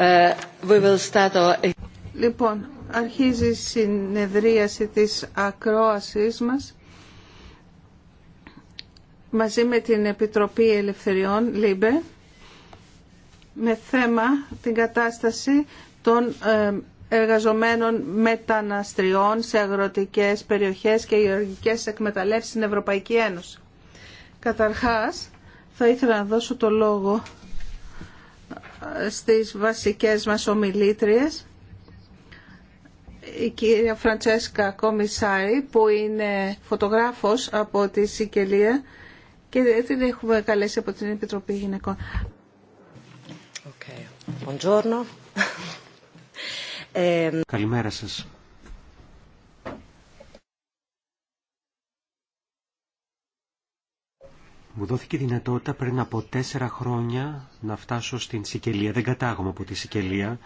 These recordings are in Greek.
Ε, λοιπόν, αρχίζει η συνεδρίαση της ακρόασής μας μαζί με την Επιτροπή Ελευθεριών, ΛΥΜΠΕ, με θέμα την κατάσταση των ε, εργαζομένων μεταναστριών σε αγροτικές περιοχές και γεωργικές εκμεταλλεύσεις στην Ευρωπαϊκή Ένωση. Καταρχάς, θα ήθελα να δώσω το λόγο στις βασικές μας ομιλήτριες η κυρία Φραντσέσκα Κομισάρη που είναι φωτογράφος από τη Σικελία και την έχουμε καλέσει από την Επιτροπή Γυναικών. Ε, Καλημέρα σας. Μου δόθηκε δυνατότητα πριν από τέσσερα χρόνια να φτάσω στην Σικελία. Δεν κατάγομαι από τη Σικελία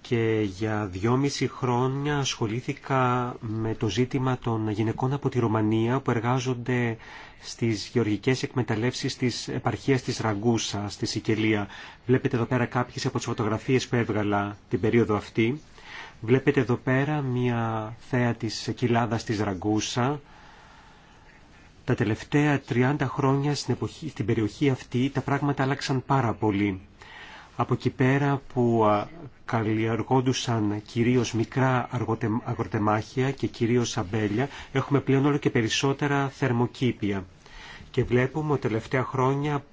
και για δυόμιση χρόνια ασχολήθηκα με το ζήτημα των γυναικών από τη Ρωμανία που εργάζονται στις γεωργικές εκμεταλλεύσεις της επαρχίας της Ραγκούσα στη Σικελία. Βλέπετε εδώ πέρα κάποιες από τις φωτογραφίες που έβγαλα την περίοδο αυτή. Βλέπετε εδώ πέρα μια θέα της κοιλάδας της Ραγκούσα τα τελευταία 30 χρόνια στην, εποχή, περιοχή αυτή τα πράγματα άλλαξαν πάρα πολύ. Από εκεί πέρα που καλλιεργόντουσαν κυρίως μικρά αγροτεμάχια και κυρίως αμπέλια, έχουμε πλέον όλο και περισσότερα θερμοκήπια. Και βλέπουμε ότι τελευταία χρόνια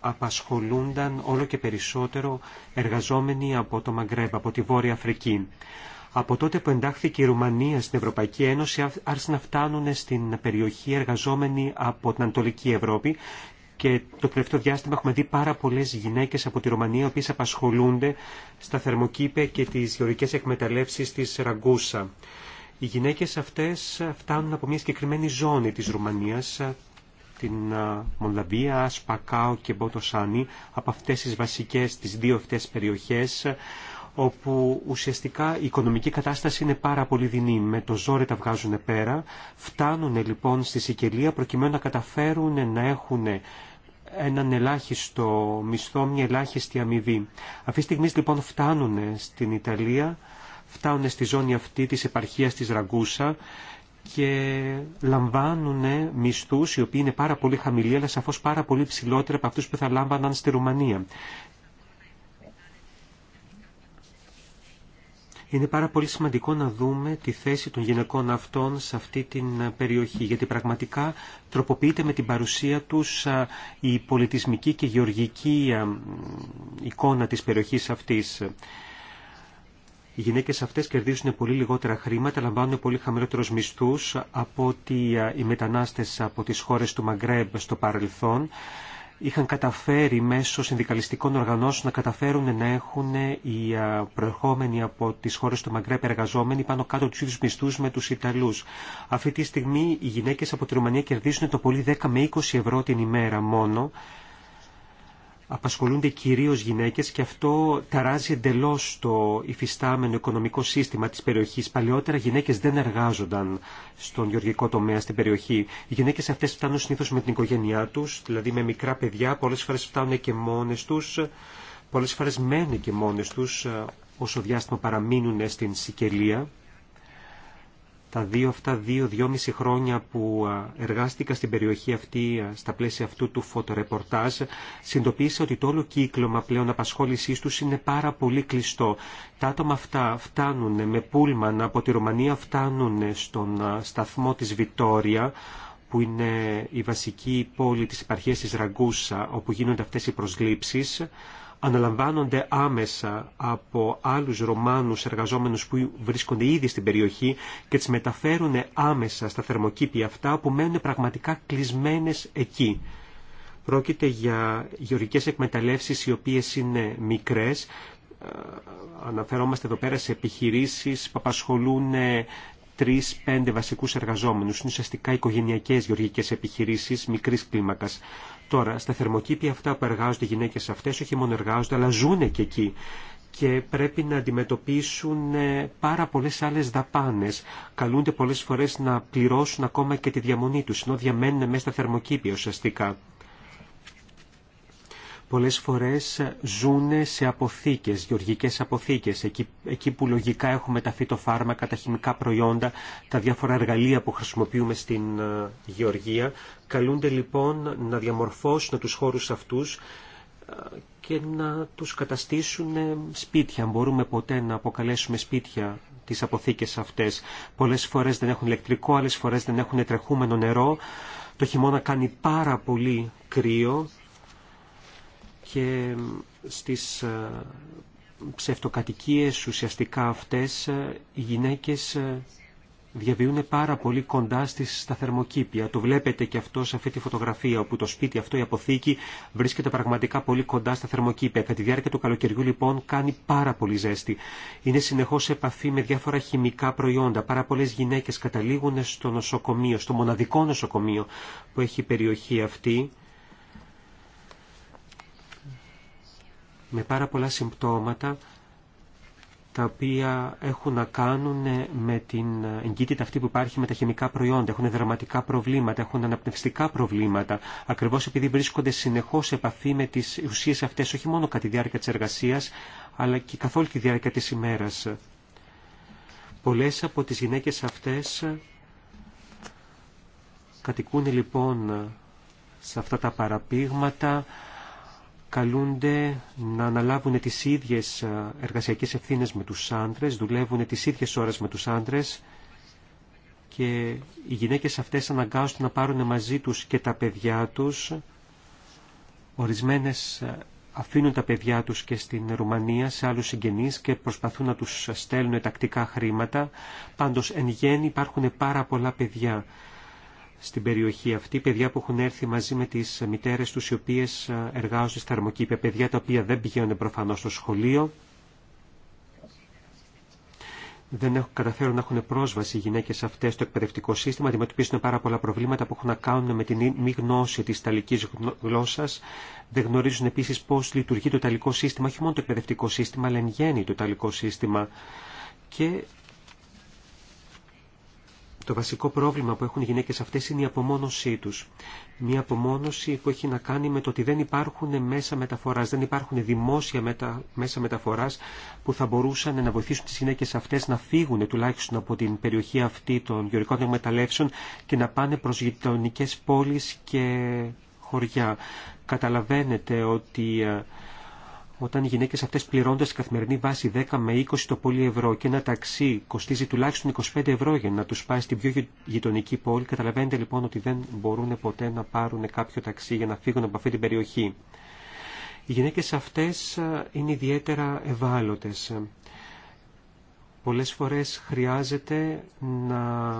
απασχολούνταν όλο και περισσότερο εργαζόμενοι από το Μαγκρέμπ, από τη Βόρεια Αφρική. Από τότε που εντάχθηκε η Ρουμανία στην Ευρωπαϊκή Ένωση άρχισαν να φτάνουν στην περιοχή εργαζόμενοι από την Ανατολική Ευρώπη και το τελευταίο διάστημα έχουμε δει πάρα πολλέ γυναίκε από τη Ρουμανία, οι οποίε απασχολούνται στα θερμοκήπια και τι γεωρικέ εκμεταλλεύσει τη Ραγκούσα. Οι γυναίκε αυτέ φτάνουν από μια συγκεκριμένη ζώνη τη Ρουμανία, την Μολδαβία, Σπακάο και Μποτοσάνη, από αυτέ τι βασικέ, τι δύο αυτέ περιοχέ, όπου ουσιαστικά η οικονομική κατάσταση είναι πάρα πολύ δεινή. Με το ζόρι τα βγάζουν πέρα, φτάνουν λοιπόν στη Σικελία προκειμένου να καταφέρουν να έχουν έναν ελάχιστο μισθό, μια ελάχιστη αμοιβή. Αυτή τη στιγμή λοιπόν φτάνουν στην Ιταλία, φτάνουν στη ζώνη αυτή της επαρχίας της Ραγκούσα και λαμβάνουν μισθούς οι οποίοι είναι πάρα πολύ χαμηλοί αλλά σαφώς πάρα πολύ ψηλότεροι από αυτούς που θα λάμβαναν στη Ρουμανία. Είναι πάρα πολύ σημαντικό να δούμε τη θέση των γυναικών αυτών σε αυτή την ε, περιοχή, γιατί πραγματικά τροποποιείται με την παρουσία τους ε, η πολιτισμική και γεωργική ε, εικόνα της περιοχής αυτής. Οι γυναίκες αυτές κερδίζουν πολύ λιγότερα χρήματα, λαμβάνουν πολύ χαμηλότερους μισθούς από ότι οι μετανάστες από τις χώρες του Μαγκρέμπ στο παρελθόν είχαν καταφέρει μέσω συνδικαλιστικών οργανώσεων να καταφέρουν να έχουν οι προερχόμενοι από τι χώρε του Μαγκρέπ εργαζόμενοι πάνω κάτω τους ίδιου μισθού με του Ιταλού. Αυτή τη στιγμή οι γυναίκε από τη Ρουμανία κερδίζουν το πολύ 10 με 20 ευρώ την ημέρα μόνο απασχολούνται κυρίως γυναίκες και αυτό ταράζει εντελώς το υφιστάμενο οικονομικό σύστημα της περιοχής. Παλαιότερα γυναίκες δεν εργάζονταν στον γεωργικό τομέα στην περιοχή. Οι γυναίκες αυτές φτάνουν συνήθως με την οικογένειά τους, δηλαδή με μικρά παιδιά, πολλές φορές φτάνουν και μόνες τους, πολλές φορές μένουν και μόνες τους ε, όσο διάστημα παραμείνουν στην Σικελία τα δύο αυτά δύο-δυόμιση χρόνια που εργάστηκα στην περιοχή αυτή, στα πλαίσια αυτού του φωτορεπορτάζ, συνειδητοποίησα ότι το όλο κύκλωμα πλέον απασχόλησή του είναι πάρα πολύ κλειστό. Τα άτομα αυτά φτάνουν με πούλμαν από τη Ρουμανία, φτάνουν στον σταθμό της Βιτόρια, που είναι η βασική πόλη της επαρχίας της Ραγκούσα, όπου γίνονται αυτές οι προσλήψεις αναλαμβάνονται άμεσα από άλλους Ρωμάνους εργαζόμενους που βρίσκονται ήδη στην περιοχή και τις μεταφέρουν άμεσα στα θερμοκήπια αυτά που μένουν πραγματικά κλεισμένες εκεί. Πρόκειται για γεωργικές εκμεταλλεύσεις οι οποίες είναι μικρές. Ε, αναφερόμαστε εδώ πέρα σε επιχειρήσεις που απασχολούν τρει-πέντε βασικού εργαζόμενου. Είναι ουσιαστικά οικογενειακέ γεωργικέ επιχειρήσει μικρή κλίμακα. Τώρα, στα θερμοκήπια αυτά που εργάζονται οι γυναίκες αυτές, όχι μόνο εργάζονται, αλλά ζουν και εκεί και πρέπει να αντιμετωπίσουν ε, πάρα πολλές άλλε δαπάνες. Καλούνται πολλές φορές να πληρώσουν ακόμα και τη διαμονή τους, ενώ διαμένουν μέσα στα θερμοκήπια ουσιαστικά πολλές φορές ζούνε σε αποθήκες, γεωργικές αποθήκες, εκεί, εκεί που λογικά έχουμε τα φυτοφάρμακα, τα χημικά προϊόντα, τα διάφορα εργαλεία που χρησιμοποιούμε στην ε, γεωργία. Καλούνται λοιπόν να διαμορφώσουν τους χώρους αυτούς ε, και να τους καταστήσουν ε, σπίτια, αν μπορούμε ποτέ να αποκαλέσουμε σπίτια τις αποθήκες αυτές. Πολλές φορές δεν έχουν ηλεκτρικό, άλλες φορές δεν έχουν τρεχούμενο νερό. Το χειμώνα κάνει πάρα πολύ κρύο και στις ε, ψευτοκατοικίες ουσιαστικά αυτές ε, οι γυναίκες ε, διαβιούν πάρα πολύ κοντά στις, στα θερμοκήπια. Το βλέπετε και αυτό σε αυτή τη φωτογραφία, όπου το σπίτι αυτό, η αποθήκη, βρίσκεται πραγματικά πολύ κοντά στα θερμοκήπια. Κατά τη διάρκεια του καλοκαιριού, λοιπόν, κάνει πάρα πολύ ζέστη. Είναι συνεχώς σε επαφή με διάφορα χημικά προϊόντα. Πάρα πολλές γυναίκες καταλήγουν στο νοσοκομείο, στο μοναδικό νοσοκομείο που έχει η περιοχή αυτή με πάρα πολλά συμπτώματα τα οποία έχουν να κάνουν ε, με την ε, εγκύτητα αυτή που υπάρχει με τα χημικά προϊόντα. Έχουν δραματικά προβλήματα, έχουν αναπνευστικά προβλήματα, ακριβώς επειδή βρίσκονται συνεχώς σε επαφή με τις ουσίες αυτές, όχι μόνο κατά τη διάρκεια της εργασίας, αλλά και καθ' όλη τη διάρκεια της ημέρας. Πολλές από τις γυναίκες αυτές ε, κατοικούν λοιπόν σε αυτά τα παραπήγματα, καλούνται να αναλάβουν τις ίδιες ε, εργασιακές ευθύνες με τους άντρες, δουλεύουν τις ίδιες ώρες με τους άντρες και οι γυναίκες αυτές αναγκάζονται να πάρουν μαζί τους και τα παιδιά τους. Ορισμένες ε, αφήνουν τα παιδιά τους και στην Ρουμανία σε άλλους συγγενείς και προσπαθούν να τους στέλνουν τακτικά χρήματα. Πάντως, εν γέννη υπάρχουν πάρα πολλά παιδιά στην περιοχή αυτή, παιδιά που έχουν έρθει μαζί με τις μητέρες τους οι οποίες ε, εργάζονται στα θερμοκήπια, παιδιά τα οποία δεν πηγαίνουν προφανώς στο σχολείο, δεν έχουν καταφέρουν να έχουν πρόσβαση οι γυναίκε αυτέ στο εκπαιδευτικό σύστημα, αντιμετωπίζουν πάρα πολλά προβλήματα που έχουν να κάνουν με την μη γνώση τη ταλική γλώσσα. Δεν γνωρίζουν επίση πώ λειτουργεί το Ιταλικό σύστημα, όχι μόνο το εκπαιδευτικό σύστημα, αλλά εν γέννη το ταλικό σύστημα. Και το βασικό πρόβλημα που έχουν οι γυναίκες αυτές είναι η απομόνωσή τους. Μια απομόνωση που έχει να κάνει με το ότι δεν υπάρχουν μέσα μεταφοράς, δεν υπάρχουν δημόσια μέσα μεταφοράς που θα μπορούσαν να βοηθήσουν τις γυναίκες αυτές να φύγουν τουλάχιστον από την περιοχή αυτή των γεωρικών εκμεταλλεύσεων και να πάνε προς γειτονικές πόλεις και χωριά. Καταλαβαίνετε ότι ε, όταν οι γυναίκες αυτές πληρώνται σε καθημερινή βάση 10 με 20 το πολύ ευρώ και ένα ταξί κοστίζει τουλάχιστον 25 ευρώ για να τους πάει στην πιο γειτονική πόλη, καταλαβαίνετε λοιπόν ότι δεν μπορούν ποτέ να πάρουν κάποιο ταξί για να φύγουν από αυτή την περιοχή. Οι γυναίκες αυτές ε, είναι ιδιαίτερα ευάλωτες. Ε, πολλές φορές χρειάζεται να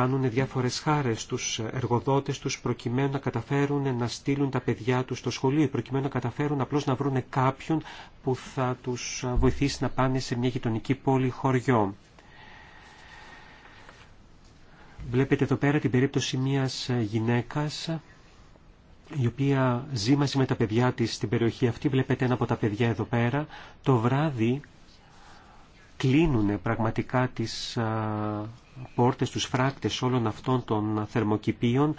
κάνουν διάφορες χάρες στους εργοδότες τους προκειμένου να καταφέρουν να στείλουν τα παιδιά τους στο σχολείο, προκειμένου να καταφέρουν απλώς να βρουν κάποιον που θα τους βοηθήσει να πάνε σε μια γειτονική πόλη χωριό. Βλέπετε εδώ πέρα την περίπτωση μιας γυναίκας η οποία ζει μαζί με τα παιδιά της στην περιοχή αυτή. Βλέπετε ένα από τα παιδιά εδώ πέρα. Το βράδυ κλείνουν πραγματικά τις πόρτες, τους φράκτες όλων αυτών των θερμοκηπίων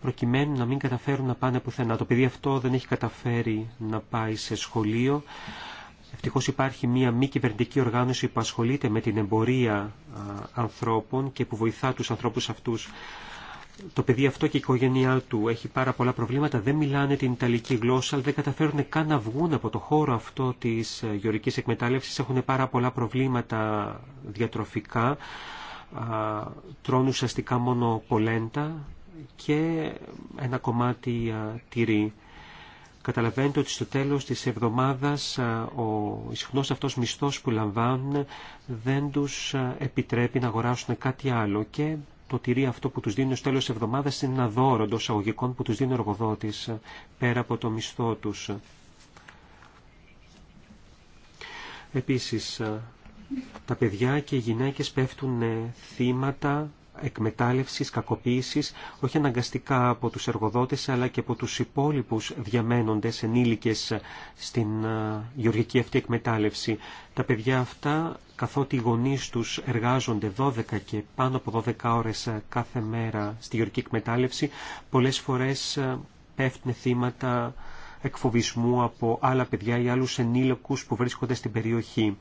προκειμένου να μην καταφέρουν να πάνε πουθενά. Το παιδί αυτό δεν έχει καταφέρει να πάει σε σχολείο. Ευτυχώ υπάρχει μία μη κυβερνητική οργάνωση που ασχολείται με την εμπορία ανθρώπων και που βοηθά τους ανθρώπους αυτούς. Το παιδί αυτό και η οικογένειά του έχει πάρα πολλά προβλήματα, δεν μιλάνε την Ιταλική γλώσσα, αλλά δεν καταφέρουν καν να βγουν από το χώρο αυτό της ε, γεωρικής εκμετάλλευσης, έχουν πάρα πολλά προβλήματα διατροφικά τρώνε ουσιαστικά μόνο πολέντα και ένα κομμάτι τυρί. Καταλαβαίνετε ότι στο τέλος της εβδομάδας ο συχνός αυτός μισθός που λαμβάνουν δεν τους επιτρέπει να αγοράσουν κάτι άλλο και το τυρί αυτό που τους δίνουν στο τέλος της εβδομάδας είναι ένα δώρο εντό αγωγικών που τους δίνει ο εργοδότης πέρα από το μισθό τους. Επίσης, τα παιδιά και οι γυναίκες πέφτουν ε, θύματα εκμετάλλευσης, κακοποίησης, όχι αναγκαστικά από τους εργοδότες αλλά και από τους υπόλοιπους διαμένοντες ενήλικες στην ε, γεωργική αυτή εκμετάλλευση. Τα παιδιά αυτά, καθότι οι γονείς τους εργάζονται 12 και πάνω από 12 ώρες ε, κάθε μέρα στη γεωργική εκμετάλλευση, πολλές φορές πέφτουν θύματα εκφοβισμού από άλλα παιδιά ή άλλους ενήλικους που βρίσκονται στην περιοχή.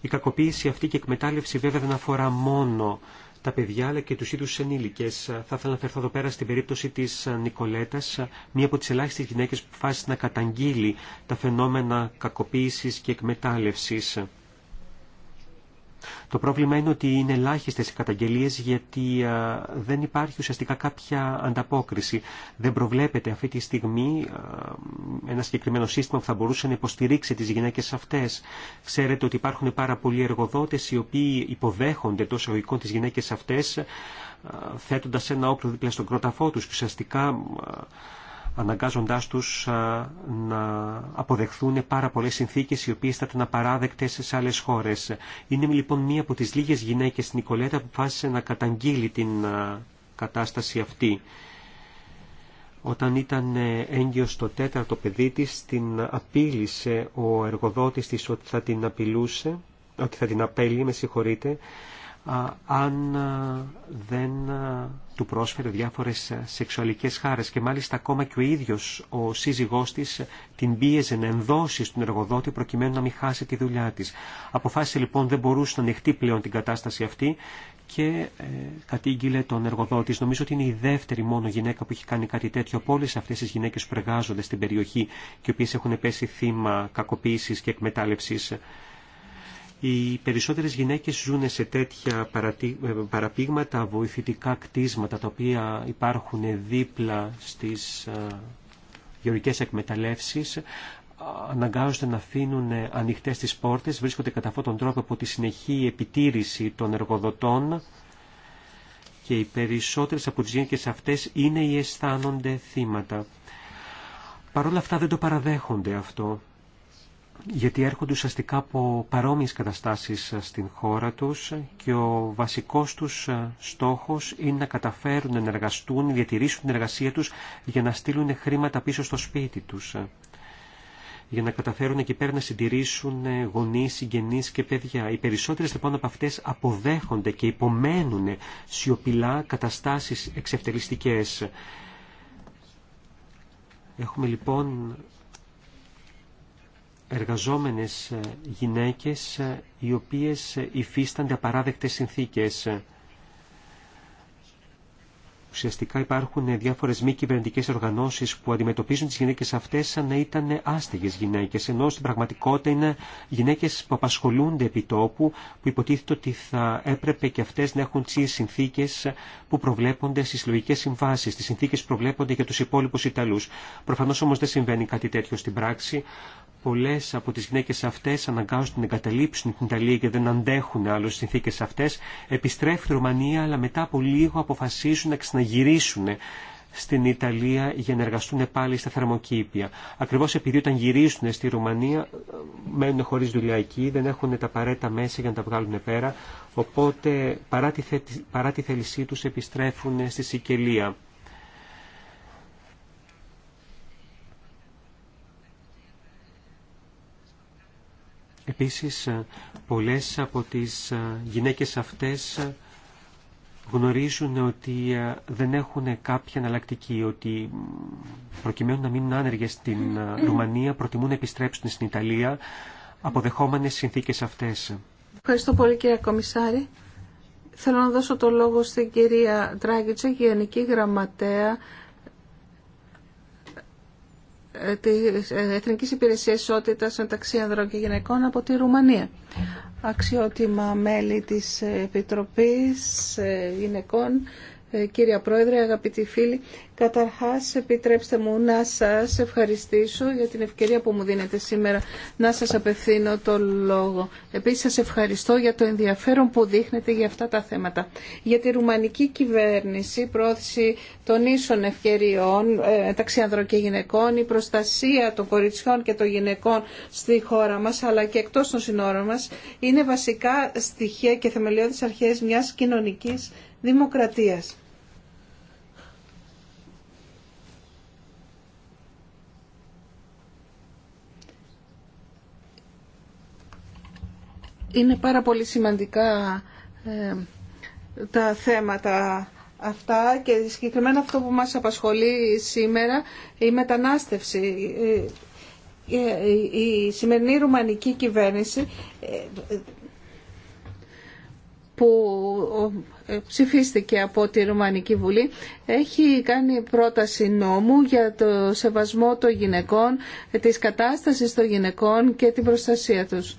Η κακοποίηση αυτή και η εκμετάλλευση βέβαια δεν αφορά μόνο τα παιδιά αλλά και τους ίδιους ενήλικέ. Θα ήθελα να φερθώ εδώ πέρα στην περίπτωση της Νικολέτας, μία από τις ελάχιστε γυναίκες που φάσει να καταγγείλει τα φαινόμενα κακοποίηση και εκμετάλλευσης. Το πρόβλημα είναι ότι είναι ελάχιστε οι καταγγελίε γιατί δεν υπάρχει ουσιαστικά κάποια ανταπόκριση. Δεν προβλέπεται αυτή τη στιγμή α, ένα συγκεκριμένο σύστημα που θα μπορούσε να υποστηρίξει τι γυναίκε αυτέ. Ξέρετε ότι υπάρχουν πάρα πολλοί εργοδότε οι οποίοι υποδέχονται τόσο εγωικών τι γυναίκε αυτέ θέτοντα ένα όπλο δίπλα στον κρόταφό του ουσιαστικά αναγκάζοντάς τους να αποδεχθούν πάρα πολλές συνθήκες οι οποίες θα ήταν απαράδεκτες σε άλλες χώρες. Είναι λοιπόν μία από τις λίγες γυναίκες στην Νικολέτα που φάσισε να καταγγείλει την κατάσταση αυτή. Όταν ήταν ε, έγκυος το τέταρτο παιδί της, την απείλησε ο εργοδότης της ότι θα την απειλούσε, ότι θα την απέλει, με αν δεν του πρόσφερε διάφορες σεξουαλικές χάρες και μάλιστα ακόμα και ο ίδιος ο σύζυγός της την πίεζε να ενδώσει στον εργοδότη προκειμένου να μην χάσει τη δουλειά της. Αποφάσισε λοιπόν δεν μπορούσε να ανοιχτεί πλέον την κατάσταση αυτή και ε, κατήγγειλε τον εργοδότη. Νομίζω ότι είναι η δεύτερη μόνο γυναίκα που έχει κάνει κάτι τέτοιο από όλε αυτέ τι γυναίκε που εργάζονται στην περιοχή και οι οποίε έχουν πέσει θύμα κακοποίηση και εκμετάλλευση. Οι περισσότερες γυναίκες ζουν σε τέτοια ε, παραπήγματα, βοηθητικά κτίσματα, τα οποία υπάρχουν δίπλα στις ε, γεωργικές εκμεταλλεύσεις, αναγκάζονται να αφήνουν ανοιχτές τις πόρτες, βρίσκονται κατά αυτόν τον τρόπο από τη συνεχή επιτήρηση των εργοδοτών και οι περισσότερες από τις γυναίκες αυτές είναι ή αισθάνονται θύματα. Παρ' όλα αυτά δεν το παραδέχονται αυτό γιατί έρχονται ουσιαστικά από παρόμοιες καταστάσεις ε, στην χώρα τους και ο βασικός τους ε, στόχος είναι να καταφέρουν να εργαστούν, να διατηρήσουν την εργασία τους για να στείλουν χρήματα πίσω στο σπίτι τους ε, για να καταφέρουν εκεί πέρα να συντηρήσουν γονείς, συγγενείς και παιδιά. Οι περισσότερες λοιπόν από αυτές αποδέχονται και υπομένουν σιωπηλά καταστάσεις εξευτελιστικές. Έχουμε λοιπόν εργαζόμενες ε, γυναίκες ε, οι οποίες ε, υφίστανται απαράδεκτες συνθήκες. Ουσιαστικά υπάρχουν διάφορε μη κυβερνητικέ οργανώσει που αντιμετωπίζουν τι γυναίκε αυτέ σαν να ήταν άστεγες γυναίκε, ενώ στην πραγματικότητα είναι γυναίκε που απασχολούνται επί τόπου, που υποτίθεται ότι θα έπρεπε και αυτέ να έχουν τι συνθήκε που προβλέπονται στι συλλογικέ συμβάσει, τι συνθήκε που προβλέπονται για του υπόλοιπου Ιταλούς. Προφανώ όμω δεν συμβαίνει κάτι τέτοιο στην πράξη. Πολλέ από τι γυναίκε αυτέ αναγκάζονται να εγκαταλείψουν την Ιταλία και δεν αντέχουν άλλω συνθήκε αυτέ. Επιστρέφουν στη Ρουμανία, αλλά μετά από λίγο αποφασίζουν να γυρίσουν στην Ιταλία για να εργαστούν πάλι στα θερμοκήπια. Ακριβώς επειδή όταν γυρίσουν στη Ρουμανία ε, μένουν χωρίς δουλειά εκεί, δεν έχουν τα παρέτα μέσα για να τα βγάλουν πέρα, οπότε παρά τη, θε... παρά θέλησή τους επιστρέφουν στη Σικελία. Επίσης, ε, πολλές από τις ε, γυναίκες αυτές γνωρίζουν ότι ε, δεν έχουν κάποια εναλλακτική, ότι προκειμένου να μείνουν άνεργες στην ε, Ρουμανία προτιμούν να επιστρέψουν στην Ιταλία αποδεχόμενες συνθήκες αυτές. Ευχαριστώ πολύ κύριε Κομισάρη. Θέλω να δώσω το λόγο στην κυρία Τράγκητσα, Γενική Γραμματέα ε, της Εθνικής Υπηρεσίας Ισότητας μεταξύ ανδρών και γυναικών από τη Ρουμανία αξιότιμα μέλη της Επιτροπής ε, Γυναικών ε, κύριε Πρόεδρε, αγαπητοί φίλοι. Καταρχάς, επιτρέψτε μου να σας ευχαριστήσω για την ευκαιρία που μου δίνετε σήμερα να σας απευθύνω το λόγο. Επίσης, σας ευχαριστώ για το ενδιαφέρον που δείχνετε για αυτά τα θέματα. Για τη ρουμανική κυβέρνηση, πρόθεση των ίσων ευκαιριών ε, μεταξύ και γυναικών, η προστασία των κοριτσιών και των γυναικών στη χώρα μας, αλλά και εκτός των συνόρων μας, είναι βασικά στοιχεία και θεμελιώδεις αρχές μιας κοινωνικής δημοκρατίας. Είναι πάρα πολύ σημαντικά ε, τα θέματα αυτά και συγκεκριμένα αυτό που μας απασχολεί σήμερα η μετανάστευση. Ε, ε, η σημερινή ρουμανική κυβέρνηση που ψηφίστηκε από τη Ρουμανική Βουλή, έχει κάνει πρόταση νόμου για το σεβασμό των γυναικών, της κατάστασης των γυναικών και την προστασία τους.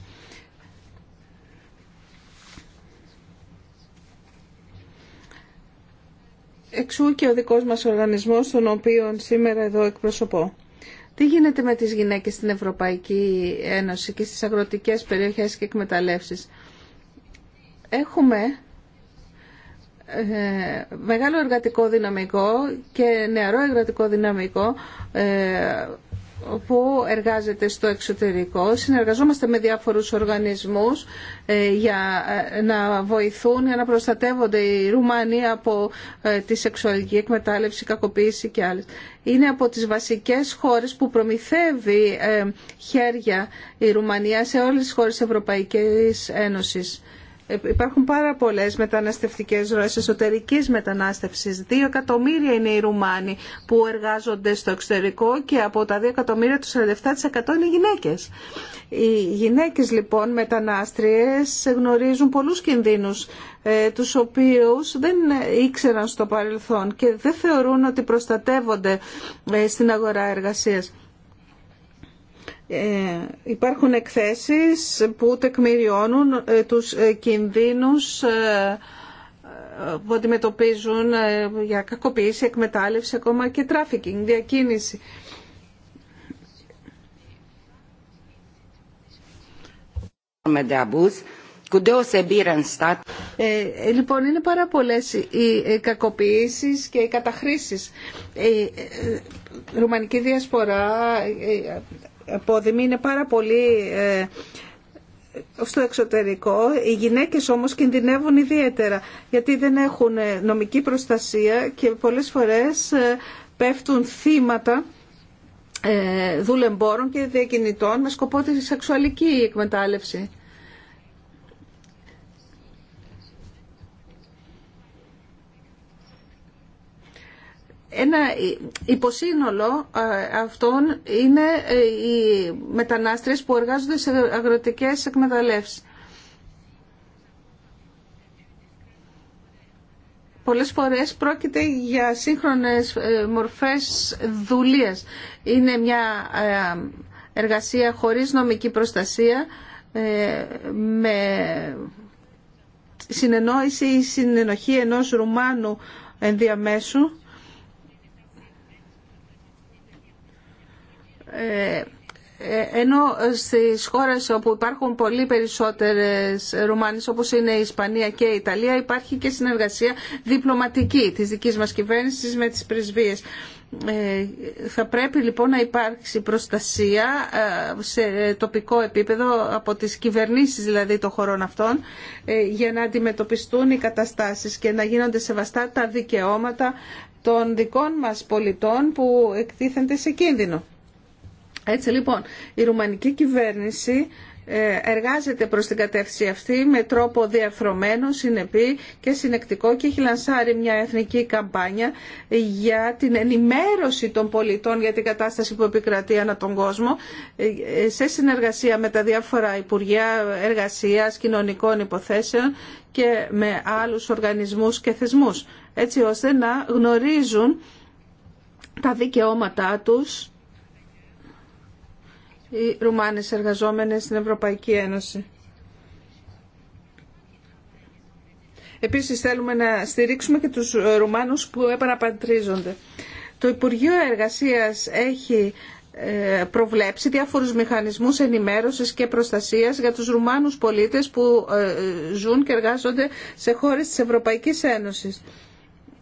Εξού και ο δικός μας οργανισμός, τον οποίο σήμερα εδώ εκπροσωπώ. Τι γίνεται με τις γυναίκες στην Ευρωπαϊκή Ένωση και στις αγροτικές περιοχές και εκμεταλλεύσεις. Έχουμε μεγάλο εργατικό δυναμικό και νεαρό εργατικό δυναμικό ε, που εργάζεται στο εξωτερικό. Συνεργαζόμαστε με διάφορους οργανισμούς ε, για ε, να βοηθούν, για να προστατεύονται οι Ρουμάνοι από τη σεξουαλική εκμετάλλευση, κακοποίηση και άλλες. Είναι από τις βασικές χώρες που προμηθεύει χέρια η Ρουμανία σε όλες τις χώρες Ευρωπαϊκής Ένωσης. Ε, υπάρχουν πάρα πολλέ μεταναστευτικέ ροέ εσωτερικής μετανάστευση. Δύο εκατομμύρια είναι οι Ρουμάνοι που εργάζονται στο εξωτερικό και από τα δύο εκατομμύρια το 47% είναι γυναίκες. Οι γυναίκες λοιπόν μετανάστριε γνωρίζουν πολλούς κινδύνους ε, τους οποίους δεν ήξεραν στο παρελθόν και δεν θεωρούν ότι προστατεύονται ε, στην αγορά εργασίας. Ε, υπάρχουν εκθέσεις που τεκμηριώνουν ε, τους ε, κινδύνους που αντιμετωπίζουν για κακοποίηση, εκμετάλλευση, ακόμα και τράφικινγκ, διακίνηση. λοιπόν, είναι πάρα πολλές οι κακοποιήσεις και οι καταχρήσεις. Η Ρουμανική Διασπορά είναι πάρα πολύ ε, στο εξωτερικό. Οι γυναίκες όμως κινδυνεύουν ιδιαίτερα γιατί δεν έχουν ε, νομική προστασία και πολλές φορές ε, πέφτουν θύματα δουλεμπόρων και διακινητών με σκοπό τη σεξουαλική εκμετάλλευση. Ένα υποσύνολο ε, αυτών είναι ε, οι μετανάστρες που εργάζονται σε αγροτικές εκμεταλλεύσεις. Πολλές φορές πρόκειται για σύγχρονες ε, μορφές δουλείας. Είναι μια εργασία χωρίς νομική προστασία, με συνεννόηση ή συνενοχή ενός Ρουμάνου ενδιαμέσου Ε, ενώ στις χώρες όπου υπάρχουν πολύ περισσότερες Ρουμάνες όπως είναι η Ισπανία και η Ιταλία υπάρχει και συνεργασία διπλωματική της δικής μας κυβέρνησης με τις πρεσβείες. Ε, θα πρέπει λοιπόν να υπάρξει προστασία ε, σε τοπικό επίπεδο από τις κυβερνήσεις δηλαδή των χωρών αυτών για να αντιμετωπιστούν οι καταστάσεις και να γίνονται σεβαστά τα δικαιώματα των δικών μας πολιτών που εκτίθενται σε κίνδυνο. Έτσι λοιπόν, η ρουμανική κυβέρνηση ε, εργάζεται προς την κατεύθυνση αυτή με τρόπο διαφρομένο, συνεπή και συνεκτικό και έχει λανσάρει μια εθνική καμπάνια για την ενημέρωση των πολιτών για την κατάσταση που επικρατεί ανά τον κόσμο ε, σε συνεργασία με τα διάφορα Υπουργεία Εργασίας, Κοινωνικών Υποθέσεων και με άλλους οργανισμούς και θεσμούς έτσι ώστε να γνωρίζουν τα δικαιώματά τους οι Ρουμάνες εργαζόμενες στην Ευρωπαϊκή Ένωση. Επίσης θέλουμε να στηρίξουμε και τους Ρουμάνους που επαναπατρίζονται. Το Υπουργείο Εργασίας έχει ε, προβλέψει διάφορους μηχανισμούς ενημέρωσης και προστασίας για τους Ρουμάνους πολίτες που ε, ζουν και εργάζονται σε χώρες της Ευρωπαϊκής Ένωσης.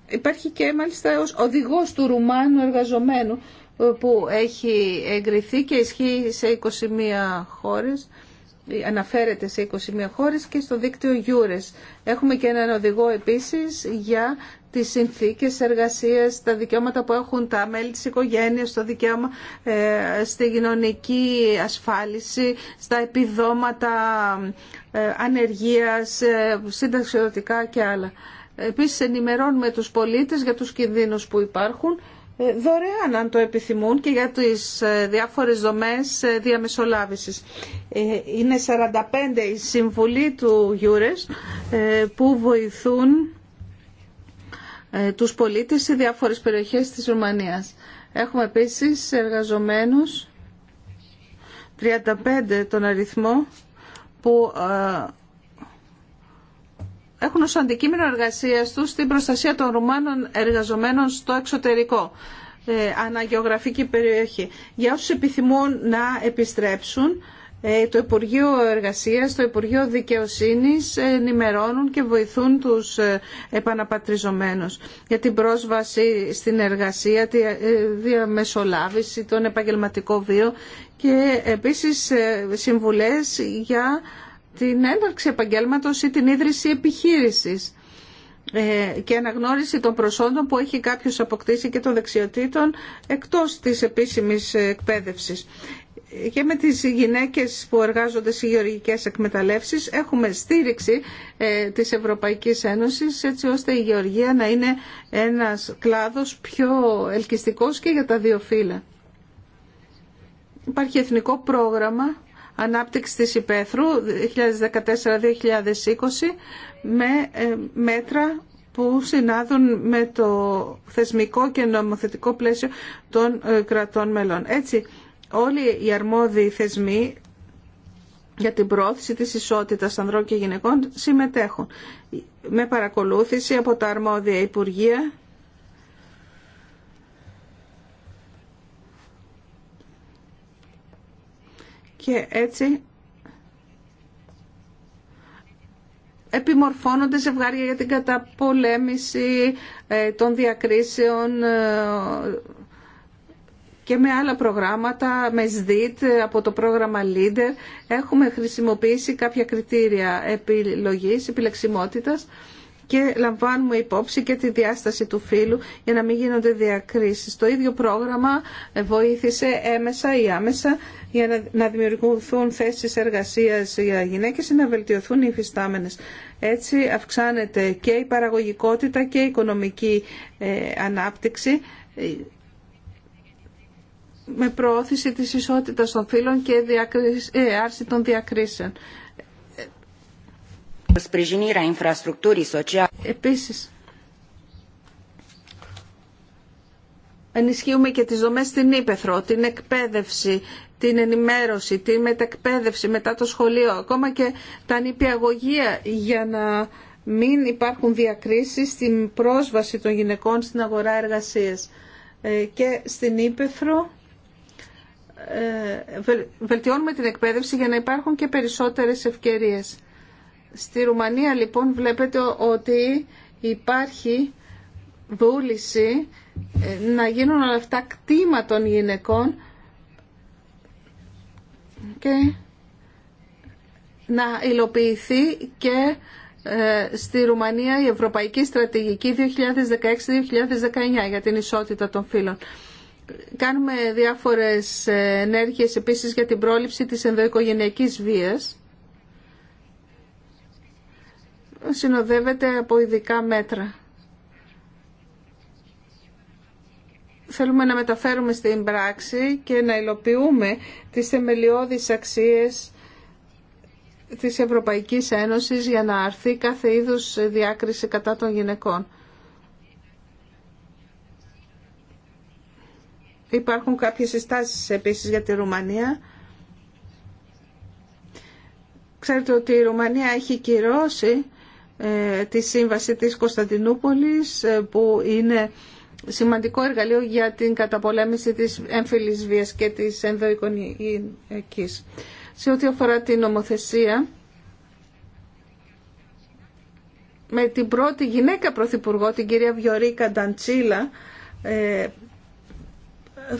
Υπάρχει και μάλιστα ως οδηγός του Ρουμάνου εργαζομένου που έχει εγκριθεί και ισχύει σε 21 χώρες αναφέρεται σε 21 χώρες και στο δίκτυο Γιούρες. Έχουμε και έναν οδηγό επίσης για τις συνθήκες εργασίας, τα δικαιώματα που έχουν τα μέλη της οικογένειας, το δικαίωμα ε, στη κοινωνική ασφάλιση, στα επιδόματα ε, ανεργίας, ε, και άλλα. Επίσης ενημερώνουμε τους πολίτες για τους κινδύνους που υπάρχουν ε, δωρεάν αν το επιθυμούν και για τις ε, διάφορες δομές ε, διαμεσολάβησης. Είναι 45 οι συμβουλοί του Γιούρες που βοηθούν τους πολίτες σε διάφορες περιοχές της Ρουμανίας. Έχουμε επίσης εργαζομένους 35 τον αριθμό που έχουν ως αντικείμενο εργασίας τους την προστασία των Ρουμάνων εργαζομένων στο εξωτερικό ε, αναγεωγραφική περιοχή. Για όσους επιθυμούν να επιστρέψουν, ε, το Υπουργείο Εργασίας, το Υπουργείο Δικαιοσύνης ενημερώνουν και βοηθούν τους ε, επαναπατριζομένους για την πρόσβαση στην εργασία, τη διαμεσολάβηση, τον επαγγελματικό βίο και επίσης συμβουλές για την έναρξη επαγγέλματος ή την ίδρυση επιχείρησης ε, και αναγνώριση των προσόντων που έχει κάποιος αποκτήσει και των δεξιοτήτων εκτός της επίσημης εκπαίδευσης. Και με τις γυναίκες που εργάζονται σε γεωργικές εκμεταλλεύσεις έχουμε στήριξη ε, της Ευρωπαϊκής Ένωσης έτσι ώστε η γεωργία να είναι ένας κλάδος πιο ελκυστικός και για τα δύο φύλλα. Υπάρχει εθνικό πρόγραμμα ανάπτυξη της υπαίθρου 2014-2020 με ε, μέτρα που συνάδουν με το θεσμικό και νομοθετικό πλαίσιο των ε, κρατών μελών. Έτσι, όλοι οι αρμόδιοι θεσμοί για την πρόθεση της ισότητας ανδρών και γυναικών συμμετέχουν με παρακολούθηση από τα αρμόδια Υπουργεία και έτσι επιμορφώνονται ζευγάρια για την καταπολέμηση ε, των διακρίσεων ε, και με άλλα προγράμματα, με ΣΔΙΤ, από το πρόγραμμα LEADER, έχουμε χρησιμοποιήσει κάποια κριτήρια επιλογής, επιλεξιμότητας και λαμβάνουμε υπόψη και τη διάσταση του φύλου για να μην γίνονται διακρίσεις. Το ίδιο πρόγραμμα βοήθησε έμεσα ή άμεσα για να δημιουργηθούν θέσεις εργασίας για γυναίκες ή να βελτιωθούν οι υφιστάμενες. Έτσι αυξάνεται και η παραγωγικότητα και η οικονομική ε, ανάπτυξη ε, με προώθηση της ισότητας των φύλων και ε, άρση των διακρίσεων. Επίσης, ενισχύουμε και τις δομές στην Ήπεθρο, την εκπαίδευση, την ενημέρωση, την μετακπαίδευση μετά το σχολείο, ακόμα και τα νηπιαγωγεία για να μην υπάρχουν διακρίσεις στην πρόσβαση των γυναικών στην αγορά εργασίας. Ε, και στην Ήπεθρο ε, βελτιώνουμε την εκπαίδευση για να υπάρχουν και περισσότερες ευκαιρίες. Στη Ρουμανία λοιπόν βλέπετε ότι υπάρχει βούληση ε, να γίνουν όλα αυτά κτήμα των γυναικών και να υλοποιηθεί και ε, στη Ρουμανία η Ευρωπαϊκή Στρατηγική 2016-2019 για την ισότητα των φύλων. Κάνουμε διάφορες ε, ενέργειες επίσης για την πρόληψη της ενδοοικογενειακής βίας συνοδεύεται από ειδικά μέτρα. Θέλουμε να μεταφέρουμε στην πράξη και να υλοποιούμε τις θεμελιώδεις αξίες της Ευρωπαϊκής Ένωσης για να αρθεί κάθε είδους διάκριση κατά των γυναικών. Υπάρχουν κάποιες συστάσεις επίσης για τη Ρουμανία. Ξέρετε ότι η Ρουμανία έχει κυρώσει ε, τη Σύμβαση της Κωνσταντινούπολης ε, που είναι σημαντικό εργαλείο για την καταπολέμηση της έμφυλης βίας και της ενδοοικονικής. Σε ό,τι αφορά την νομοθεσία, με την πρώτη γυναίκα πρωθυπουργό, την κυρία Βιωρίκα Νταντσίλα, ε,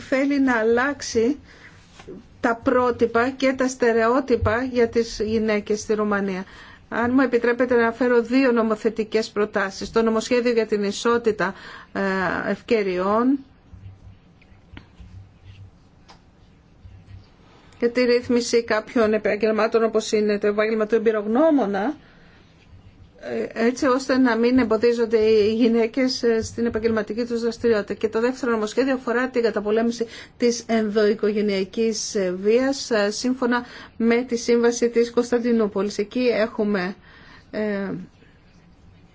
θέλει να αλλάξει τα πρότυπα και τα στερεότυπα για τις γυναίκες στη Ρουμανία. Αν μου επιτρέπετε να φέρω δύο νομοθετικές προτάσεις. Το νομοσχέδιο για την ισότητα ε, ευκαιριών και τη ρύθμιση κάποιων επαγγελμάτων όπως είναι το επάγγελμα του εμπειρογνώμονα έτσι ώστε να μην εμποδίζονται οι γυναίκες ε, στην επαγγελματική τους δραστηριότητα. Και το δεύτερο νομοσχέδιο αφορά την καταπολέμηση της ενδοοικογενειακής ε, βίας ε, σύμφωνα με τη σύμβαση της Κωνσταντινούπολης. Εκεί έχουμε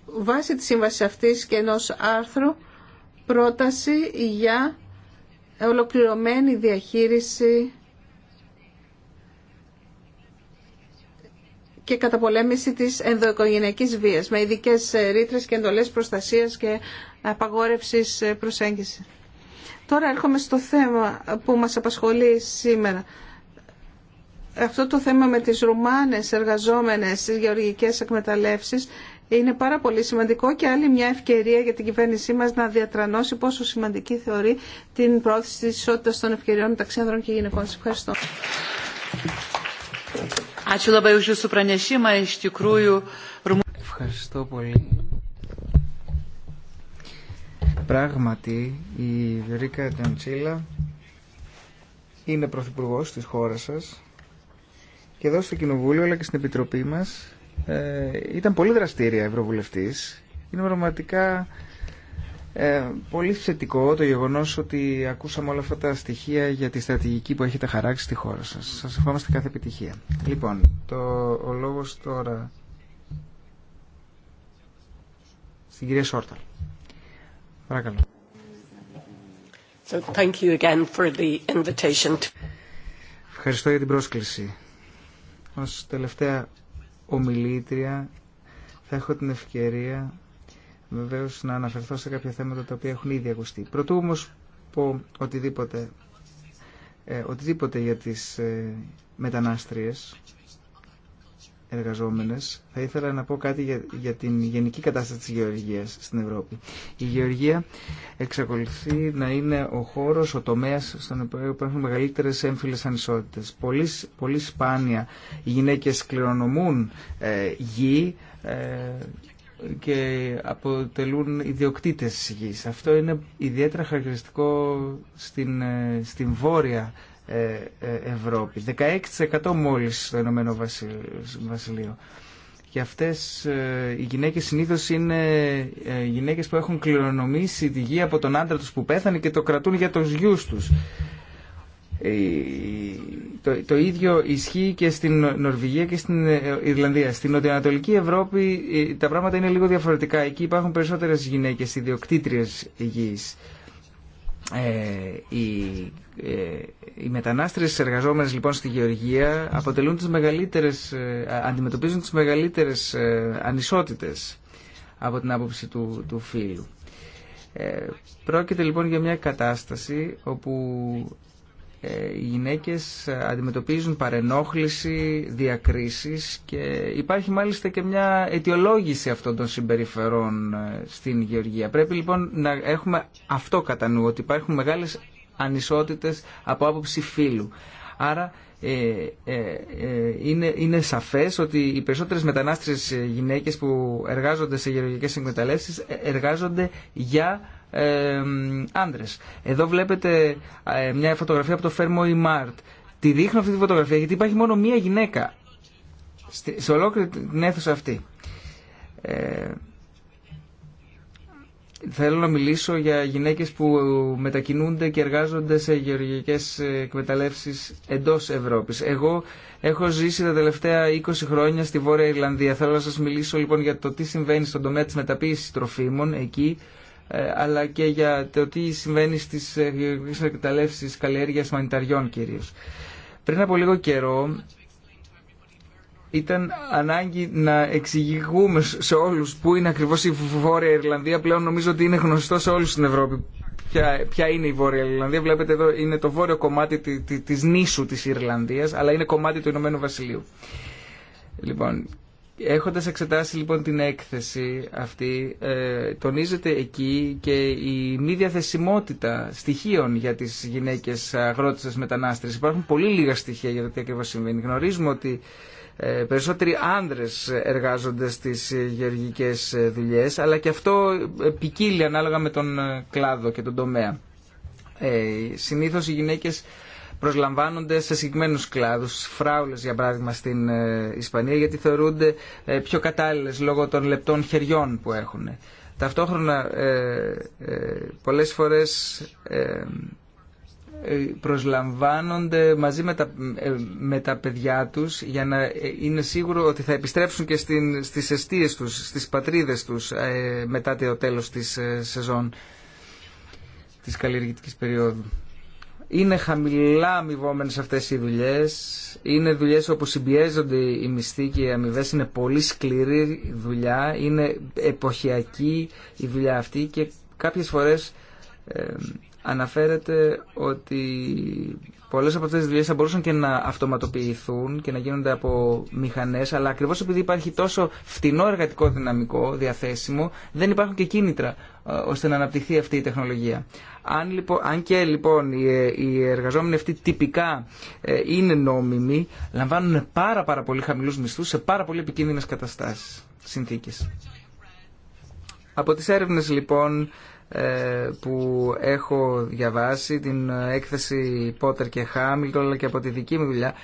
βάσει της σύμβαση αυτής και ενός άρθρου πρόταση για ολοκληρωμένη διαχείριση και καταπολέμηση της ενδοοικογενειακής βίας με ειδικέ ε, ρήτρε και εντολές προστασίας και απαγόρευσης ε, προσέγγισης. Τώρα έρχομαι στο θέμα που μας απασχολεί σήμερα. Αυτό το θέμα με τις Ρουμάνες εργαζόμενες στις γεωργικές εκμεταλλεύσεις είναι πάρα πολύ σημαντικό και άλλη μια ευκαιρία για την κυβέρνησή μας να διατρανώσει πόσο σημαντική θεωρεί την πρόθεση της ισότητας των ευκαιριών μεταξύ ανδρών και γυναικών. Σας ευχαριστώ. Ευχαριστώ πολύ. Πράγματι, η Βερίκα Ταντσίλα είναι πρωθυπουργό της χώρα σα και εδώ στο Κοινοβούλιο αλλά και στην Επιτροπή μα ε, ήταν πολύ δραστήρια ευρωβουλευτή. Είναι πραγματικά ε, πολύ θετικό το γεγονός ότι ακούσαμε όλα αυτά τα στοιχεία για τη στρατηγική που έχετε χαράξει στη χώρα σας. Σας ευχόμαστε κάθε επιτυχία. Λοιπόν, το, ο λόγος τώρα στην κυρία Σόρταλ. Παρακαλώ. Ευχαριστώ για την πρόσκληση. Ως τελευταία ομιλήτρια θα έχω την ευκαιρία βεβαίω να αναφερθώ σε κάποια θέματα τα οποία έχουν ήδη ακουστεί. Πρωτού όμω πω οτιδήποτε, ε, οτιδήποτε για τις ε, μετανάστριες εργαζόμενες, θα ήθελα να πω κάτι για, για την γενική κατάσταση της γεωργίας στην Ευρώπη. Η γεωργία εξακολουθεί να είναι ο χώρος, ο τομέα στον οποίο υπάρχουν μεγαλύτερε έμφυλε ανισότητε. Πολύ, πολύ σπάνια οι γυναίκε κληρονομούν ε, γη, ε, και αποτελούν ιδιοκτήτες της γης. Αυτό είναι ιδιαίτερα χαρακτηριστικό στην, ε, στην βόρεια ε, ε, Ευρώπη. 16% μόλις στο Ηνωμένο Βασιλείο. Και αυτές οι γυναίκες συνήθως είναι γυναίκες που έχουν κληρονομήσει τη γη από τον άντρα τους που πέθανε και το κρατούν για τους γιους τους. Ε, το, το ίδιο ισχύει και στην Νορβηγία και στην ε, Ιρλανδία. Στην Νοτιοανατολική Ευρώπη ε, τα πράγματα είναι λίγο διαφορετικά. Εκεί υπάρχουν περισσότερες γυναίκες ιδιοκτήτριες γης. Ε, οι, ε, οι εργαζόμενες λοιπόν στη Γεωργία αποτελούν τις μεγαλύτερες, αντιμετωπίζουν τις μεγαλύτερες ανισότητες από την άποψη του, του φύλου. Ε, πρόκειται λοιπόν για μια κατάσταση όπου ε, οι γυναίκες ε, αντιμετωπίζουν παρενόχληση, διακρίσεις και υπάρχει μάλιστα και μια αιτιολόγηση αυτών των συμπεριφερών ε, στην Γεωργία. Πρέπει λοιπόν να έχουμε αυτό κατά νου, ότι υπάρχουν μεγάλες ανισότητες από άποψη φύλου. Άρα είναι, είναι σαφές ότι οι περισσότερες μετανάστες γυναίκες που εργάζονται σε γεωργικές εκμεταλλεύσεις εργάζονται για ε, Εδώ βλέπετε ε, μια φωτογραφία από το Φέρμο Μάρτ. Τη δείχνω αυτή τη φωτογραφία γιατί υπάρχει μόνο μία γυναίκα σε ολόκληρη την αίθουσα αυτή. Ε, θέλω να μιλήσω για γυναίκες που μετακινούνται και εργάζονται σε γεωργικές εκμεταλλεύσεις εντός Ευρώπης. Εγώ έχω ζήσει τα τελευταία 20 χρόνια στη Βόρεια Ιρλανδία. Θέλω να σας μιλήσω λοιπόν για το τι συμβαίνει στον τομέα της μεταποίησης τροφίμων εκεί ε, αλλά και για το τι συμβαίνει στις γεωργικές εκμεταλλεύσεις καλλιέργειας μανιταριών κυρίως. Πριν από λίγο καιρό ήταν ανάγκη να εξηγηγούμε σε όλους που είναι ακριβώς η Βόρεια Ιρλανδία. Πλέον νομίζω ότι είναι γνωστό σε όλους στην Ευρώπη ποια, ποια είναι η Βόρεια Ιρλανδία. Βλέπετε εδώ είναι το βόρειο κομμάτι της νήσου της Ιρλανδίας, αλλά είναι κομμάτι του Ηνωμένου Βασιλείου. Λοιπόν, Έχοντας εξετάσει λοιπόν την έκθεση αυτή, ε, τονίζεται εκεί και η μη διαθεσιμότητα στοιχείων για τις γυναίκες αγρότησες μετανάστες. Υπάρχουν πολύ λίγα στοιχεία για το τι ακριβώς συμβαίνει. Γνωρίζουμε ότι ε, περισσότεροι άνδρες εργάζονται στις γεωργικές δουλειές, αλλά και αυτό ε, ποικίλει ανάλογα με τον ε, κλάδο και τον τομέα. Ε, συνήθως οι γυναίκες προσλαμβάνονται σε συγκεκριμένου κλάδους, φράουλες για παράδειγμα στην ε, Ισπανία, γιατί θεωρούνται ε, πιο κατάλληλες λόγω των λεπτών χεριών που έχουν. Ταυτόχρονα ε, πολλές φορές προσλαμβάνονται μαζί με τα, παιδιά τους για να είναι σίγουρο ότι θα επιστρέψουν και στην, στις αιστείες τους, στις πατρίδες τους μετά το τέλος της σεζόν της καλλιεργητικής περίοδου είναι χαμηλά αμοιβόμενες αυτές οι δουλειές. Είναι δουλειές όπου συμπιέζονται οι μισθοί και οι αμοιβέ είναι πολύ σκληρή δουλειά, είναι εποχιακή η δουλειά αυτή και κάποιες φορές αναφέρεται ότι πολλές από αυτές τις δουλειές θα μπορούσαν και να αυτοματοποιηθούν και να γίνονται από μηχανές, αλλά ακριβώς επειδή υπάρχει τόσο φτηνό εργατικό δυναμικό διαθέσιμο, δεν υπάρχουν και κίνητρα ε, ώστε να αναπτυχθεί αυτή η τεχνολογία. Αν, λοιπόν, αν και λοιπόν οι, ε, εργαζόμενοι αυτοί τυπικά ε, είναι νόμιμοι, λαμβάνουν πάρα, πάρα πολύ χαμηλούς μισθούς σε πάρα πολύ επικίνδυνες καταστάσεις, συνθήκες. Από τις έρευνες λοιπόν ε, που έχω διαβάσει, την έκθεση Πότερ και Χάμιλτον, αλλά και από τη δική μου δουλειά,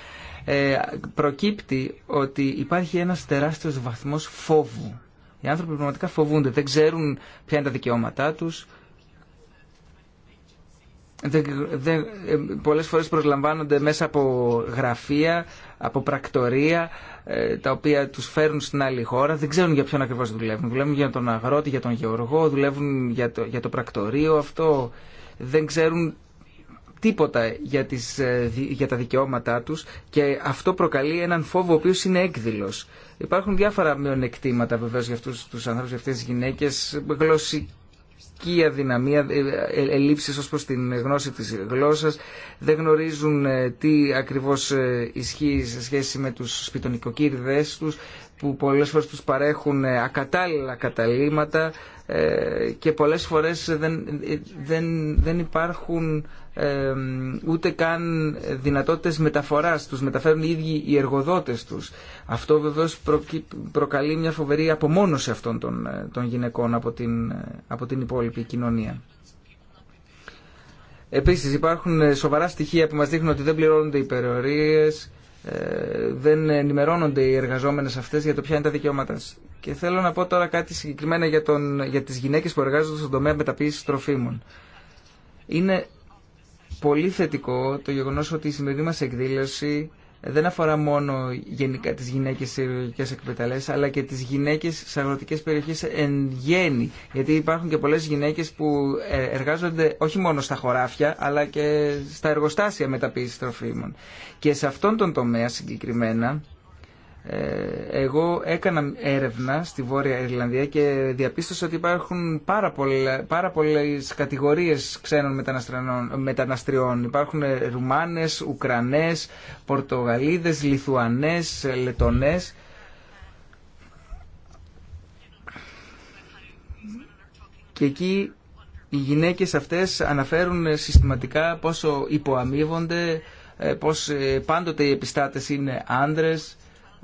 ε, προκύπτει ότι υπάρχει ένας τεράστιος βαθμός φόβου. Οι άνθρωποι πραγματικά φοβούνται, δεν ξέρουν ποια είναι τα δικαιώματά τους, δεν, δεν, ε, πολλές φορές προσλαμβάνονται μέσα από γραφεία από πρακτορία ε, τα οποία τους φέρουν στην άλλη χώρα. Δεν ξέρουν για ποιον ακριβώς δουλεύουν. Δουλεύουν για τον αγρότη, για τον γεωργό, δουλεύουν για το, για το πρακτορείο αυτό. Δεν ξέρουν τίποτα για, τις, ε, για τα δικαιώματά τους και αυτό προκαλεί έναν φόβο ο οποίος είναι έκδηλος. Υπάρχουν διάφορα μειονεκτήματα βεβαίως για αυτούς τους ανθρώπους, για αυτές τις γυναίκες, και αδυναμία, ε, ε, ε, ελλείψεις ως προς την γνώση της γλώσσας, δεν γνωρίζουν τι ακριβώς ισχύει σε σχέση με τους σπιτονικοκύριδες τους, που πολλές φορές τους παρέχουν ε, ακατάλληλα καταλήματα ε, και πολλές φορές δεν, ε, δεν, δεν υπάρχουν ούτε καν δυνατότητες μεταφοράς τους, μεταφέρουν οι ίδιοι οι εργοδότες τους. Αυτό βεβαίως προκαλεί μια φοβερή απομόνωση αυτών των, των γυναικών από την, από την υπόλοιπη κοινωνία. Επίσης υπάρχουν σοβαρά στοιχεία που μας δείχνουν ότι δεν πληρώνονται οι ε, δεν ενημερώνονται οι εργαζόμενες αυτές για το ποια είναι τα δικαιώματα Και θέλω να πω τώρα κάτι συγκεκριμένα για, τον, για τις γυναίκες που εργάζονται στον τομέα μεταποίησης τροφίμων. Είναι πολύ θετικό το γεγονός ότι η σημερινή μας εκδήλωση δεν αφορά μόνο γενικά τις γυναίκες σε ιερουργικές εκμεταλλές αλλά και τις γυναίκες σε αγροτικές περιοχές εν γέννη γιατί υπάρχουν και πολλές γυναίκες που ε, εργάζονται όχι μόνο στα χωράφια αλλά και στα εργοστάσια μεταποίησης τροφίμων και σε αυτόν τον τομέα συγκεκριμένα ε, εγώ έκανα έρευνα στη Βόρεια Ιρλανδία και διαπίστωσα ότι υπάρχουν πάρα, πολλές, κατηγορίες ξένων μεταναστριών. Υπάρχουν ε, Ρουμάνες, Ουκρανές, Πορτογαλίδες, Λιθουανές, ε, Λετονές. Και εκεί οι γυναίκες αυτές αναφέρουν συστηματικά πόσο υποαμείβονται, πώς πάντοτε οι επιστάτες είναι άντρες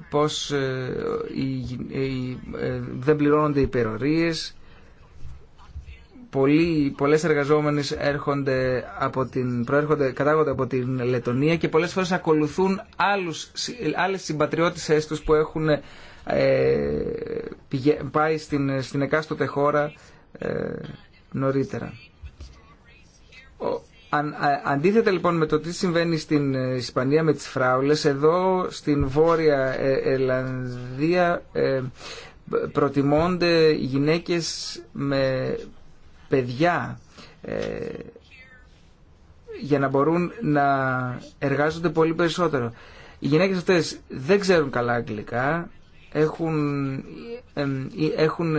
πως ε, ε, ε, δεν πληρώνονται υπερορίες, πολλοί, πολλές εργαζόμενες έρχονται από την, προέρχονται, κατάγονται από την Λετωνία και πολλές φορές ακολουθούν άλλους, άλλες συμπατριώτησές τους που έχουν πάει στην, στην εκάστοτε χώρα ε, νωρίτερα αντίθετα λοιπόν με το τι συμβαίνει στην ε, Ισπανία με τις φράουλες, εδώ στην Βόρεια ε, Ελλανδία ε, προτιμώνται γυναίκες με παιδιά για να μπορούν να εργάζονται πολύ περισσότερο. Οι γυναίκες αυτές δεν ξέρουν καλά αγγλικά, έχουν, έχουν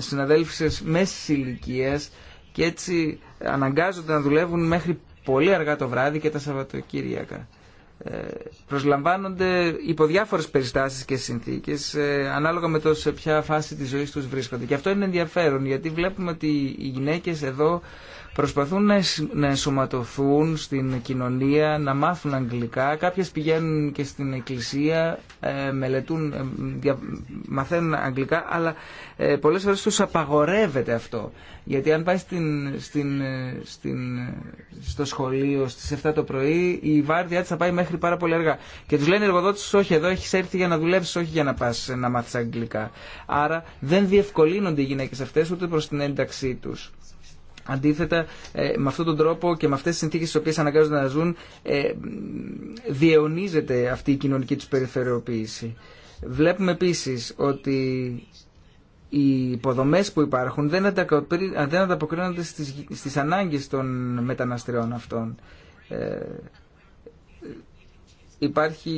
συναδέλφισες μέσης ηλικίας, και έτσι αναγκάζονται να δουλεύουν μέχρι πολύ αργά το βράδυ και τα Σαββατοκύριακα. Ε, προσλαμβάνονται υπό διάφορε περιστάσει και συνθήκε ε, ανάλογα με το σε ποια φάση τη ζωή του βρίσκονται. Και αυτό είναι ενδιαφέρον γιατί βλέπουμε ότι οι γυναίκε εδώ προσπαθούν να ενσωματωθούν στην κοινωνία, να μάθουν αγγλικά. Κάποιες πηγαίνουν και στην εκκλησία, ε, μελετούν, ε, μαθαίνουν αγγλικά, αλλά ε, πολλές φορές τους απαγορεύεται αυτό. Γιατί αν πάει στην, στην, στην, στο σχολείο στις 7 το πρωί, η βάρδια της θα πάει μέχρι πάρα πολύ αργά. Και τους λένε οι εργοδότες, όχι εδώ έχεις έρθει για να δουλεύεις, όχι για να πας να μάθεις αγγλικά. Άρα δεν διευκολύνονται οι γυναίκες αυτές ούτε προς την ένταξή τους. Αντίθετα, ε, με αυτόν τον τρόπο και με αυτές τις συνθήκες στις οποίες αναγκάζονται να ζουν, ε, διαιωνίζεται αυτή η κοινωνική του περιφερειοποίηση. Βλέπουμε επίσης ότι οι υποδομέ που υπάρχουν δεν ανταποκρίνονται στις ανάγκες των μεταναστριών αυτών. Ε, υπάρχει,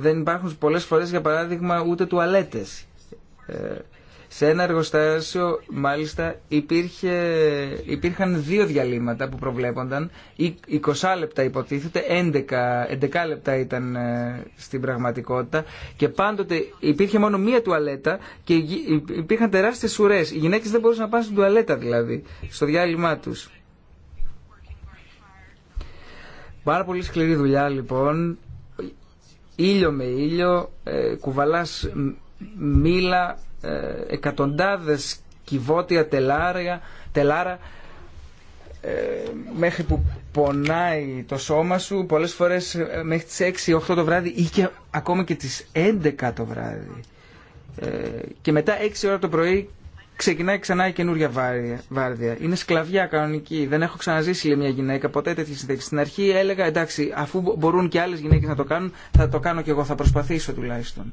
δεν υπάρχουν πολλές φορές, για παράδειγμα, ούτε τουαλέτες. Σε ένα εργοστάσιο μάλιστα υπήρχε, υπήρχαν δύο διαλύματα που προβλέπονταν, 20 λεπτά υποτίθεται, 11, 11 λεπτά ήταν ε, στην πραγματικότητα και πάντοτε υπήρχε μόνο μία τουαλέτα και υπήρχαν τεράστιες σουρές. Οι γυναίκες δεν μπορούσαν να πάνε στην τουαλέτα δηλαδή, στο διάλειμμα τους. Πάρα πολύ σκληρή δουλειά λοιπόν, ήλιο με ήλιο, ε, κουβαλάς μήλα ε, εκατοντάδες κυβότια τελάρια, τελάρα ε, μέχρι που πονάει το σώμα σου πολλές φορές ε, μέχρι τις 6-8 το βράδυ ή και ακόμα και τις 11 το βράδυ και μετά 6 ώρα το πρωί ξεκινάει ξανά η καινούρια βάρδια. Είναι σκλαβιά κανονική. Δεν έχω ξαναζήσει λέει, μια γυναίκα ποτέ τέτοια συνθήκη. Στην αρχή έλεγα εντάξει, αφού μπορούν και άλλε γυναίκε να το κάνουν, θα το κάνω κι εγώ, θα προσπαθήσω τουλάχιστον.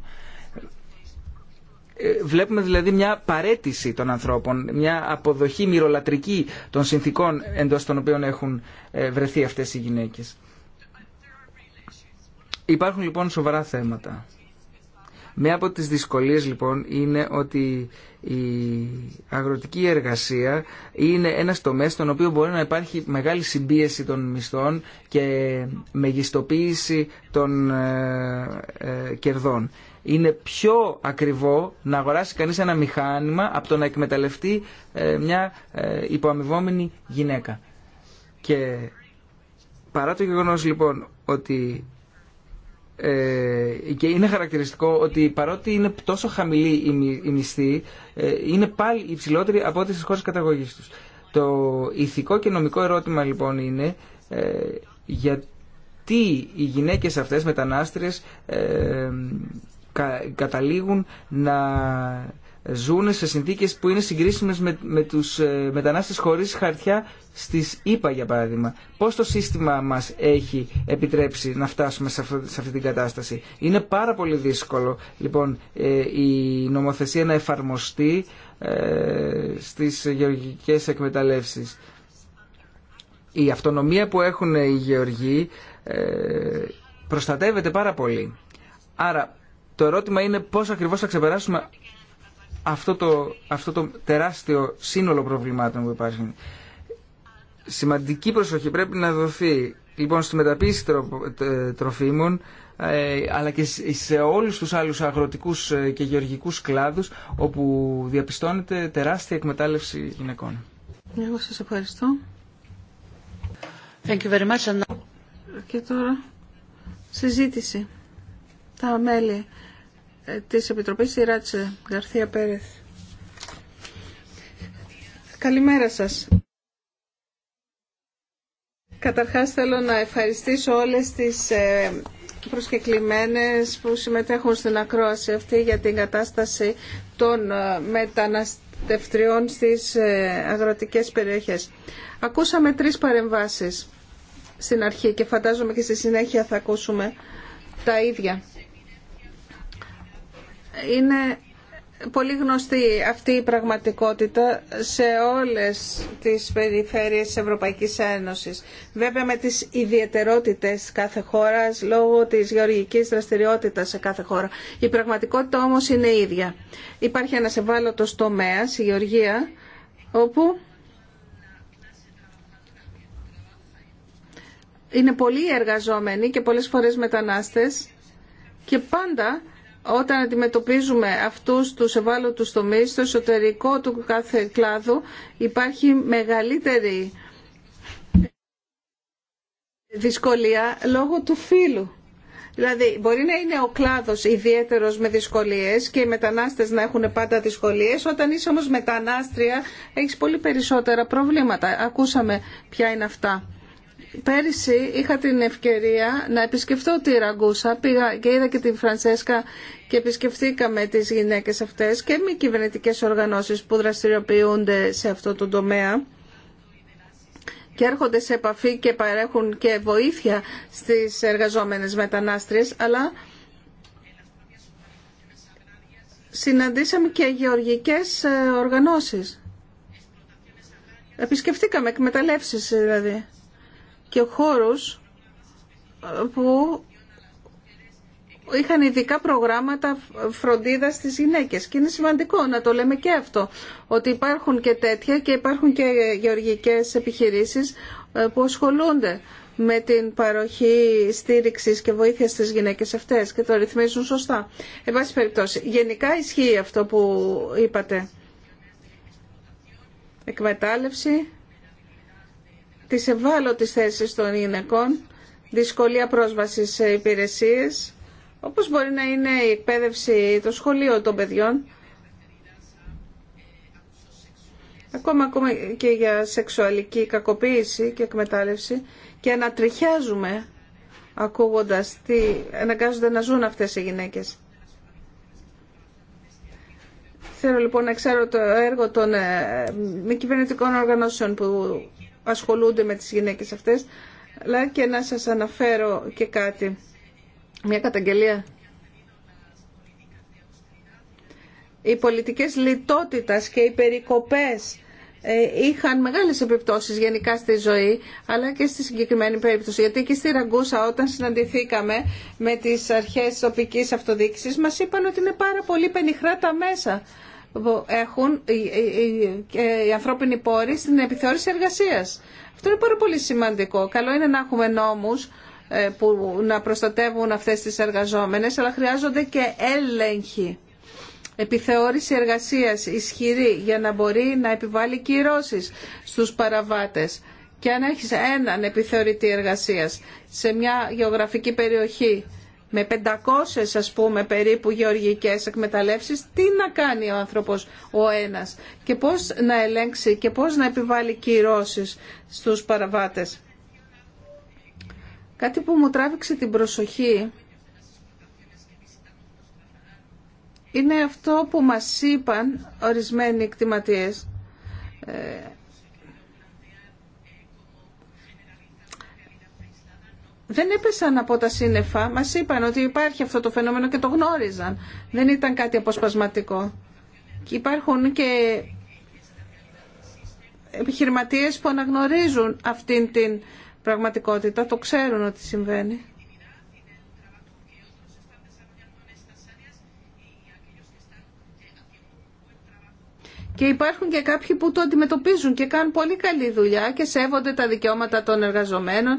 Ε, βλέπουμε δηλαδή μια παρέτηση των ανθρώπων, μια αποδοχή μυρολατρική των συνθήκων εντός των οποίων έχουν ε, βρεθεί αυτές οι γυναίκες. Υπάρχουν λοιπόν σοβαρά θέματα. Μία από τις δυσκολίες λοιπόν είναι ότι η αγροτική εργασία είναι ένας τομέας στον οποίο μπορεί να υπάρχει μεγάλη συμπίεση των μισθών και μεγιστοποίηση των ε, κερδών είναι πιο ακριβό να αγοράσει κανείς ένα μηχάνημα από το να εκμεταλλευτεί ε, μια ε, υποαμοιβόμενη γυναίκα. Και παρά το γεγονός λοιπόν ότι ε, και είναι χαρακτηριστικό ότι παρότι είναι τόσο χαμηλή η μισθή είναι πάλι υψηλότερη από ό,τι στις χώρες καταγωγής τους. Το ηθικό και νομικό ερώτημα λοιπόν είναι γιατί οι γυναίκες αυτές μετανάστριες καταλήγουν να ζουν σε συνθήκες που είναι συγκρίσιμες με, με τους ε, μετανάστες χωρίς χαρτιά στις ΙΠΑ, για παράδειγμα. Πώς το σύστημα μας έχει επιτρέψει να φτάσουμε σε, αυτή την κατάσταση. Είναι πάρα πολύ δύσκολο λοιπόν ε, η νομοθεσία να εφαρμοστεί ε, στις γεωργικές εκμεταλλεύσεις. Η αυτονομία που έχουν οι γεωργοί προστατεύεται πάρα πολύ. Άρα το ερώτημα είναι πώς ακριβώς θα ξεπεράσουμε αυτό το, αυτό το τεράστιο σύνολο προβλημάτων που υπάρχουν. Σημαντική προσοχή πρέπει να δοθεί λοιπόν στη μεταποίηση τροφίμων ε, αλλά και σε όλους τους άλλους αγροτικούς ε, και γεωργικούς κλάδους όπου διαπιστώνεται τεράστια εκμετάλλευση γυναικών. Εγώ σας ευχαριστώ. Thank Και τώρα συζήτηση τα μέλη ε, της Επιτροπής η Ράτσε Γαρθία Πέρεθ. Καλημέρα σας. Καταρχάς θέλω να ευχαριστήσω όλες τις ε, προσκεκλημένες που συμμετέχουν στην ακρόαση αυτή για την κατάσταση των ε, μεταναστευτριών στις αγροτικές περιοχές. Ακούσαμε τρεις παρεμβάσεις στην αρχή και φαντάζομαι και στη συνέχεια θα ακούσουμε τα ίδια. Είναι πολύ γνωστή αυτή η πραγματικότητα σε όλες τις περιφέρειες της Ευρωπαϊκής Ένωσης. Βέβαια με τις ιδιαιτερότητες κάθε χώρας λόγω της γεωργικής δραστηριότητας σε κάθε χώρα. Η πραγματικότητα όμως είναι ίδια. Υπάρχει ένας ευάλωτος τομέας, η γεωργία, όπου είναι πολλοί εργαζόμενοι και πολλές φορές μετανάστες και πάντα όταν αντιμετωπίζουμε αυτούς τους ευάλωτους τομείς στο εσωτερικό του κάθε κλάδου υπάρχει μεγαλύτερη δυσκολία λόγω του φύλου. Δηλαδή μπορεί να είναι ο κλάδος ιδιαίτερος με δυσκολίες και οι μετανάστες να έχουν πάντα δυσκολίες. Όταν είσαι όμως μετανάστρια έχεις πολύ περισσότερα προβλήματα. Ακούσαμε ποια είναι αυτά. Πέρυσι είχα την ευκαιρία να επισκεφτώ τη Ραγκούσα. Πήγα και είδα και την Φρανσέσκα και επισκεφθήκαμε τις γυναίκες αυτές και μη κυβερνητικέ οργανώσεις που δραστηριοποιούνται σε αυτό το τομέα και έρχονται σε επαφή και παρέχουν και βοήθεια στις εργαζόμενες μετανάστριες, αλλά συναντήσαμε και γεωργικές ε, οργανώσεις. Επισκεφτήκαμε εκμεταλλεύσεις δηλαδή και χώρος ε, που είχαν ειδικά προγράμματα φροντίδας στις γυναίκες και είναι σημαντικό να το λέμε και αυτό ότι υπάρχουν και τέτοια και υπάρχουν και γεωργικές επιχειρήσεις ε, που ασχολούνται με την παροχή στήριξης και βοήθειας στις γυναίκες αυτές και το ρυθμίζουν σωστά. Εν πάση περιπτώσει, γενικά ισχύει αυτό που είπατε. Εκμετάλλευση τις ευάλωτες θέσεις των γυναικών, δυσκολία πρόσβασης σε υπηρεσίες, όπως μπορεί να είναι η εκπαίδευση, το σχολείο των παιδιών, ακόμα, ακόμα και για σεξουαλική κακοποίηση και εκμετάλλευση και ανατριχιάζουμε ακούγοντας τι αναγκάζονται να ζουν αυτές οι γυναίκες. Θέλω λοιπόν να ξέρω το έργο των ε, μη κυβερνητικών οργανώσεων που ασχολούνται με τις γυναίκες αυτές, αλλά και να σας αναφέρω και κάτι, μια καταγγελία. Οι πολιτικές λιτότητας και οι περικοπές ε, είχαν μεγάλες επιπτώσεις γενικά στη ζωή αλλά και στη συγκεκριμένη περίπτωση γιατί εκεί στη Ραγκούσα όταν συναντηθήκαμε με τις αρχές τοπική αυτοδίκησης, μας είπαν ότι είναι πάρα πολύ πενιχρά τα μέσα που έχουν οι ανθρώπινοι πόροι στην επιθεώρηση εργασίας. Αυτό είναι πάρα πολύ σημαντικό. Καλό είναι να έχουμε νόμους ε, που να προστατεύουν αυτές τις εργαζόμενες, αλλά χρειάζονται και έλεγχοι. Επιθεώρηση εργασίας ισχυρή για να μπορεί να επιβάλλει κυρώσεις στους παραβάτες. Και αν έχεις έναν επιθεωρητή εργασίας σε μια γεωγραφική περιοχή με 500 ας πούμε περίπου γεωργικές εκμεταλλεύσεις, τι να κάνει ο άνθρωπος ο ένας και πώς να ελέγξει και πώς να επιβάλλει κυρώσεις στους παραβάτες. Κάτι που μου τράβηξε την προσοχή είναι αυτό που μας είπαν ορισμένοι εκτιματίες. Ε, δεν έπεσαν από τα σύννεφα. Μα είπαν ότι υπάρχει αυτό το φαινόμενο και το γνώριζαν. Δεν ήταν κάτι αποσπασματικό. Και υπάρχουν και επιχειρηματίε που αναγνωρίζουν αυτήν την πραγματικότητα, το ξέρουν ότι συμβαίνει. Και υπάρχουν και κάποιοι που το αντιμετωπίζουν και κάνουν πολύ καλή δουλειά και σέβονται τα δικαιώματα των εργαζομένων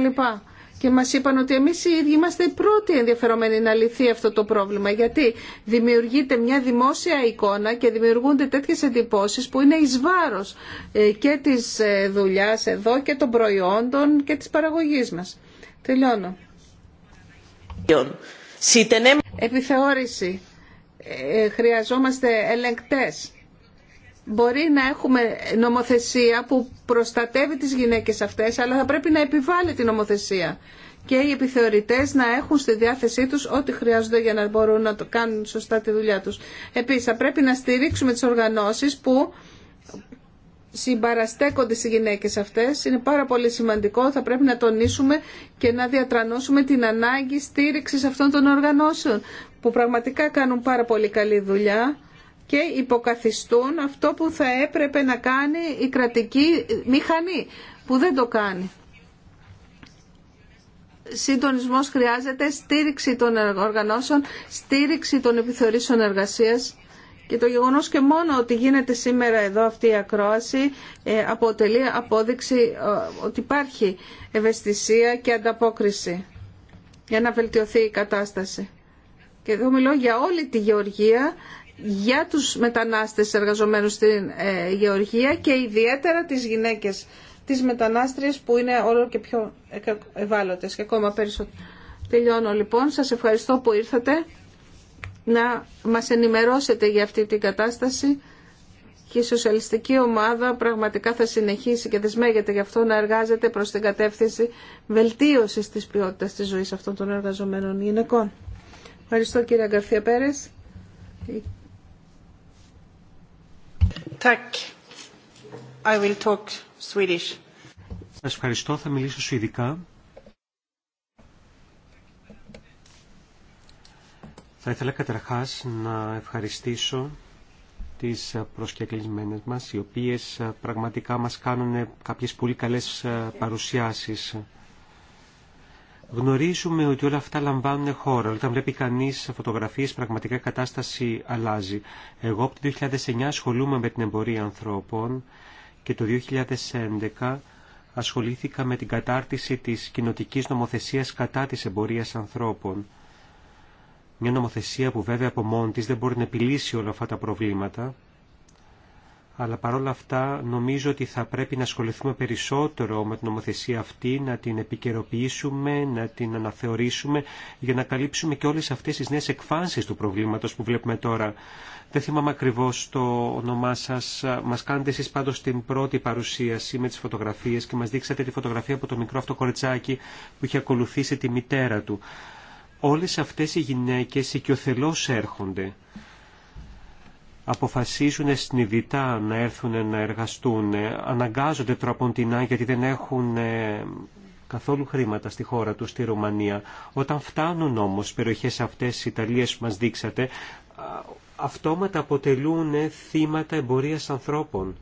λοιπά Και μας είπαν ότι εμείς οι ίδιοι είμαστε οι πρώτοι ενδιαφερομένοι να λυθεί αυτό το πρόβλημα. Γιατί δημιουργείται μια δημόσια εικόνα και δημιουργούνται τέτοιες εντυπώσεις που είναι εις βάρος ε, και της ε, δουλειάς εδώ και των προϊόντων και της παραγωγής μας. Τελειώνω. Επιθεώρηση. Ε, χρειαζόμαστε ελεγκτές μπορεί να έχουμε νομοθεσία που προστατεύει τις γυναίκες αυτές, αλλά θα πρέπει να επιβάλλει την νομοθεσία. Και οι επιθεωρητές να έχουν στη διάθεσή τους ό,τι χρειάζονται για να μπορούν να το κάνουν σωστά τη δουλειά τους. Επίσης, θα πρέπει να στηρίξουμε τις οργανώσεις που συμπαραστέκονται στις γυναίκες αυτές. Είναι πάρα πολύ σημαντικό, θα πρέπει να τονίσουμε και να διατρανώσουμε την ανάγκη στήριξης αυτών των οργανώσεων, που πραγματικά κάνουν πάρα πολύ καλή δουλειά και υποκαθιστούν αυτό που θα έπρεπε να κάνει η κρατική μηχανή, που δεν το κάνει. Συντονισμός χρειάζεται, στήριξη των οργανώσεων, στήριξη των επιθεωρήσεων εργασίας και το γεγονός και μόνο ότι γίνεται σήμερα εδώ αυτή η ακρόαση ε, αποτελεί απόδειξη ε, ότι υπάρχει ευαισθησία και ανταπόκριση για να βελτιωθεί η κατάσταση. Και εδώ μιλώ για όλη τη γεωργία για τους μετανάστες εργαζομένους στην ε, Γεωργία και ιδιαίτερα τις γυναίκες, τις μετανάστριες που είναι όλο και πιο ευάλωτες και ακόμα περισσότερο. Τελειώνω λοιπόν. Σας ευχαριστώ που ήρθατε να μας ενημερώσετε για αυτή την κατάσταση και η σοσιαλιστική ομάδα πραγματικά θα συνεχίσει και δεσμέγεται γι' αυτό να εργάζεται προς την κατεύθυνση βελτίωσης της ποιότητας της ζωής αυτών των εργαζομένων γυναικών. Ευχαριστώ κύριε Αγκαρθία Πέρες. Tack. Σας ευχαριστώ. Θα μιλήσω σουηδικά. Θα ήθελα καταρχάς να ευχαριστήσω τις προσκεκλημένες μας, οι οποίες πραγματικά μας κάνουν κάποιες πολύ καλές παρουσιάσεις. Γνωρίζουμε ότι όλα αυτά λαμβάνουν χώρα. Όταν βλέπει κανεί φωτογραφίε, πραγματικά η κατάσταση αλλάζει. Εγώ από το 2009 ασχολούμαι με την εμπορία ανθρώπων και το 2011 ασχολήθηκα με την κατάρτιση της κοινοτική νομοθεσίας κατά της εμπορίας ανθρώπων. Μια νομοθεσία που βέβαια από μόνη τη δεν μπορεί να επιλύσει όλα αυτά τα προβλήματα, αλλά παρόλα αυτά νομίζω ότι θα πρέπει να ασχοληθούμε περισσότερο με την νομοθεσία αυτή, να την επικαιροποιήσουμε, να την αναθεωρήσουμε για να καλύψουμε και όλες αυτές τις νέες εκφάνσεις του προβλήματος που βλέπουμε τώρα. Δεν θυμάμαι ακριβώ το όνομά σα. Μα κάνετε εσεί πάντω την πρώτη παρουσίαση με τι φωτογραφίε και μα δείξατε τη φωτογραφία από το μικρό αυτό κοριτσάκι που είχε ακολουθήσει τη μητέρα του. Όλε αυτέ οι γυναίκε οικειοθελώ έρχονται αποφασίζουν συνειδητά να έρθουν να εργαστούν, αναγκάζονται τροποντινά γιατί δεν έχουν ε, καθόλου χρήματα στη χώρα τους, στη Ρουμανία. Όταν φτάνουν όμως στις περιοχές αυτές της Ιταλίας που μας δείξατε, αυτόματα αποτελούν θύματα εμπορίας ανθρώπων.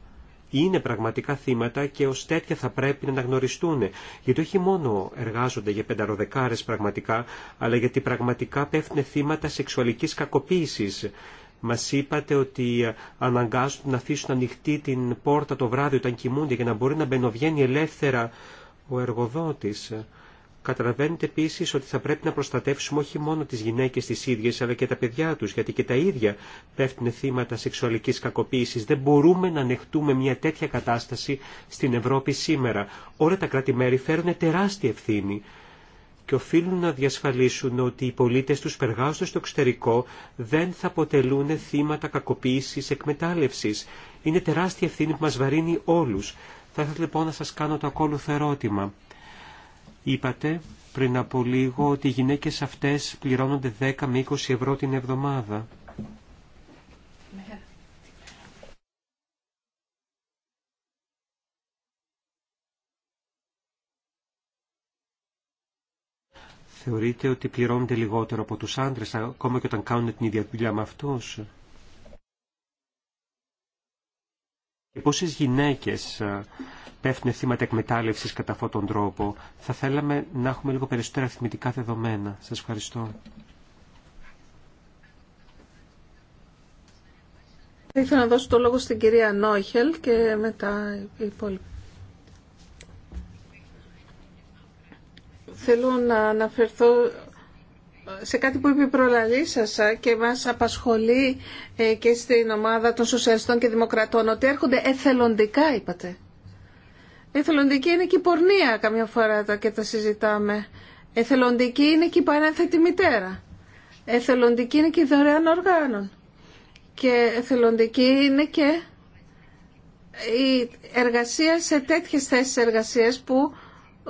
Είναι πραγματικά θύματα και ως τέτοια θα πρέπει να αναγνωριστούν. Γιατί όχι μόνο εργάζονται για πενταροδεκάρες πραγματικά, αλλά γιατί πραγματικά πέφτουν θύματα σεξουαλικής κακοποίησης. Μας είπατε ότι ε, αναγκάζονται να αφήσουν ανοιχτή την πόρτα το βράδυ όταν κοιμούνται για να μπορεί να μπαινοβγαίνει ελεύθερα ο εργοδότης. Ε, καταλαβαίνετε επίση ότι θα πρέπει να προστατεύσουμε όχι μόνο τι γυναίκε τι ίδιε, αλλά και τα παιδιά του, γιατί και τα ίδια πέφτουν θύματα σεξουαλική κακοποίηση. Δεν μπορούμε να ανεχτούμε μια τέτοια κατάσταση στην Ευρώπη σήμερα. Όλα τα κράτη-μέρη φέρουν τεράστια ευθύνη και οφείλουν να διασφαλίσουν ότι οι πολίτες τους περγάζονται στο εξωτερικό δεν θα αποτελούν θύματα κακοποίησης εκμετάλλευσης. Είναι τεράστια ευθύνη που μας βαρύνει όλους. Θα ήθελα λοιπόν να σας κάνω το ακόλουθο ερώτημα. Είπατε πριν από λίγο ότι οι γυναίκες αυτές πληρώνονται 10 με 20 ευρώ την εβδομάδα. Θεωρείτε ότι πληρώνονται λιγότερο από τους άντρες, ακόμα και όταν κάνουν την ίδια δουλειά με αυτούς. Και πόσες γυναίκες ε, πέφτουν θύματα εκμετάλλευσης κατά αυτόν τον τρόπο. Θα θέλαμε να έχουμε λίγο περισσότερα αριθμητικά δεδομένα. Σας ευχαριστώ. Θα ήθελα να δώσω το λόγο στην κυρία Νόχελ και μετά οι υπόλοιποι. Θέλω να αναφερθώ σε κάτι που είπε η προλαλή και μας απασχολεί ε, και στην ομάδα των Σοσιαλιστών και Δημοκρατών, ότι έρχονται εθελοντικά, είπατε. Εθελοντική είναι και η πορνεία καμιά φορά τα και τα συζητάμε. Εθελοντική είναι και η παρένθετη μητέρα. Εθελοντική είναι και η δωρεάν οργάνων. Και εθελοντική είναι και η εργασία σε τέτοιες θέσεις εργασίας που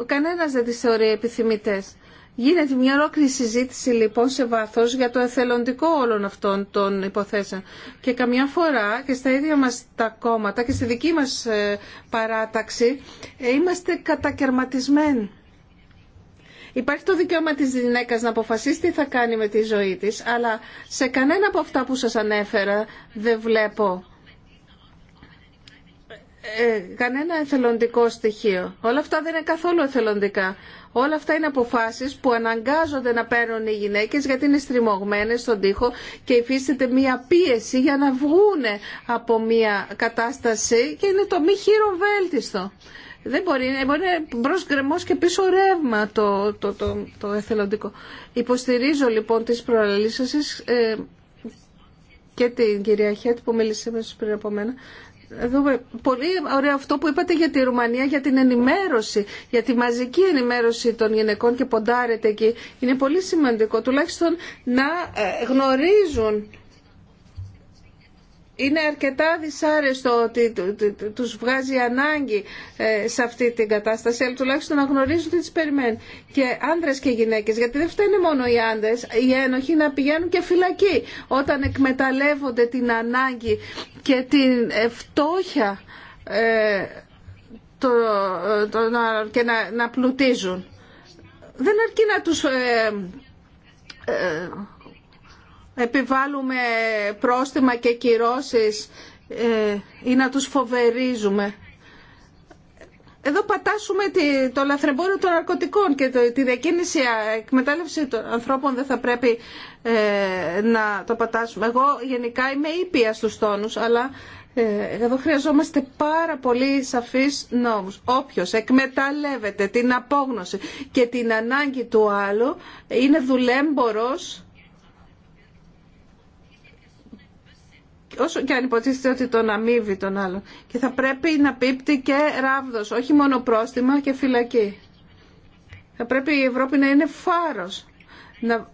κανένας δεν τις θεωρεί επιθυμητέ. Γίνεται μια ολόκληρη συζήτηση λοιπόν σε βάθο για το εθελοντικό όλων αυτών των υποθέσεων. Και καμιά φορά και στα ίδια μας τα κόμματα και στη δική μας ε, παράταξη ε, είμαστε κατακαιρματισμένοι. Υπάρχει το δικαίωμα της γυναίκα να αποφασίσει τι θα κάνει με τη ζωή της, αλλά σε κανένα από αυτά που σας ανέφερα δεν βλέπω ε, κανένα εθελοντικό στοιχείο. Όλα αυτά δεν είναι καθόλου εθελοντικά. Όλα αυτά είναι αποφάσεις που αναγκάζονται να παίρνουν οι γυναίκες γιατί είναι στριμωγμένες στον τοίχο και υφίσταται μία πίεση για να βγουν από μία κατάσταση και είναι το μη χειροβέλτιστο. Δεν μπορεί, ε, μπορεί να είναι μπρο γκρεμό και πίσω ρεύμα το, το, το, το εθελοντικό. Υποστηρίζω λοιπόν τις προαλήσεις ε, και την κυρία Χέτ που μίλησε μέσα πριν από μένα δούμε. Πολύ ωραίο αυτό που είπατε για τη Ρουμανία, για την ενημέρωση, για τη μαζική ενημέρωση των γυναικών και ποντάρετε εκεί. Είναι πολύ σημαντικό τουλάχιστον να ε, γνωρίζουν είναι αρκετά δυσάρεστο ότι τους βγάζει ανάγκη ε, σε αυτή την κατάσταση, αλλά τουλάχιστον να γνωρίζουν τι τις περιμένει. Και άνδρες και γυναίκες, γιατί δεν φταίνε μόνο οι άνδρες, οι ένοχοι να πηγαίνουν και φυλακοί όταν εκμεταλλεύονται την ανάγκη και την φτώχεια ε, και να πλουτίζουν. Δεν αρκεί να τους ε, επιβάλλουμε πρόστιμα και κυρώσεις ε, ή να τους φοβερίζουμε. Εδώ πατάσουμε το λαθρεμπόριο των ναρκωτικών και τη διακίνηση εκμετάλλευση των ανθρώπων δεν θα πρέπει ε, να το πατάσουμε. Εγώ γενικά είμαι ήπια στους τόνους, αλλά ε, εδώ χρειαζόμαστε πάρα πολύ σαφείς νόμους. Όποιος εκμεταλλεύεται την απόγνωση και την ανάγκη του άλλου είναι δουλέμπορος όσο και αν υποτίθεται ότι τον αμείβει τον άλλον. Και θα πρέπει να πείπτει και ράβδος, όχι μόνο πρόστιμα και φυλακή. Θα πρέπει η Ευρώπη να είναι φάρος. Να...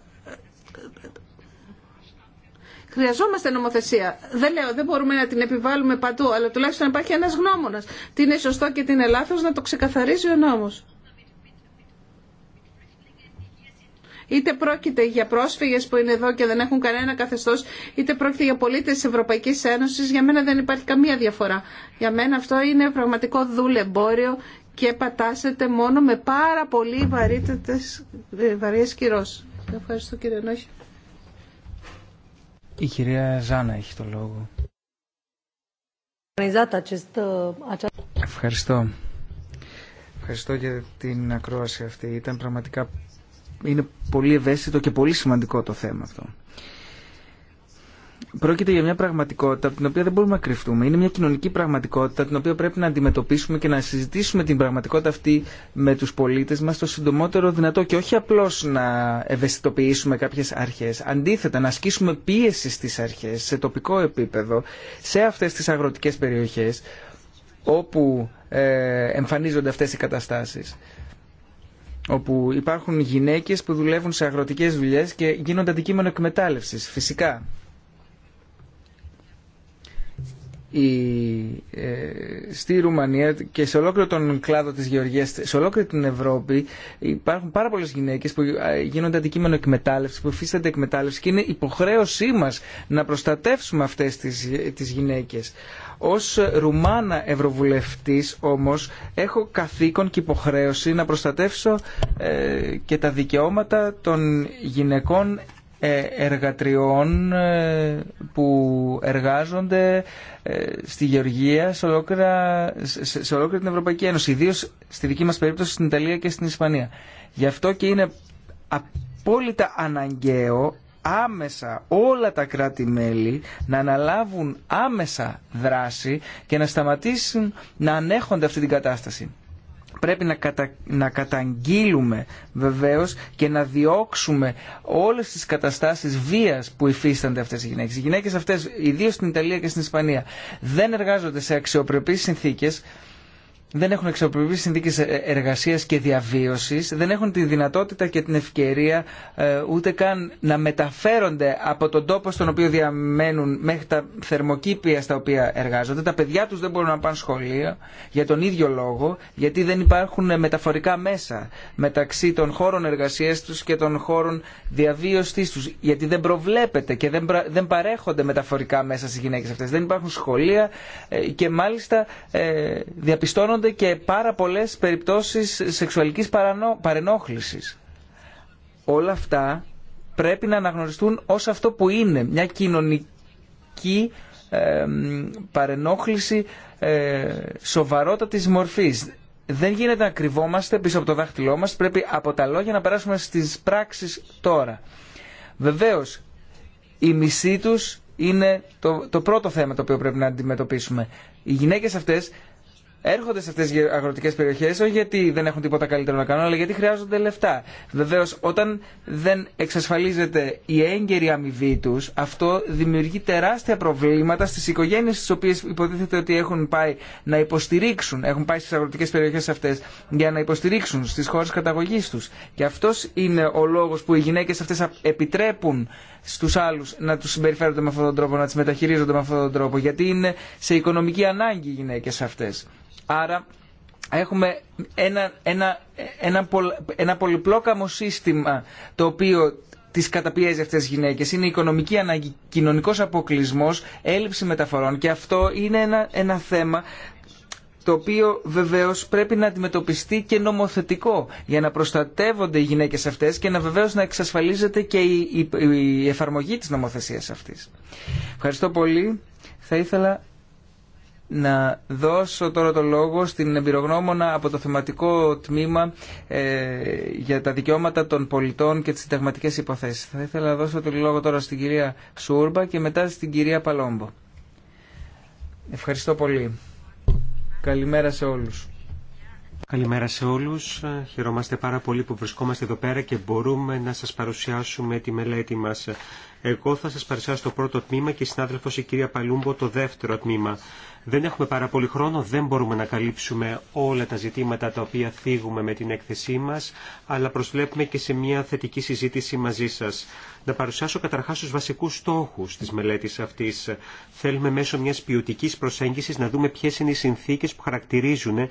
Χρειαζόμαστε νομοθεσία. Δεν λέω, δεν μπορούμε να την επιβάλλουμε παντού, αλλά τουλάχιστον υπάρχει ένας γνώμονας. Τι είναι σωστό και τι είναι λάθος να το ξεκαθαρίζει ο νόμος. Είτε πρόκειται για πρόσφυγες που είναι εδώ και δεν έχουν κανένα καθεστώς, είτε πρόκειται για πολίτες της Ευρωπαϊκής Ένωσης, για μένα δεν υπάρχει καμία διαφορά. Για μένα αυτό είναι πραγματικό δούλεμπόριο και πατάσετε μόνο με πάρα πολύ ε, βαρύες κυρώσεις. Ευχαριστώ κύριε Νόχη. Η κυρία Ζάνα έχει το λόγο. Ευχαριστώ. Ευχαριστώ για την ακρόαση αυτή. Ήταν πραγματικά είναι πολύ ευαίσθητο και πολύ σημαντικό το θέμα αυτό. Πρόκειται για μια πραγματικότητα από την οποία δεν μπορούμε να κρυφτούμε. Είναι μια κοινωνική πραγματικότητα την οποία πρέπει να αντιμετωπίσουμε και να συζητήσουμε την πραγματικότητα αυτή με του πολίτε μα το συντομότερο δυνατό και όχι απλώ να ευαισθητοποιήσουμε κάποιε αρχέ. Αντίθετα, να ασκήσουμε πίεση στις αρχέ σε τοπικό επίπεδο, σε αυτέ τι αγροτικέ περιοχέ όπου ε, εμφανίζονται αυτές οι καταστάσεις όπου υπάρχουν γυναίκες που δουλεύουν σε αγροτικές δουλειές και γίνονται αντικείμενο εκμετάλλευσης. Φυσικά ε, στη Ρουμανία και σε ολόκληρο τον κλάδο της γεωργίας, σε ολόκληρη την Ευρώπη υπάρχουν πάρα πολλές γυναίκες που ε, γίνονται αντικείμενο εκμετάλλευση, που υφίστανται εκμετάλλευση και είναι υποχρέωσή μας να προστατεύσουμε αυτές τις, τις γυναίκες. Ως Ρουμάνα Ευρωβουλευτής όμως έχω καθήκον και υποχρέωση να προστατεύσω ε, και τα δικαιώματα των γυναικών ε, εργατριών ε, που εργάζονται ε, στη γεωργία σε ολόκληρη την Ευρωπαϊκή Ένωση, ιδίω στη δική μας περίπτωση στην Ιταλία και στην Ισπανία. Γι' αυτό και είναι απόλυτα αναγκαίο άμεσα όλα τα κράτη-μέλη να αναλάβουν άμεσα δράση και να σταματήσουν να ανέχονται αυτή την κατάσταση. Πρέπει να, κατα... να καταγγείλουμε βεβαίως και να διώξουμε όλες τις καταστάσεις βίας που υφίστανται αυτές οι γυναίκες. Οι γυναίκες αυτές, ιδίως στην Ιταλία και στην Ισπανία, δεν εργάζονται σε αξιοπρεπείς συνθήκες, δεν έχουν εξοπλιστεί συνθήκε εργασία και διαβίωση, δεν έχουν τη δυνατότητα και την ευκαιρία ε, ούτε καν να μεταφέρονται από τον τόπο στον οποίο διαμένουν μέχρι τα θερμοκήπια στα οποία εργάζονται. Τα παιδιά του δεν μπορούν να πάνε σχολείο για τον ίδιο λόγο, γιατί δεν υπάρχουν ε, μεταφορικά μέσα μεταξύ των χώρων εργασία του και των χώρων διαβίωσή του. Γιατί δεν προβλέπεται και δεν παρέχονται μεταφορικά μέσα στι γυναίκε αυτέ. Δεν υπάρχουν σχολεία ε, και μάλιστα διαπιστώνονται γίνονται και πάρα πολλές περιπτώσεις σεξουαλικής παρενόχλησης. Όλα αυτά πρέπει να αναγνωριστούν ως αυτό που είναι, μια κοινωνική ε, παρενόχληση ε, σοβαρότατης μορφής. Δεν γίνεται να κρυβόμαστε πίσω από το δάχτυλό μας, πρέπει από τα λόγια να περάσουμε στις πράξεις τώρα. Βεβαίως, η μισή τους είναι το, το πρώτο θέμα το οποίο πρέπει να αντιμετωπίσουμε. Οι γυναίκες αυτές έρχονται σε αυτέ τι αγροτικέ περιοχέ όχι γιατί δεν έχουν τίποτα καλύτερο να κάνουν, αλλά γιατί χρειάζονται λεφτά. Βεβαίω, όταν δεν εξασφαλίζεται η έγκαιρη αμοιβή του, αυτό δημιουργεί τεράστια προβλήματα στι οικογένειε τι οποίε υποτίθεται ότι έχουν πάει να υποστηρίξουν, έχουν πάει στι αγροτικέ περιοχέ αυτέ για να υποστηρίξουν στι χώρε καταγωγή του. Και αυτό είναι ο λόγο που οι γυναίκε αυτέ επιτρέπουν στου άλλου να του συμπεριφέρονται με αυτόν τον τρόπο, να τι μεταχειρίζονται με αυτόν τον τρόπο, γιατί είναι σε οικονομική ανάγκη οι γυναίκε αυτέ. Άρα έχουμε ένα, ένα, ένα, ένα πολυπλόκαμο σύστημα το οποίο τι καταπιέζει αυτέ τι γυναίκε. Είναι οικονομική ανάγκη, κοινωνικό αποκλεισμό, έλλειψη μεταφορών και αυτό είναι ένα, ένα θέμα το οποίο βεβαίω πρέπει να αντιμετωπιστεί και νομοθετικό για να προστατεύονται οι γυναίκε αυτέ και να βεβαίω να εξασφαλίζεται και η, η εφαρμογή τη νομοθεσία αυτή. Ευχαριστώ πολύ. Θα ήθελα να δώσω τώρα το λόγο στην εμπειρογνώμονα από το θεματικό τμήμα ε, για τα δικαιώματα των πολιτών και τις συνταγματικέ υποθέσεις. Θα ήθελα να δώσω το λόγο τώρα στην κυρία Σούρμπα και μετά στην κυρία Παλόμπο. Ευχαριστώ πολύ. Καλημέρα σε όλους. Καλημέρα σε όλους. Χαιρόμαστε πάρα πολύ που βρισκόμαστε εδώ πέρα και μπορούμε να σας παρουσιάσουμε τη μελέτη μας. Εγώ θα σας παρουσιάσω το πρώτο τμήμα και η συνάδελφος η κυρία Παλούμπο το δεύτερο τμήμα. Δεν έχουμε πάρα πολύ χρόνο, δεν μπορούμε να καλύψουμε όλα τα ζητήματα τα οποία θίγουμε με την έκθεσή μας, αλλά προσβλέπουμε και σε μια θετική συζήτηση μαζί σας. Να παρουσιάσω καταρχάς τους βασικούς στόχους της μελέτης αυτής. Θέλουμε μέσω μιας ποιοτική προσέγγισης να δούμε ποιες είναι οι συνθήκες που χαρακτηρίζουν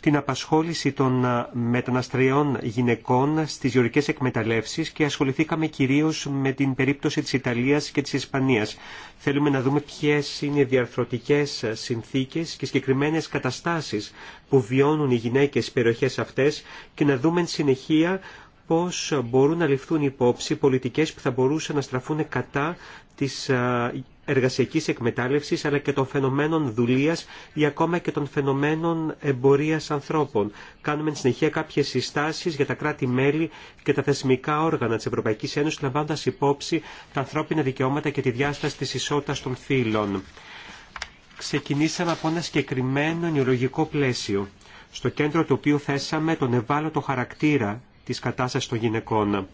την απασχόληση των ε, μεταναστριών γυναικών στις γεωρικές εκμεταλλεύσεις και ασχοληθήκαμε κυρίως με την περίπτωση της Ιταλίας και της Ισπανίας. Θέλουμε να δούμε ποιες είναι οι διαρθρωτικές συνθήκες και συγκεκριμένες καταστάσεις που βιώνουν οι γυναίκες στις περιοχές αυτές και να δούμε εν συνεχεία πώς μπορούν να ληφθούν υπόψη πολιτικές που θα μπορούσαν να στραφούν κατά της ε, εργασιακής εκμετάλλευσης αλλά και των φαινομένων δουλείας ή ακόμα και των φαινομένων εμπορίας ανθρώπων. Κάνουμε συνεχεία κάποιες συστάσεις για τα κράτη-μέλη και τα θεσμικά όργανα της Ευρωπαϊκής Ένωσης λαμβάνοντας υπόψη τα ανθρώπινα δικαιώματα και τη διάσταση της ισότητας των φύλων. Ξεκινήσαμε από ένα συγκεκριμένο νεολογικό πλαίσιο, στο κέντρο του οποίου θέσαμε τον ευάλωτο χαρακτήρα της κατάστασης των γυναικών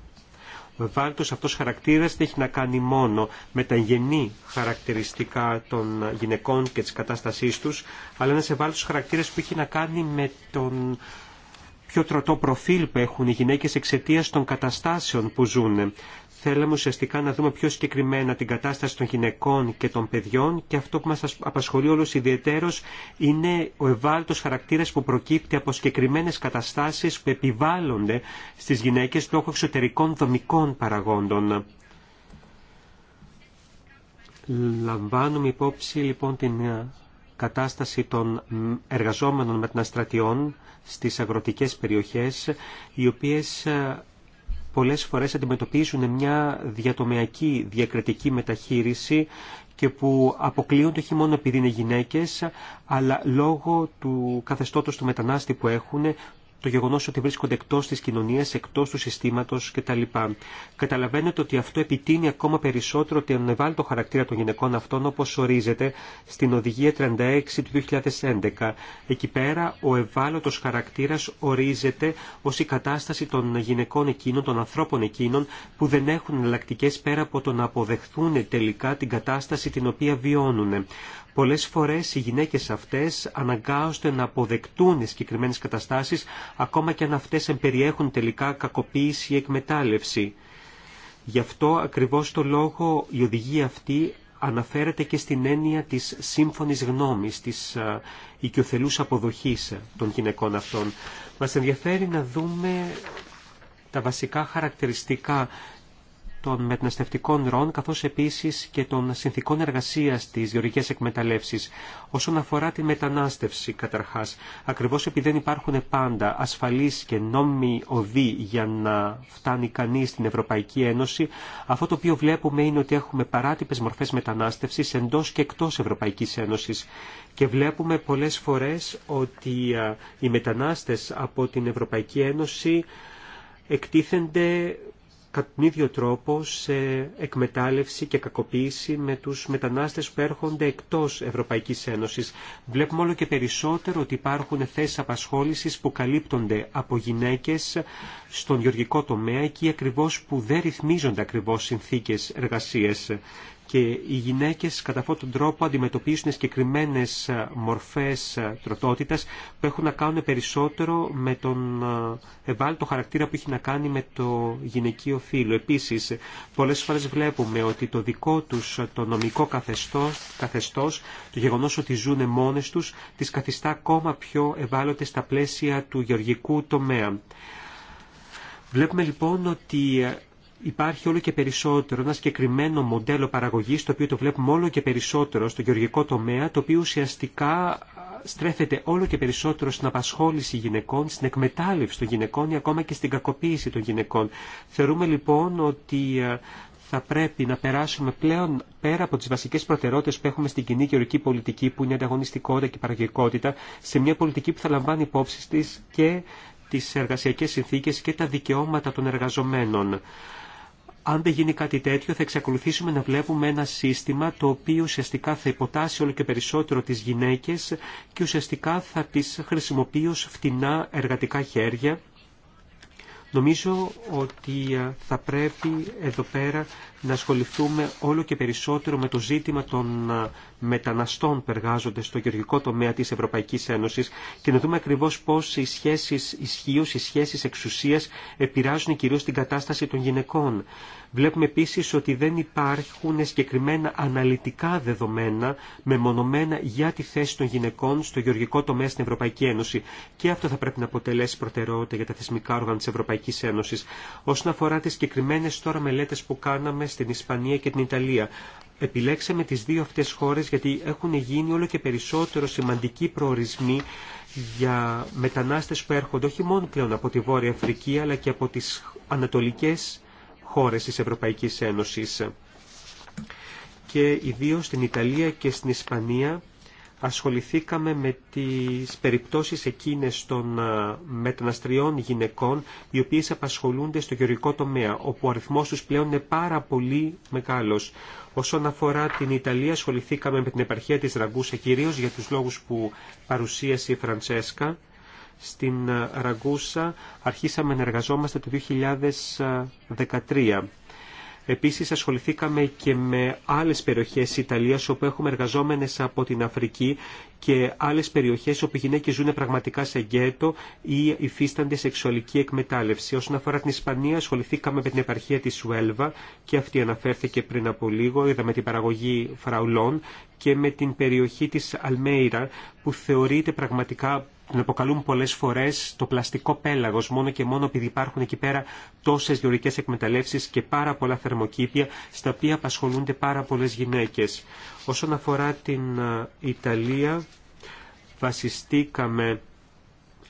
βάλτος αυτός χαρακτήρας δεν έχει να κάνει μόνο με τα γενή χαρακτηριστικά των γυναικών και της κατάστασής τους, αλλά ένας ευάλωτος χαρακτήρας που έχει να κάνει με τον πιο τρωτό προφίλ που έχουν οι γυναίκες εξαιτία των καταστάσεων που ζουν. Θέλαμε ουσιαστικά να δούμε πιο συγκεκριμένα την κατάσταση των γυναικών και των παιδιών και αυτό που μας απασχολεί όλος ιδιαιτέρως είναι ο ευάλωτος χαρακτήρας που προκύπτει από συγκεκριμένε καταστάσεις που επιβάλλονται στις γυναίκες λόγω εξωτερικών δομικών παραγόντων. Λαμβάνουμε υπόψη λοιπόν την ε, κατάσταση των εργαζόμενων μεταναστρατιών στις αγροτικές περιοχές, οι οποίες ε, πολλές φορές αντιμετωπίζουν μια διατομιακή διακριτική μεταχείριση και που αποκλείονται όχι μόνο επειδή είναι γυναίκες, αλλά λόγω του καθεστώτος του μετανάστη που έχουν, το γεγονός ότι βρίσκονται εκτό τη κοινωνία, εκτός του συστήματος κτλ. Καταλαβαίνετε ότι αυτό επιτείνει ακόμα περισσότερο την ευάλωτο χαρακτήρα των γυναικών αυτών όπως ορίζεται στην Οδηγία 36 του 2011. Εκεί πέρα ο ευάλωτο χαρακτήρας ορίζεται ως η κατάσταση των γυναικών εκείνων, των ανθρώπων εκείνων που δεν έχουν εναλλακτικέ πέρα από το να αποδεχθούν τελικά την κατάσταση την οποία βιώνουν. Πολλές φορές οι γυναίκες αυτές αναγκάζονται να αποδεκτούν συγκεκριμένε καταστάσεις, ακόμα και αν αυτές εμπεριέχουν τελικά κακοποίηση ή εκμετάλλευση. Γι' αυτό ακριβώς το λόγο η οδηγία αυτή αναφέρεται και στην έννοια της σύμφωνης γνώμης, της οικιοθελούς αποδοχής των γυναικών αυτών. Μας ενδιαφέρει να δούμε τα βασικά χαρακτηριστικά των μεταναστευτικών ροών καθώς επίσης και των συνθήκων εργασίας της γεωργικές εκμεταλλεύσεις. Όσον αφορά τη μετανάστευση καταρχάς, ακριβώς επειδή δεν υπάρχουν πάντα ασφαλείς και νόμιμοι οδοί για να φτάνει κανείς στην Ευρωπαϊκή Ένωση, αυτό το οποίο βλέπουμε είναι ότι έχουμε παράτυπες μορφές μετανάστευσης εντός και εκτός Ευρωπαϊκής Ένωσης και βλέπουμε πολλές φορές ότι οι μετανάστες από την Ευρωπαϊκή Ένωση εκτίθενται κατά τον ίδιο τρόπο σε εκμετάλλευση και κακοποίηση με τους μετανάστες που έρχονται εκτός Ευρωπαϊκής Ένωσης. Βλέπουμε όλο και περισσότερο ότι υπάρχουν θέσεις απασχόλησης που καλύπτονται από γυναίκες στον γεωργικό τομέα εκεί ακριβώς που δεν ρυθμίζονται ακριβώς συνθήκες εργασίας και οι γυναίκες κατά αυτόν τον τρόπο αντιμετωπίζουν συγκεκριμένε ε, μορφές ε, τροτότητας που έχουν να κάνουν περισσότερο με τον ε, ευάλωτο χαρακτήρα που έχει να κάνει με το γυναικείο φύλλο. Επίσης, πολλές φορές βλέπουμε ότι το δικό τους το νομικό καθεστώς, καθεστώς το γεγονός ότι ζουν μόνες τους, τις καθιστά ακόμα πιο ευάλωτες στα πλαίσια του γεωργικού τομέα. Βλέπουμε λοιπόν ότι υπάρχει όλο και περισσότερο ένα συγκεκριμένο μοντέλο παραγωγής το οποίο το βλέπουμε όλο και περισσότερο στο γεωργικό τομέα το οποίο ουσιαστικά στρέφεται όλο και περισσότερο στην απασχόληση γυναικών, στην εκμετάλλευση των γυναικών ή ακόμα και στην κακοποίηση των γυναικών. Θεωρούμε λοιπόν ότι θα πρέπει να περάσουμε πλέον πέρα από τις βασικές προτεραιότητες που έχουμε στην κοινή γεωργική πολιτική που είναι ανταγωνιστικότητα και παραγωγικότητα σε μια πολιτική που θα λαμβάνει υπόψη της και τις εργασιακές συνθήκες και τα δικαιώματα των εργαζομένων. Αν δεν γίνει κάτι τέτοιο θα εξακολουθήσουμε να βλέπουμε ένα σύστημα το οποίο ουσιαστικά θα υποτάσει όλο και περισσότερο τις γυναίκες και ουσιαστικά θα τις χρησιμοποιεί ως φτηνά εργατικά χέρια. Νομίζω ότι ε, θα πρέπει εδώ πέρα να ασχοληθούμε όλο και περισσότερο με το ζήτημα των ε, μεταναστών που εργάζονται στο γεωργικό τομέα της Ευρωπαϊκής Ένωσης και να δούμε ακριβώς πώς οι σχέσεις ισχύως, οι σχέσεις εξουσίας επηρεάζουν κυρίως την κατάσταση των γυναικών. Βλέπουμε επίσης ότι δεν υπάρχουν συγκεκριμένα αναλυτικά δεδομένα μεμονωμένα για τη θέση των γυναικών στο γεωργικό τομέα στην Ευρωπαϊκή Ένωση. Και αυτό θα πρέπει να αποτελέσει προτεραιότητα για τα θεσμικά όργανα της Ευρωπαϊκής Ένωσης. Όσον αφορά τις τώρα μελέτες που κάναμε στην Ισπανία και την Ιταλία. Επιλέξαμε τις δύο αυτές χώρες γιατί έχουν γίνει όλο και περισσότερο σημαντικοί προορισμοί για μετανάστες που έρχονται όχι μόνο πλέον από τη Βόρεια Αφρική αλλά και από τις ανατολικές χώρες της Ευρωπαϊκής Ένωσης. Και ιδίως στην Ιταλία και στην Ισπανία ασχοληθήκαμε με τις περιπτώσεις εκείνες των ε, μεταναστριών γυναικών οι οποίες απασχολούνται στο γεωργικό τομέα, όπου ο αριθμός τους πλέον είναι πάρα πολύ μεγάλος. Όσον αφορά την Ιταλία, ασχοληθήκαμε με την επαρχία της Ραγκούσα, κυρίως για τους λόγους που παρουσίασε η Φραντσέσκα. Στην ε, Ραγκούσα αρχίσαμε να εργαζόμαστε το 2013. Επίσης ασχοληθήκαμε και με άλλες περιοχές Ιταλίας όπου έχουμε εργαζόμενες από την Αφρική και άλλες περιοχές όπου οι γυναίκες ζουν πραγματικά σε γκέτο ή υφίστανται σεξουαλική εκμετάλλευση. Όσον αφορά την Ισπανία ασχοληθήκαμε με την επαρχία της Σουέλβα και αυτή αναφέρθηκε πριν από λίγο. Είδαμε την παραγωγή φραουλών και με την περιοχή της Αλμέιρα που θεωρείται πραγματικά τον αποκαλούν πολλές φορές το πλαστικό πέλαγος, μόνο και μόνο επειδή υπάρχουν εκεί πέρα τόσες γεωρικές εκμεταλλεύσεις και πάρα πολλά θερμοκήπια, στα οποία απασχολούνται πάρα πολλές γυναίκες. Όσον αφορά την ε, Ιταλία, βασιστήκαμε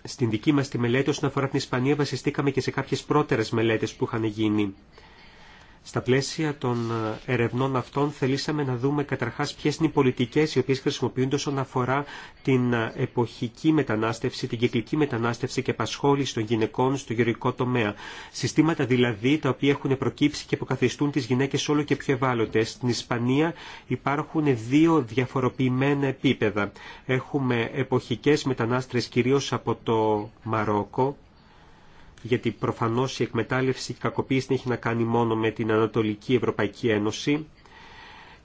στην δική μας τη μελέτη, όσον αφορά την Ισπανία βασιστήκαμε και σε κάποιες πρώτερες μελέτες που είχαν γίνει. Στα πλαίσια των ε, ερευνών αυτών θελήσαμε να δούμε καταρχάς ποιες είναι οι πολιτικές οι οποίες χρησιμοποιούνται όσον αφορά την ε, εποχική μετανάστευση, την κυκλική μετανάστευση και επασχόληση των γυναικών στο γεωργικό τομέα. Συστήματα δηλαδή τα οποία έχουν προκύψει και αποκαθιστούν τις γυναίκες όλο και πιο ευάλωτες. Στην Ισπανία υπάρχουν δύο διαφοροποιημένα επίπεδα. Έχουμε εποχικές μετανάστρες κυρίως από το Μαρόκο, γιατί προφανώς η εκμετάλλευση και η κακοποίηση έχει να κάνει μόνο με την Ανατολική Ευρωπαϊκή Ένωση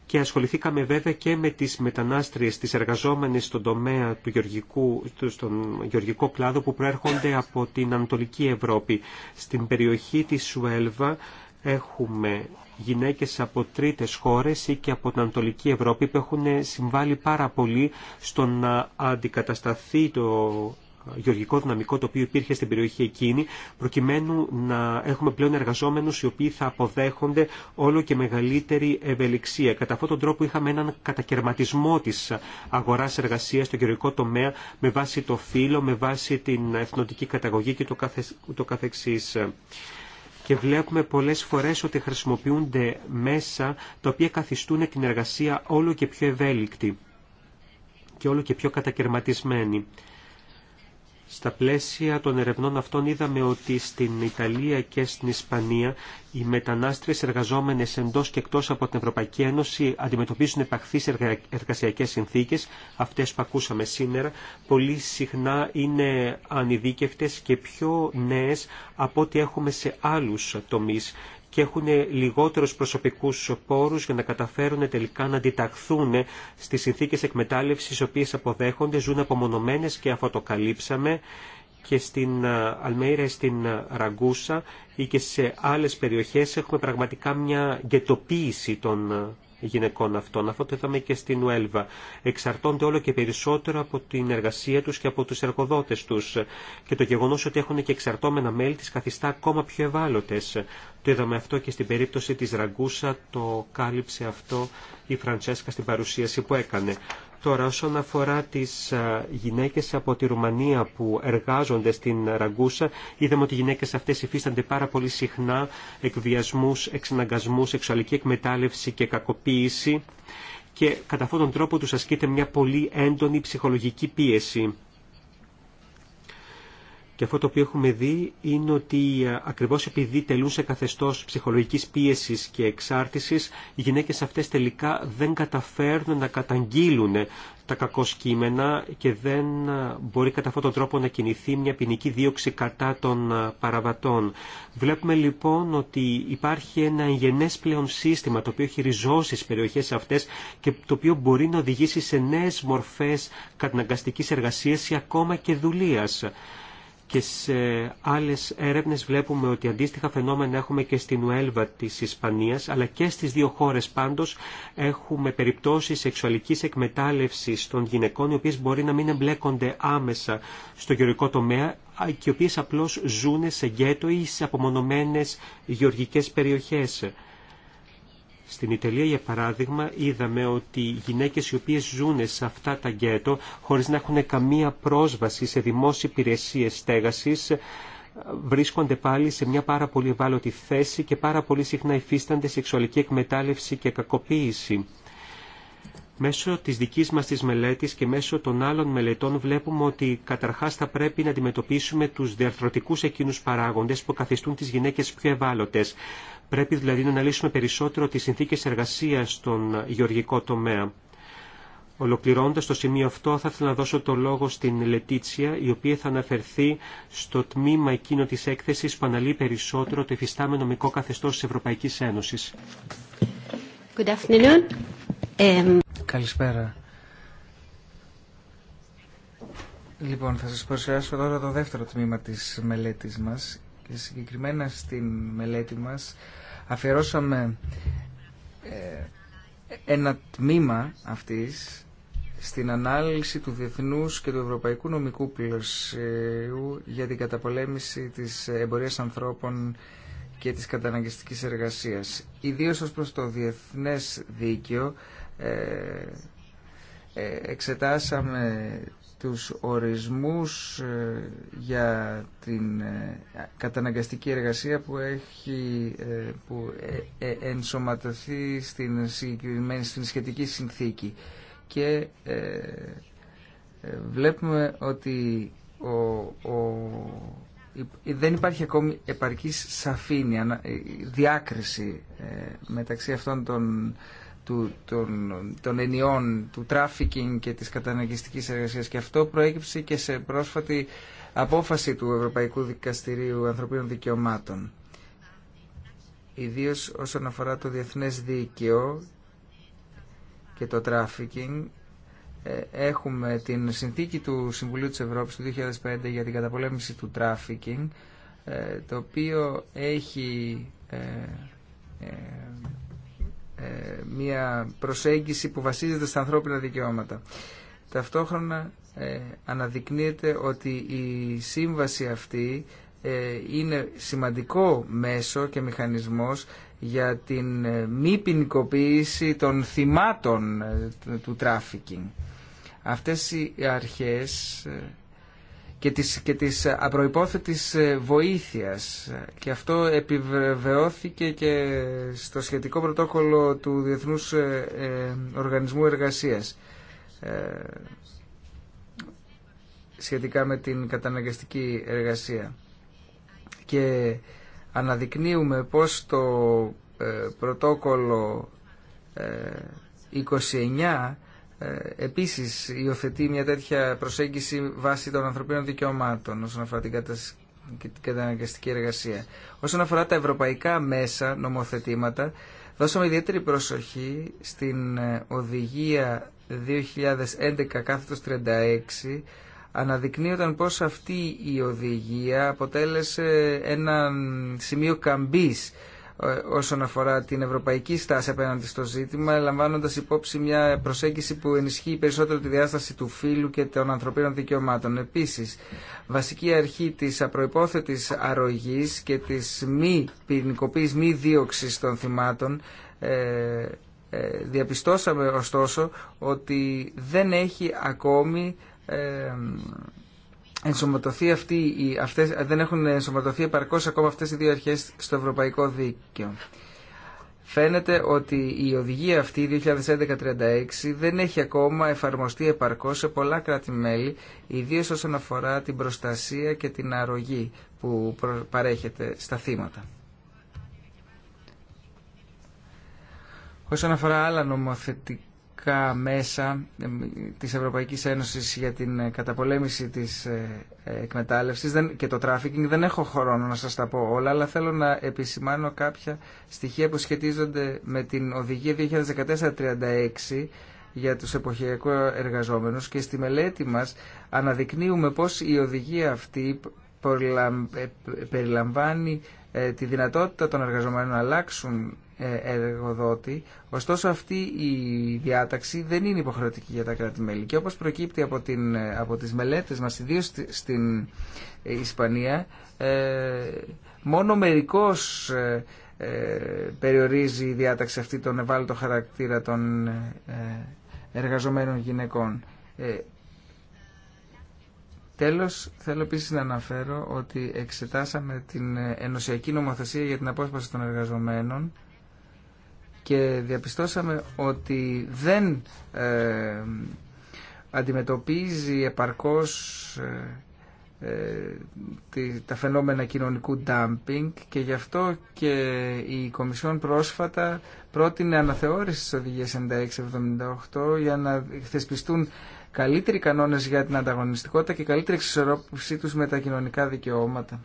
και ασχοληθήκαμε βέβαια και με τις μετανάστριες, τις εργαζόμενες στον τομέα του γεωργικού, στον γεωργικό κλάδο που προέρχονται από την Ανατολική Ευρώπη. Στην περιοχή της Σουέλβα έχουμε γυναίκες από τρίτες χώρες ή και από την Ανατολική Ευρώπη που έχουν συμβάλει πάρα πολύ στο να αντικατασταθεί το γεωργικό δυναμικό το οποίο υπήρχε στην περιοχή εκείνη, προκειμένου να έχουμε πλέον εργαζόμενους οι οποίοι θα αποδέχονται όλο και μεγαλύτερη ευελιξία. Κατά αυτόν τον τρόπο είχαμε έναν κατακαιρματισμό της αγοράς εργασίας στο γεωργικό τομέα με βάση το φύλλο, με βάση την εθνοτική καταγωγή και το, καθεξής και βλέπουμε πολλές φορές ότι χρησιμοποιούνται μέσα τα οποία καθιστούν την εργασία όλο και πιο ευέλικτη και όλο και πιο κατακαιρματισμένη. Στα πλαίσια των ερευνών αυτών είδαμε ότι στην Ιταλία και στην Ισπανία οι μετανάστρες εργαζόμενες εντός και εκτός από την Ευρωπαϊκή Ένωση αντιμετωπίζουν επαχθείς εργασιακές συνθήκες, αυτές που ακούσαμε σήμερα, πολύ συχνά είναι ανειδίκευτες και πιο νέες από ό,τι έχουμε σε άλλους τομείς και έχουν λιγότερους προσωπικούς πόρους για να καταφέρουν τελικά να αντιταχθούν στις συνθήκες εκμετάλλευσης οι οποίες αποδέχονται, ζουν απομονωμένες και αυτό το καλύψαμε και στην Αλμέιρα, στην Ραγκούσα ή και σε άλλες περιοχές έχουμε πραγματικά μια γετοποίηση των γυναικών αυτών. Αυτό το είδαμε και στην Ουέλβα. Εξαρτώνται όλο και περισσότερο από την εργασία τους και από τους εργοδότες τους. Και το γεγονός ότι έχουν και εξαρτώμενα μέλη τις καθιστά ακόμα πιο ευάλωτες. Το είδαμε αυτό και στην περίπτωση της Ραγκούσα το κάλυψε αυτό η Φραντσέσκα στην παρουσίαση που έκανε. Τώρα όσον αφορά τις γυναίκες από τη Ρουμανία που εργάζονται στην Ραγκούσα, είδαμε ότι οι γυναίκες αυτές υφίστανται πάρα πολύ συχνά εκβιασμούς, εξαναγκασμούς, σεξουαλική εκμετάλλευση και κακοποίηση και κατά αυτόν τον τρόπο τους ασκείται μια πολύ έντονη ψυχολογική πίεση. Και αυτό το οποίο έχουμε δει είναι ότι ε, ακριβώς επειδή τελούν σε καθεστώς ψυχολογικής πίεσης και εξάρτησης, οι γυναίκες αυτές τελικά δεν καταφέρνουν να καταγγείλουν τα κακό και δεν ε, μπορεί κατά αυτόν τον τρόπο να κινηθεί μια ποινική δίωξη κατά των ε, παραβατών. Βλέπουμε λοιπόν ότι υπάρχει ένα γενές πλέον σύστημα το οποίο έχει ριζώσει στις περιοχές αυτές και το οποίο μπορεί να οδηγήσει σε νέες μορφές καταναγκαστικής εργασίας ή ακόμα και δουλείας και σε άλλες έρευνες βλέπουμε ότι αντίστοιχα φαινόμενα έχουμε και στην Ουέλβα της Ισπανίας, αλλά και στις δύο χώρες πάντως έχουμε περιπτώσεις σεξουαλικής εκμετάλλευσης των γυναικών, οι οποίες μπορεί να μην εμπλέκονται άμεσα στο γεωργικό τομέα, και οι οποίες απλώς ζουν σε γκέτο ή σε απομονωμένες γεωργικές περιοχές. Στην Ιταλία, για παράδειγμα, είδαμε ότι οι γυναίκες οι οποίες ζουν σε αυτά τα γκέτο, χωρίς να έχουν καμία πρόσβαση σε δημόσιες υπηρεσίες στέγασης, βρίσκονται πάλι σε μια πάρα πολύ ευάλωτη θέση και πάρα πολύ συχνά υφίστανται σεξουαλική εκμετάλλευση και κακοποίηση. Μέσω της δικής μας της μελέτης και μέσω των άλλων μελετών βλέπουμε ότι καταρχάς θα πρέπει να αντιμετωπίσουμε τους διαρθρωτικούς εκείνους παράγοντες που καθιστούν τις γυναίκες πιο ευάλωτες. Πρέπει δηλαδή να αναλύσουμε περισσότερο τις συνθήκες εργασίας στον γεωργικό τομέα. Ολοκληρώνοντας το σημείο αυτό θα ήθελα να δώσω το λόγο στην Λετίτσια η οποία θα αναφερθεί στο τμήμα εκείνο της έκθεσης που αναλύει περισσότερο το εφιστάμενο νομικό καθεστώς της Ευρωπαϊκής Ένωσης. Good afternoon. Καλησπέρα. Λοιπόν, θα σας παρουσιάσω τώρα το δεύτερο τμήμα της μελέτης μας και συγκεκριμένα στην μελέτη μας αφιερώσαμε ε, ένα τμήμα αυτής στην ανάλυση του διεθνούς και του ευρωπαϊκού νομικού πλαισίου για την καταπολέμηση της εμπορίας ανθρώπων και της καταναγκαστικής εργασίας. Ιδίως ως προς το διεθνές δίκαιο ε, ε, εξετάσαμε τους ορισμούς ε, για την καταναγκαστική εργασία που έχει που ενσωματωθεί στην, συγκεκριμένη, στην σχετική συνθήκη και βλέπουμε ότι ο, ο, δεν υπάρχει ακόμη επαρκής σαφήνεια, διάκριση μεταξύ αυτών των του, των, ενιών του τράφικινγκ και της καταναγκιστικής εργασίας και αυτό προέκυψε και σε πρόσφατη απόφαση του Ευρωπαϊκού Δικαστηρίου Ανθρωπίνων Δικαιωμάτων ιδίως όσον αφορά το διεθνές δίκαιο και το τράφικινγκ ε, έχουμε την συνθήκη του Συμβουλίου της Ευρώπης του 2005 για την καταπολέμηση του τράφικινγκ ε, το οποίο έχει ε, ε, μια προσέγγιση που βασίζεται στα ανθρώπινα δικαιώματα. Ταυτόχρονα ε, αναδεικνύεται ότι η σύμβαση αυτή ε, είναι σημαντικό μέσο και μηχανισμός για την μη ποινικοποίηση των θυμάτων του τράφικινγκ. Αυτές οι αρχές και της, και της απροϋπόθετης ε, βοήθειας και αυτό επιβεβαιώθηκε και στο σχετικό πρωτόκολλο του Διεθνούς ε, ε, Οργανισμού Εργασίας σχετικά με την καταναγκαστική εργασία και αναδεικνύουμε πως το πρωτόκολλο 29 ε, επίσης υιοθετεί μια τέτοια προσέγγιση βάσει των ανθρωπίνων δικαιωμάτων όσον αφορά την καταναγκαστική εργασία. Όσον αφορά τα ευρωπαϊκά μέσα νομοθετήματα, δώσαμε ιδιαίτερη προσοχή στην ε, οδηγία 2011 36 αναδεικνύονταν πως αυτή η οδηγία αποτέλεσε ένα σημείο καμπής ε, όσον αφορά την ευρωπαϊκή στάση απέναντι στο ζήτημα, λαμβάνοντας υπόψη μια προσέγγιση που ενισχύει περισσότερο τη διάσταση του φύλου και των ανθρωπίνων δικαιωμάτων. Επίσης, βασική αρχή της απροϋπόθετης αρρωγής και της μη ποινικοποίησης, μη δίωξης των θυμάτων, ε, ε, διαπιστώσαμε ωστόσο ότι δεν έχει ακόμη ενσωματωθεί αυτή, οι, αυτές, δεν έχουν ενσωματωθεί επαρκώς ακόμα αυτές οι δύο αρχές στο ευρωπαϊκό δίκαιο. Φαίνεται ότι η οδηγία αυτή, η 2011-36, δεν έχει ακόμα εφαρμοστεί επαρκώς σε πολλά κράτη-μέλη, ιδίως όσον αφορά την προστασία και την αρρωγή που παρέχεται στα θύματα. Όσον αφορά άλλα νομοθετικά ευρωπαϊκά μέσα της Ευρωπαϊκής Ένωσης για την ε, καταπολέμηση της ε, ε, εκμετάλλευσης και το τράφικινγκ. Δεν έχω χρόνο να σας τα πω όλα, αλλά θέλω να επισημάνω κάποια στοιχεία που σχετίζονται με την Οδηγία 2014-36 για τους εποχιακούς εργαζόμενους και στη μελέτη μας αναδεικνύουμε πώς η οδηγία αυτή περιλαμβάνει τη δυνατότητα των εργαζομένων να αλλάξουν ε, εργοδότη. Ωστόσο αυτή η διάταξη δεν είναι υποχρεωτική για τα κράτη-μέλη και όπως προκύπτει από, την, ε, από τις μελέτες μας, ιδίως στην ε, Ισπανία, μόνο μερικώς περιορίζει η διάταξη αυτή τον ευάλωτο χαρακτήρα των εργαζομένων γυναικών. Τέλος, θέλω επίσης να αναφέρω ότι εξετάσαμε την ενωσιακή νομοθεσία για την απόσπαση των εργαζομένων και διαπιστώσαμε ότι δεν ε, αντιμετωπίζει επαρκώς ε, ε, τη, τα φαινόμενα κοινωνικού dumping και γι' αυτό και η Κομισιόν πρόσφατα πρότεινε αναθεώρηση της οδηγίας 96-78 για να θεσπιστούν καλύτεροι κανόνες για την ανταγωνιστικότητα και καλύτερη εξισορρόπησή τους με τα κοινωνικά δικαιώματα.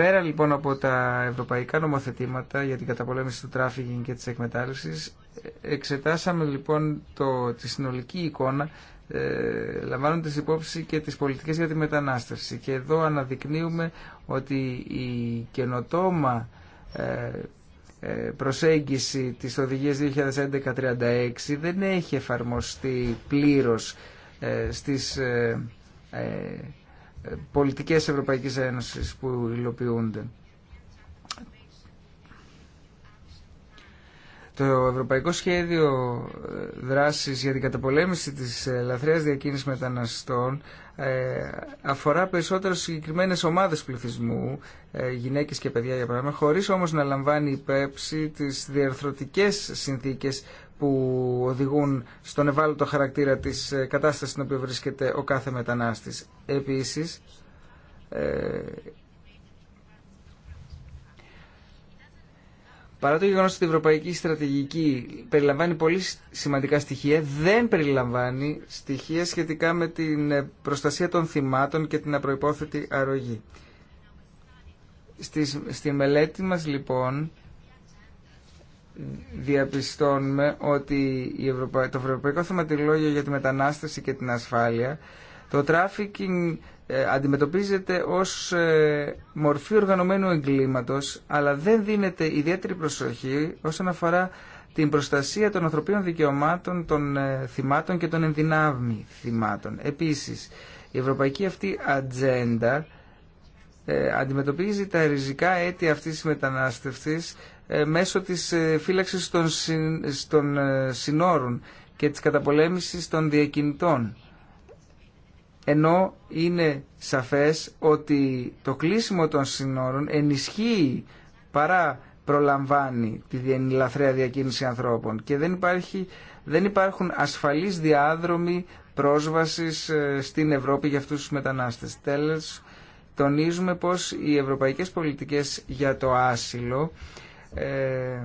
Πέρα λοιπόν από τα ευρωπαϊκά νομοθετήματα για την καταπολέμηση του τράφικινγκ και της εκμετάλλευσης, εξετάσαμε λοιπόν το, τη συνολική εικόνα ε, λαμβάνοντας υπόψη και τις πολιτικές για τη μετανάστευση. Και εδώ αναδεικνύουμε ότι η καινοτόμα ε, ε προσέγγιση της οδηγίας 2011-36 δεν έχει εφαρμοστεί πλήρως ε, στις ε, ε πολιτικές Ευρωπαϊκής Ένωσης που υλοποιούνται. Το Ευρωπαϊκό Σχέδιο ε, Δράσης για την καταπολέμηση της ε, λαθρέας διακίνησης μεταναστών ε, αφορά περισσότερο συγκεκριμένες ομάδες πληθυσμού, γυναίκες και παιδιά για παράδειγμα, χωρίς όμως να λαμβάνει υπέψη τις διαρθρωτικές συνθήκες που οδηγούν στον ευάλωτο χαρακτήρα της ε, κατάστασης στην οποία βρίσκεται ο κάθε μετανάστης. Επίσης, ε, παρά το γεγονός ότι η Ευρωπαϊκή Στρατηγική περιλαμβάνει πολύ σημαντικά στοιχεία, δεν περιλαμβάνει στοιχεία σχετικά με την ε, προστασία των θυμάτων και την απροϋπόθετη αρρωγή. Στη, στη μελέτη μας λοιπόν διαπιστώνουμε ότι η το Ευρωπαϊκό Θεματιλόγιο για τη Μετανάστευση και την Ασφάλεια το τράφικινγκ ε, αντιμετωπίζεται ως ε, μορφή οργανωμένου εγκλήματος αλλά δεν δίνεται ιδιαίτερη προσοχή όσον αφορά την προστασία των ανθρωπίνων δικαιωμάτων των ε, θυμάτων και των ενδυνάμει θυμάτων. Επίσης, η ευρωπαϊκή αυτή ατζέντα αντιμετωπίζει τα ριζικά αίτια αυτής της μετανάστευσης ε, μέσω της ε, φύλαξης των ε, συνόρων και της καταπολέμησης των διακινητών. Ενώ είναι σαφές ότι το κλείσιμο των συνόρων ενισχύει παρά προλαμβάνει τη λαθρέα διακίνηση ανθρώπων και δεν, υπάρχει, δεν υπάρχουν ασφαλείς διάδρομοι πρόσβασης στην Ευρώπη για αυτούς τους μετανάστες. Τέλος, τονίζουμε πως οι ευρωπαϊκές πολιτικές για το άσυλο ε,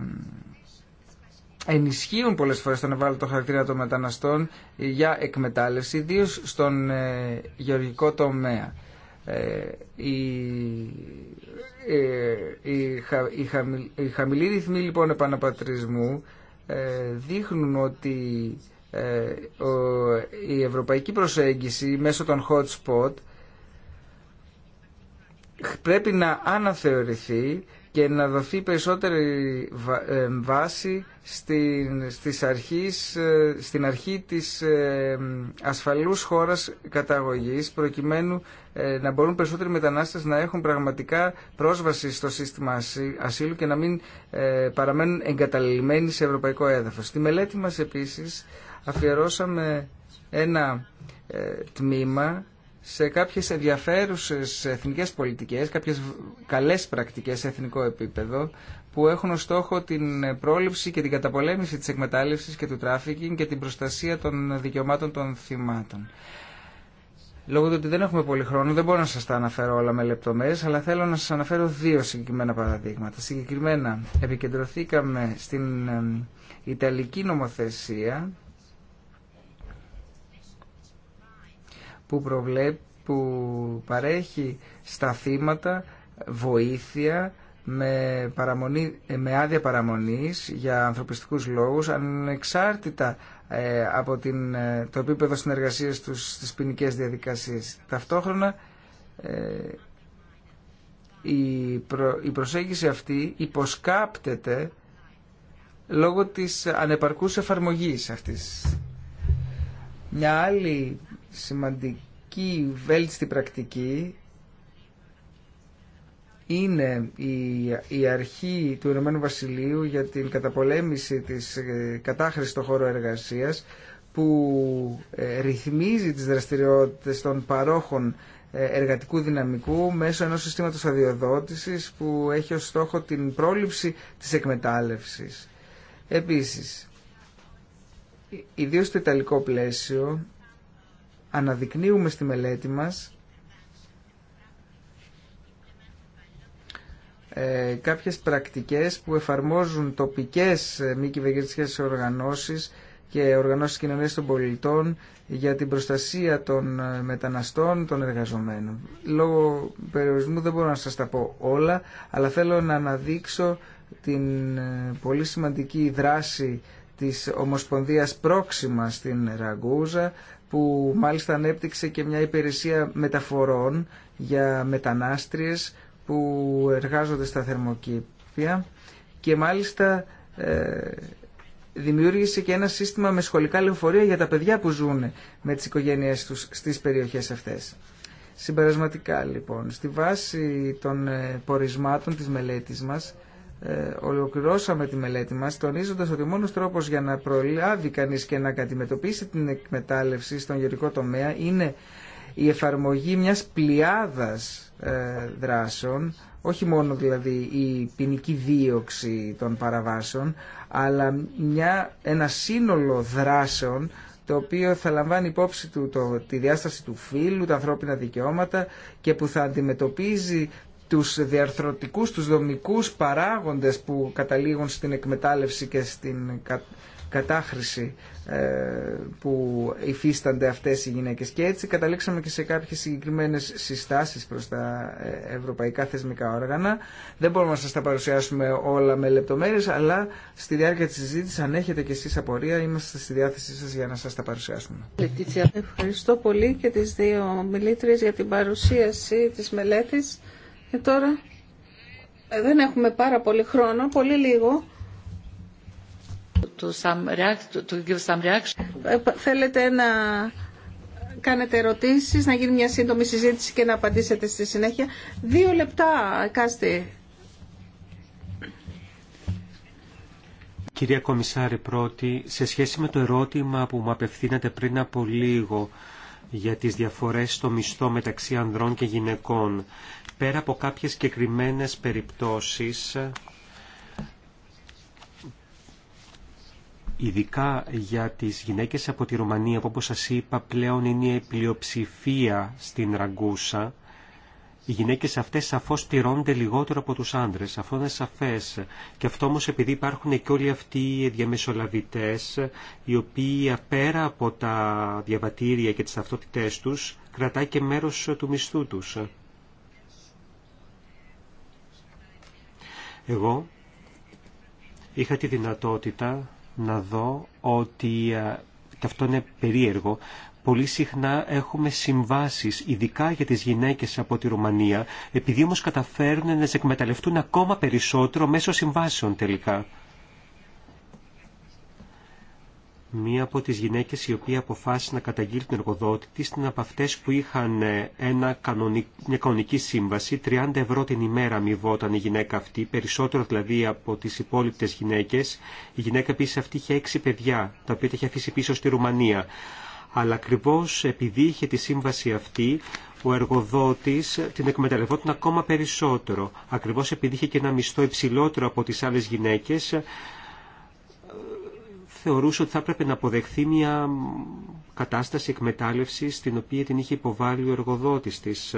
ενισχύουν πολλές φορές τον ευάλωτο χαρακτήρα των μεταναστών για εκμετάλλευση, ιδίω στον ε, γεωργικό τομέα. Ε, η, η, χαμηλή ρυθμή λοιπόν επαναπατρισμού δείχνουν ότι η ευρωπαϊκή προσέγγιση μέσω των hot spot πρέπει να αναθεωρηθεί και να δοθεί περισσότερη ε, βάση στην, ε, στην αρχή της ε, ασφαλούς χώρας καταγωγής προκειμένου να μπορούν περισσότεροι μετανάστες να έχουν πραγματικά πρόσβαση στο σύστημα ασύλου και να μην παραμένουν εγκαταλειμμένοι σε ευρωπαϊκό έδαφος. Στη μελέτη μας επίσης αφιερώσαμε ένα τμήμα σε κάποιες ενδιαφέρουσες εθνικές πολιτικές, κάποιες καλές πρακτικές σε εθνικό επίπεδο που έχουν ως στόχο την πρόληψη και την καταπολέμηση της εκμετάλλευσης και του τράφικινγκ και την προστασία των δικαιωμάτων των θυμάτων. Λόγω του ότι δεν έχουμε πολύ χρόνο, δεν μπορώ να σας τα αναφέρω όλα με λεπτομέρειες, αλλά θέλω να σας αναφέρω δύο συγκεκριμένα παραδείγματα. Συγκεκριμένα, επικεντρωθήκαμε στην Ιταλική νομοθεσία που, προβλέπει, που παρέχει στα θύματα βοήθεια με, παραμονή, με άδεια παραμονής για ανθρωπιστικούς λόγους ανεξάρτητα ε, από την, ε, το επίπεδο συνεργασίας τους στις ποινικέ διαδικασίες. Ταυτόχρονα ε, η, η προσέγγιση αυτή υποσκάπτεται λόγω της ανεπαρκούς εφαρμογής αυτής. Μια άλλη σημαντική βέλτιστη πρακτική είναι η, η αρχή του Ηνωμένου Βασιλείου για την καταπολέμηση της ε, κατάχρησης στον χώρο εργασίας που ε, ρυθμίζει τις δραστηριότητες των παρόχων ε, εργατικού δυναμικού μέσω ενός συστήματος αδειοδότησης που έχει ως στόχο την πρόληψη της εκμετάλλευσης. Επίσης, ιδίως στο ιταλικό πλαίσιο αναδεικνύουμε στη μελέτη μας ε, κάποιες πρακτικές που εφαρμόζουν τοπικές ε, μη κυβερνητικές οργανώσεις και οργανώσεις κοινωνίας των πολιτών για την προστασία των ε, μεταναστών, των εργαζομένων. Λόγω περιορισμού δεν μπορώ να σας τα πω όλα, αλλά θέλω να αναδείξω την πολύ σημαντική δράση της Ομοσπονδίας Πρόξιμα στην Ραγκούζα που μάλιστα ανέπτυξε και μια υπηρεσία μεταφορών για μετανάστριες που εργάζονται στα θερμοκήπια και μάλιστα ε, δημιούργησε και ένα σύστημα με σχολικά λεωφορεία για τα παιδιά που ζουν με τις οικογένειές τους στις περιοχές αυτές. Συμπερασματικά λοιπόν, στη βάση των ε, πορισμάτων της μελέτης μας ε, ολοκληρώσαμε τη μελέτη μας τονίζοντας ότι ο μόνος τρόπος για να προλάβει κανείς και να αντιμετωπίσει την εκμετάλλευση στον γεωρικό τομέα είναι η εφαρμογή μιας πλειάδας ε, δράσεων όχι μόνο δηλαδή η ποινική δίωξη των παραβάσεων αλλά μια, ένα σύνολο δράσεων το οποίο θα λαμβάνει υπόψη του τη διάσταση του φύλου, τα ανθρώπινα δικαιώματα και που θα αντιμετωπίζει τους διαρθρωτικούς, τους δομικούς παράγοντες που καταλήγουν στην εκμετάλλευση και στην κατάχρηση ε, που υφίστανται αυτές οι γυναίκες. Και έτσι καταλήξαμε και σε κάποιες συγκεκριμένες συστάσεις προς τα ε, ευρωπαϊκά θεσμικά όργανα. Δεν μπορούμε να σας τα παρουσιάσουμε όλα με λεπτομέρειες, αλλά στη διάρκεια της συζήτησης, αν έχετε και εσείς απορία, είμαστε στη διάθεσή σας για να σας τα παρουσιάσουμε. Ευχαριστώ πολύ και τις δύο μιλήτρες για την παρουσίαση της μελέτης. Και ε, τώρα ε, δεν έχουμε πάρα πολύ χρόνο, πολύ λίγο. Ε, θέλετε να κάνετε ερωτήσεις, να γίνει μια σύντομη συζήτηση και να απαντήσετε στη συνέχεια. Δύο λεπτά, κάστη. Κυρία Κομισάρη, πρώτη, σε σχέση με το ερώτημα που μου απευθύνατε πριν από λίγο για τις διαφορές στο μισθό μεταξύ ανδρών και γυναικών, πέρα από κάποιες συγκεκριμένε περιπτώσεις, ειδικά για τις γυναίκες από τη Ρουμανία, που όπως σας είπα πλέον είναι η πλειοψηφία στην Ραγκούσα, οι γυναίκες αυτές σαφώς πληρώνονται λιγότερο από τους άντρες. Αυτό είναι σαφές. Και αυτό όμως επειδή υπάρχουν και όλοι αυτοί οι διαμεσολαβητές, οι οποίοι πέρα από τα διαβατήρια και τις ταυτότητές τους, κρατάει και μέρος του μισθού τους. Εγώ είχα τη δυνατότητα να δω ότι, ε, και αυτό είναι περίεργο, πολύ συχνά έχουμε συμβάσεις, ειδικά για τις γυναίκες από τη Ρουμανία, επειδή όμως καταφέρνουν να τις εκμεταλλευτούν ακόμα περισσότερο μέσω συμβάσεων τελικά μία από τις γυναίκες η οποία αποφάσισε να καταγγείλει την εργοδότη της ήταν από αυτές που είχαν ε, ένα κανονικ... μια κανονική σύμβαση, 30 ευρώ την ημέρα αμοιβόταν η γυναίκα αυτή, περισσότερο δηλαδή από τις υπόλοιπες γυναίκες. Η γυναίκα επίση αυτή είχε έξι παιδιά, τα οποία τα είχε αφήσει πίσω στη Ρουμανία. Αλλά ακριβώ επειδή είχε τη σύμβαση αυτή, ο εργοδότη την εκμεταλλευόταν ακόμα περισσότερο. Ακριβώ επειδή είχε και ένα μισθό υψηλότερο από τι άλλε γυναίκε θεωρούσε ότι θα έπρεπε να αποδεχθεί μια κατάσταση εκμετάλλευσης την οποία την είχε υποβάλει ο εργοδότης της.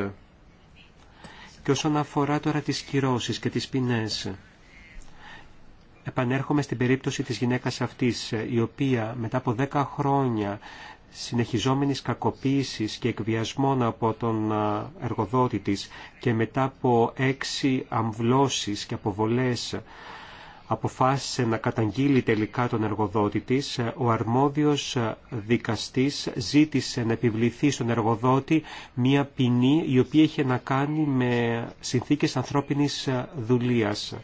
Και όσον αφορά τώρα τις κυρώσεις και τις ποινές, επανέρχομαι στην περίπτωση της γυναίκας αυτής, η οποία μετά από δέκα χρόνια συνεχιζόμενης κακοποίησης και εκβιασμών από τον εργοδότη της και μετά από έξι αμβλώσεις και αποβολές αποφάσισε να καταγγείλει τελικά τον εργοδότη της, ο αρμόδιος δικαστής ζήτησε να επιβληθεί στον εργοδότη μια ποινή η οποία είχε να κάνει με συνθήκες ανθρώπινης δουλείας.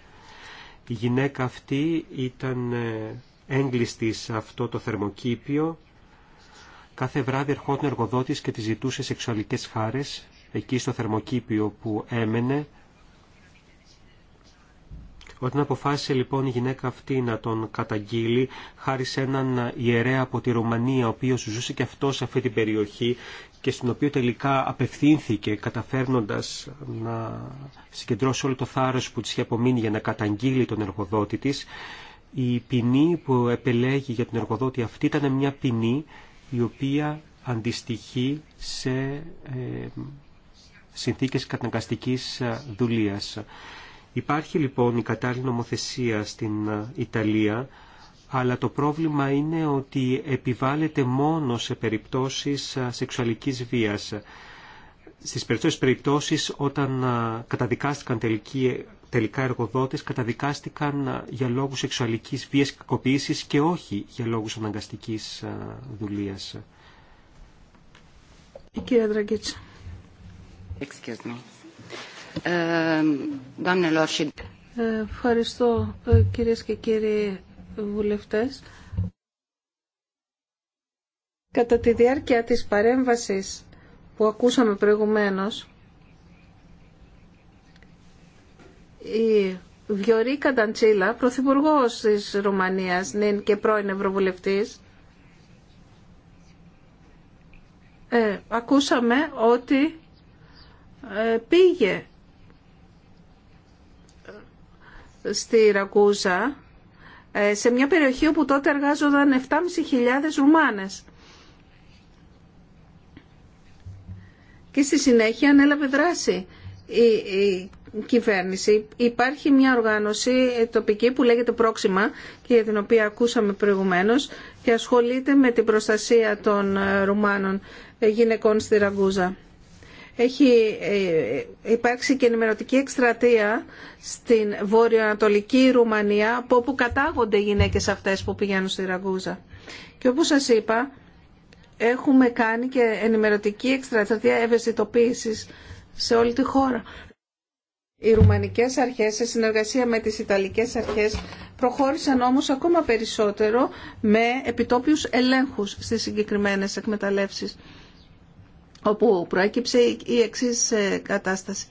Η γυναίκα αυτή ήταν έγκλειστη σε αυτό το θερμοκήπιο. Κάθε βράδυ ερχόταν ο εργοδότης και τη ζητούσε σεξουαλικές χάρες εκεί στο θερμοκήπιο που έμενε όταν αποφάσισε λοιπόν η γυναίκα αυτή να τον καταγγείλει, χάρη σε έναν ιερέα από τη Ρουμανία, ο οποίος ζούσε και αυτός σε αυτή την περιοχή και στην οποία τελικά απευθύνθηκε καταφέρνοντας να συγκεντρώσει όλο το θάρρος που της είχε απομείνει για να καταγγείλει τον εργοδότη της, η ποινή που επελέγει για τον εργοδότη αυτή ήταν μια ποινή η οποία αντιστοιχεί σε ε, συνθήκες καταναγκαστικής ε, δουλείας. Υπάρχει λοιπόν η κατάλληλη νομοθεσία στην ε, Ιταλία, αλλά το πρόβλημα είναι ότι επιβάλλεται μόνο σε περιπτώσεις ε, σεξουαλικής βίας. Στις περισσότερες περιπτώσεις όταν ε, καταδικάστηκαν τελικά εργοδότες, καταδικάστηκαν για λόγους σεξουαλικής βίας και κακοποίησης και όχι για λόγους αναγκαστικής δουλείας. Η Ευχαριστώ κυρίες και κύριοι βουλευτές. Κατά τη διάρκεια της παρέμβασης που ακούσαμε προηγουμένως, η Βιωρή Κανταντσίλα, πρωθυπουργός της Ρουμανίας, νυν και πρώην Ευρωβουλευτής, ε, ακούσαμε ότι ε, πήγε στη Ρακούζα, ε, σε μια περιοχή όπου τότε εργάζονταν 7.500 Ρουμάνες. Και στη συνέχεια ανέλαβε δράση η, η κυβέρνηση. Υπάρχει μια οργάνωση τοπική που λέγεται Πρόξιμα και για την οποία ακούσαμε προηγουμένως και ασχολείται με την προστασία των ε, Ρουμάνων ε, γυναικών στη Ραγκούζα έχει ε, υπάρξει και ενημερωτική εκστρατεία στην βόρειο-ανατολική Ρουμανία από όπου κατάγονται οι γυναίκες αυτές που πηγαίνουν στη Ραγούζα. Και όπως σας είπα, έχουμε κάνει και ενημερωτική εκστρατεία ευαισθητοποίησης σε όλη τη χώρα. Οι ρουμανικές αρχές, σε συνεργασία με τις Ιταλικές αρχές, προχώρησαν όμως ακόμα περισσότερο με επιτόπιους ελέγχους στις συγκεκριμένες εκμεταλλεύσεις όπου προέκυψε η εξής ε, κατάσταση.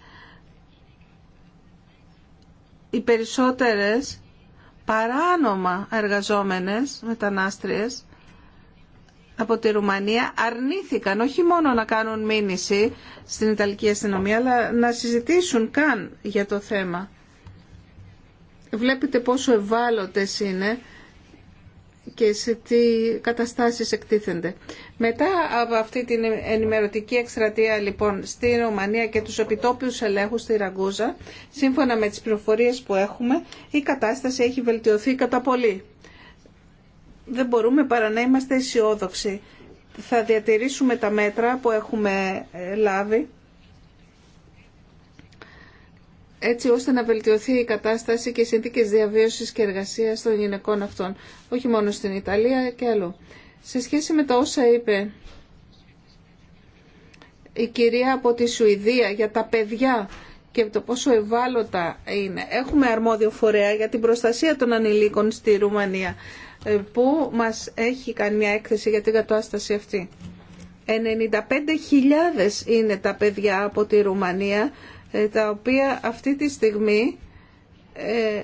Οι περισσότερες παράνομα εργαζόμενες μετανάστριες από τη Ρουμανία αρνήθηκαν όχι μόνο να κάνουν μήνυση στην Ιταλική αστυνομία αλλά να συζητήσουν καν για το θέμα. Βλέπετε πόσο ευάλωτες είναι και σε τι καταστάσεις εκτίθενται. Μετά από αυτή την ενημερωτική εκστρατεία λοιπόν στη Ρωμανία και τους επιτόπιους ελέγχους στη Ραγκούζα, σύμφωνα με τις πληροφορίες που έχουμε, η κατάσταση έχει βελτιωθεί κατά πολύ. Δεν μπορούμε παρά να είμαστε αισιόδοξοι. Θα διατηρήσουμε τα μέτρα που έχουμε ε, λάβει έτσι ώστε να βελτιωθεί η κατάσταση και οι συνθήκες διαβίωσης και εργασίας των γυναικών αυτών, όχι μόνο στην Ιταλία και αλλού. Σε σχέση με το όσα είπε η κυρία από τη Σουηδία για τα παιδιά και το πόσο ευάλωτα είναι. Έχουμε αρμόδιο φορέα για την προστασία των ανηλίκων στη Ρουμανία ε, που μας έχει κάνει μια έκθεση για την κατάσταση αυτή. 95.000 είναι τα παιδιά από τη Ρουμανία ε, τα οποία αυτή τη στιγμή ε,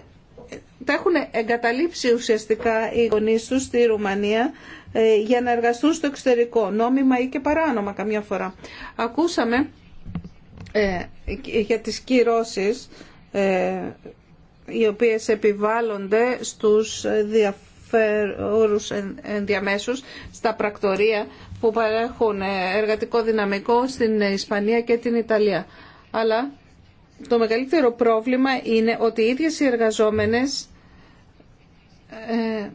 τα έχουν εγκαταλείψει ουσιαστικά οι γονείς τους στη Ρουμανία ε, για να εργαστούν στο εξωτερικό, νόμιμα ή και παράνομα καμιά φορά. Ακούσαμε ε, για τις κυρώσεις ε, οι οποίες επιβάλλονται στους διαφερούς ενδιαμέσους στα πρακτορία που παρέχουν εργατικό δυναμικό στην Ισπανία και την Ιταλία. Αλλά το μεγαλύτερο πρόβλημα είναι ότι οι ίδιες οι εργαζόμενες ε,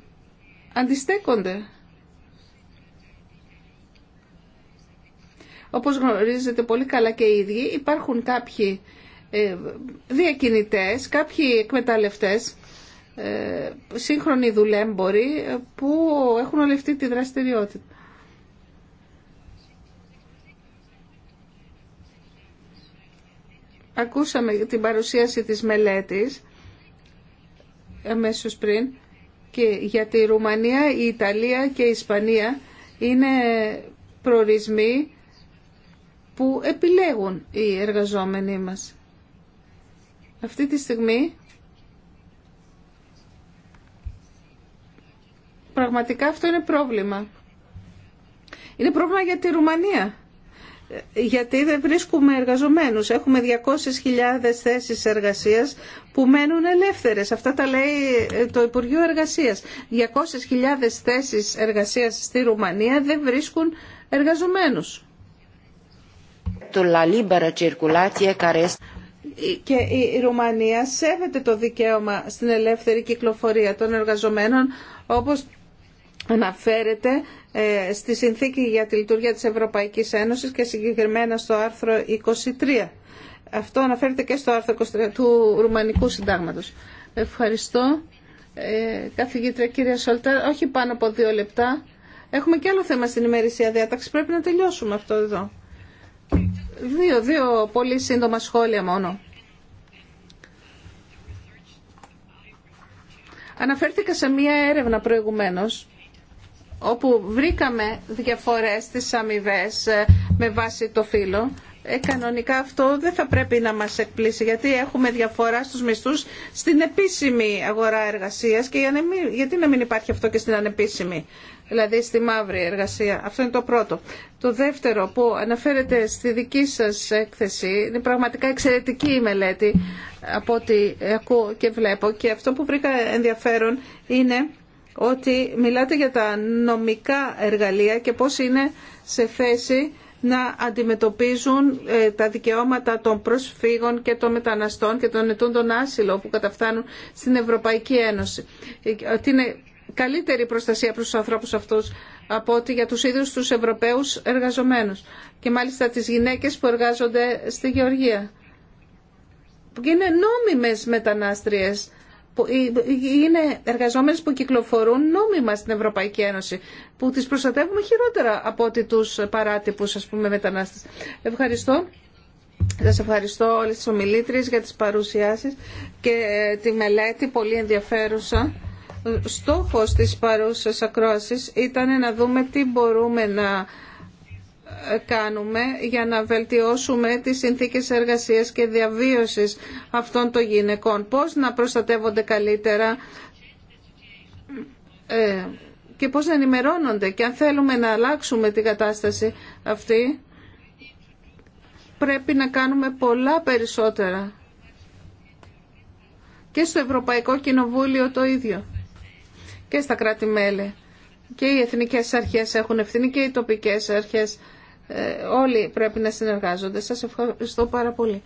αντιστέκονται. Όπως γνωρίζετε πολύ καλά και οι ίδιοι, υπάρχουν κάποιοι ε, διακινητές, κάποιοι εκμεταλλευτές, ε, σύγχρονοι δουλέμποροι ε, που έχουν όλη τη δραστηριότητα. Ακούσαμε την παρουσίαση της μελέτης αμέσως πριν και για τη Ρουμανία, η Ιταλία και η Ισπανία είναι προορισμοί που επιλέγουν οι εργαζόμενοι μας. Αυτή τη στιγμή πραγματικά αυτό είναι πρόβλημα. Είναι πρόβλημα για τη Ρουμανία γιατί δεν βρίσκουμε εργαζομένους. Έχουμε 200.000 θέσεις εργασίας που μένουν ελεύθερες. Αυτά τα λέει ε, το Υπουργείο Εργασίας. 200.000 θέσεις εργασίας στη Ρουμανία δεν βρίσκουν εργαζομένους. Και η Ρουμανία σέβεται το δικαίωμα στην ελεύθερη κυκλοφορία των εργαζομένων όπως αναφέρεται ε, στη Συνθήκη για τη Λειτουργία της Ευρωπαϊκής Ένωσης και συγκεκριμένα στο άρθρο 23. Αυτό αναφέρεται και στο άρθρο 23 του Ρουμανικού Συντάγματος. Ευχαριστώ. Ε, καθηγήτρια κυρία Σολτάρ. όχι πάνω από δύο λεπτά. Έχουμε και άλλο θέμα στην ημερησία διάταξη. Πρέπει να τελειώσουμε αυτό εδώ. Δύο, δύο πολύ σύντομα σχόλια μόνο. Αναφέρθηκα σε μία έρευνα προηγουμένως όπου βρήκαμε διαφορές στις αμοιβέ ε, με βάση το φύλλο, ε, κανονικά αυτό δεν θα πρέπει να μας εκπλήσει γιατί έχουμε διαφορά στους μισθούς στην επίσημη αγορά εργασίας και γιατί να μην υπάρχει αυτό και στην ανεπίσημη, δηλαδή στη μαύρη εργασία. Αυτό είναι το πρώτο. Το δεύτερο που αναφέρεται στη δική σας έκθεση είναι πραγματικά εξαιρετική η μελέτη από ό,τι ακούω και βλέπω και αυτό που βρήκα ενδιαφέρον είναι ότι μιλάτε για τα νομικά εργαλεία και πώς είναι σε θέση να αντιμετωπίζουν ε, τα δικαιώματα των προσφύγων και των μεταναστών και των ετούντων άσυλο που καταφθάνουν στην Ευρωπαϊκή Ένωση. Ε, ότι είναι καλύτερη προστασία προς τους ανθρώπους αυτούς από ότι για τους ίδιους τους Ευρωπαίους εργαζομένους και μάλιστα τις γυναίκες που εργάζονται στη Γεωργία. Είναι νόμιμες μετανάστριες είναι εργαζόμενες που κυκλοφορούν νόμιμα στην Ευρωπαϊκή Ένωση, που τις προστατεύουμε χειρότερα από ότι τους παράτυπους, ας πούμε, μετανάστες. Ευχαριστώ. Σας ευχαριστώ όλες τις ομιλήτριες για τις παρουσιάσεις και ε, τη μελέτη, πολύ ενδιαφέρουσα. Στόχος της παρούσας ακρόασης ήταν να δούμε τι μπορούμε να κάνουμε για να βελτιώσουμε τις συνθήκες εργασίας και διαβίωσης αυτών των γυναικών. Πώς να προστατεύονται καλύτερα ε, και πώς να ενημερώνονται. Και αν θέλουμε να αλλάξουμε την κατάσταση αυτή, πρέπει να κάνουμε πολλά περισσότερα. Και στο Ευρωπαϊκό Κοινοβούλιο το ίδιο. Και στα κράτη-μέλη. Και οι εθνικές αρχές έχουν ευθύνη και οι τοπικές αρχές ε, όλοι πρέπει να συνεργάζονται. Σας ευχαριστώ πάρα πολύ.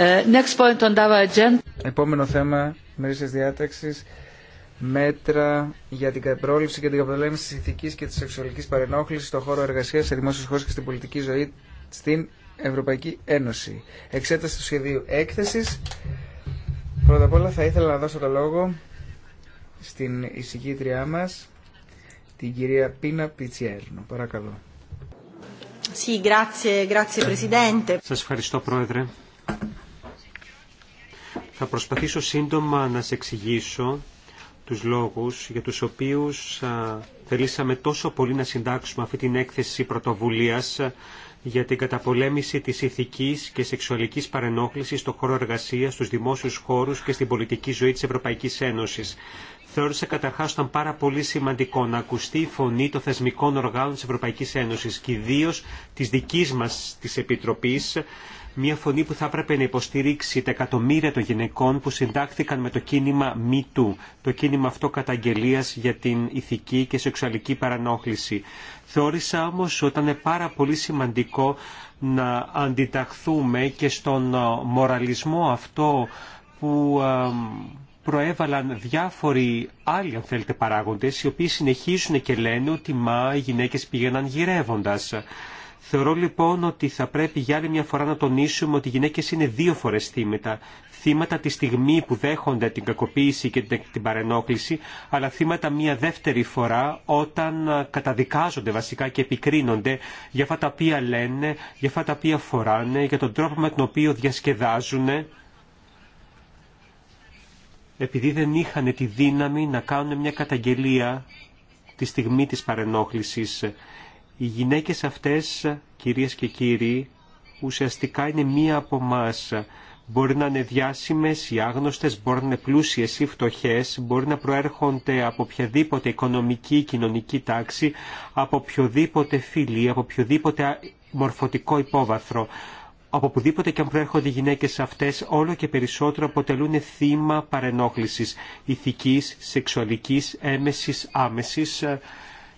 Ε, Επόμενο θέμα μερίσια διάταξη. Μέτρα για την πρόληψη και την καταπολέμηση τη ηθική και τη σεξουαλική παρενόχληση στον χώρο εργασία, σε δημόσιου χώρου και στην πολιτική ζωή στην Ευρωπαϊκή Ένωση. Εξέταση του σχεδίου έκθεση. Πρώτα απ' όλα θα ήθελα να δώσω το λόγο στην εισηγήτριά μα, την κυρία Πίνα Πιτσιέρνο. Παρακαλώ. Σας ευχαριστώ, Πρόεδρε. Θα προσπαθήσω σύντομα να σε εξηγήσω τους λόγους για τους οποίους θελήσαμε τόσο πολύ να συντάξουμε αυτή την έκθεση πρωτοβουλίας για την καταπολέμηση της ηθικής και σεξουαλικής παρενόχλησης στον χώρο εργασίας, στους δημόσιους χώρους και στην πολιτική ζωή της Ευρωπαϊκής Ένωσης. Θεώρησα καταρχά ήταν πάρα πολύ σημαντικό να ακουστεί η φωνή των θεσμικών οργάνων της Ευρωπαϊκής Ένωσης και ιδίω της δικής μας της Επιτροπής μια φωνή που θα έπρεπε να υποστηρίξει τα εκατομμύρια των γυναικών που συντάχθηκαν με το κίνημα MeToo, το κίνημα αυτό καταγγελίας για την ηθική και σεξουαλική παρανόχληση. Θεώρησα όμως ότι ήταν πάρα πολύ σημαντικό να αντιταχθούμε και στον ε, μοραλισμό αυτό που ε, προέβαλαν διάφοροι άλλοι αν θέλετε παράγοντες οι οποίοι συνεχίζουν και λένε ότι μα οι γυναίκες πήγαιναν γυρεύοντας. Θεωρώ λοιπόν ότι θα πρέπει για άλλη μια φορά να τονίσουμε ότι οι γυναίκες είναι δύο φορές θύματα. Θύματα τη στιγμή που δέχονται την κακοποίηση και την παρενόχληση, αλλά θύματα μια δεύτερη φορά όταν ε, καταδικάζονται βασικά και επικρίνονται για αυτά τα οποία λένε, για αυτά τα οποία φοράνε, για τον τρόπο με τον οποίο διασκεδάζουν επειδή δεν είχαν τη δύναμη να κάνουν μια καταγγελία τη στιγμή της παρενόχλησης. Οι γυναίκες αυτές, κυρίες και κύριοι, ουσιαστικά είναι μία από εμά. Μπορεί να είναι διάσημες ή άγνωστες, μπορεί να είναι πλούσιες ή φτωχές, μπορεί να προέρχονται από οποιαδήποτε οικονομική ή κοινωνική τάξη, από οποιοδήποτε φίλη, από οποιοδήποτε μορφωτικό υπόβαθρο. Από πουδήποτε και αν προέρχονται οι γυναίκες αυτές, όλο και περισσότερο αποτελούν θύμα παρενόχλησης, ηθικής, σεξουαλικής, έμεσης, άμεσης,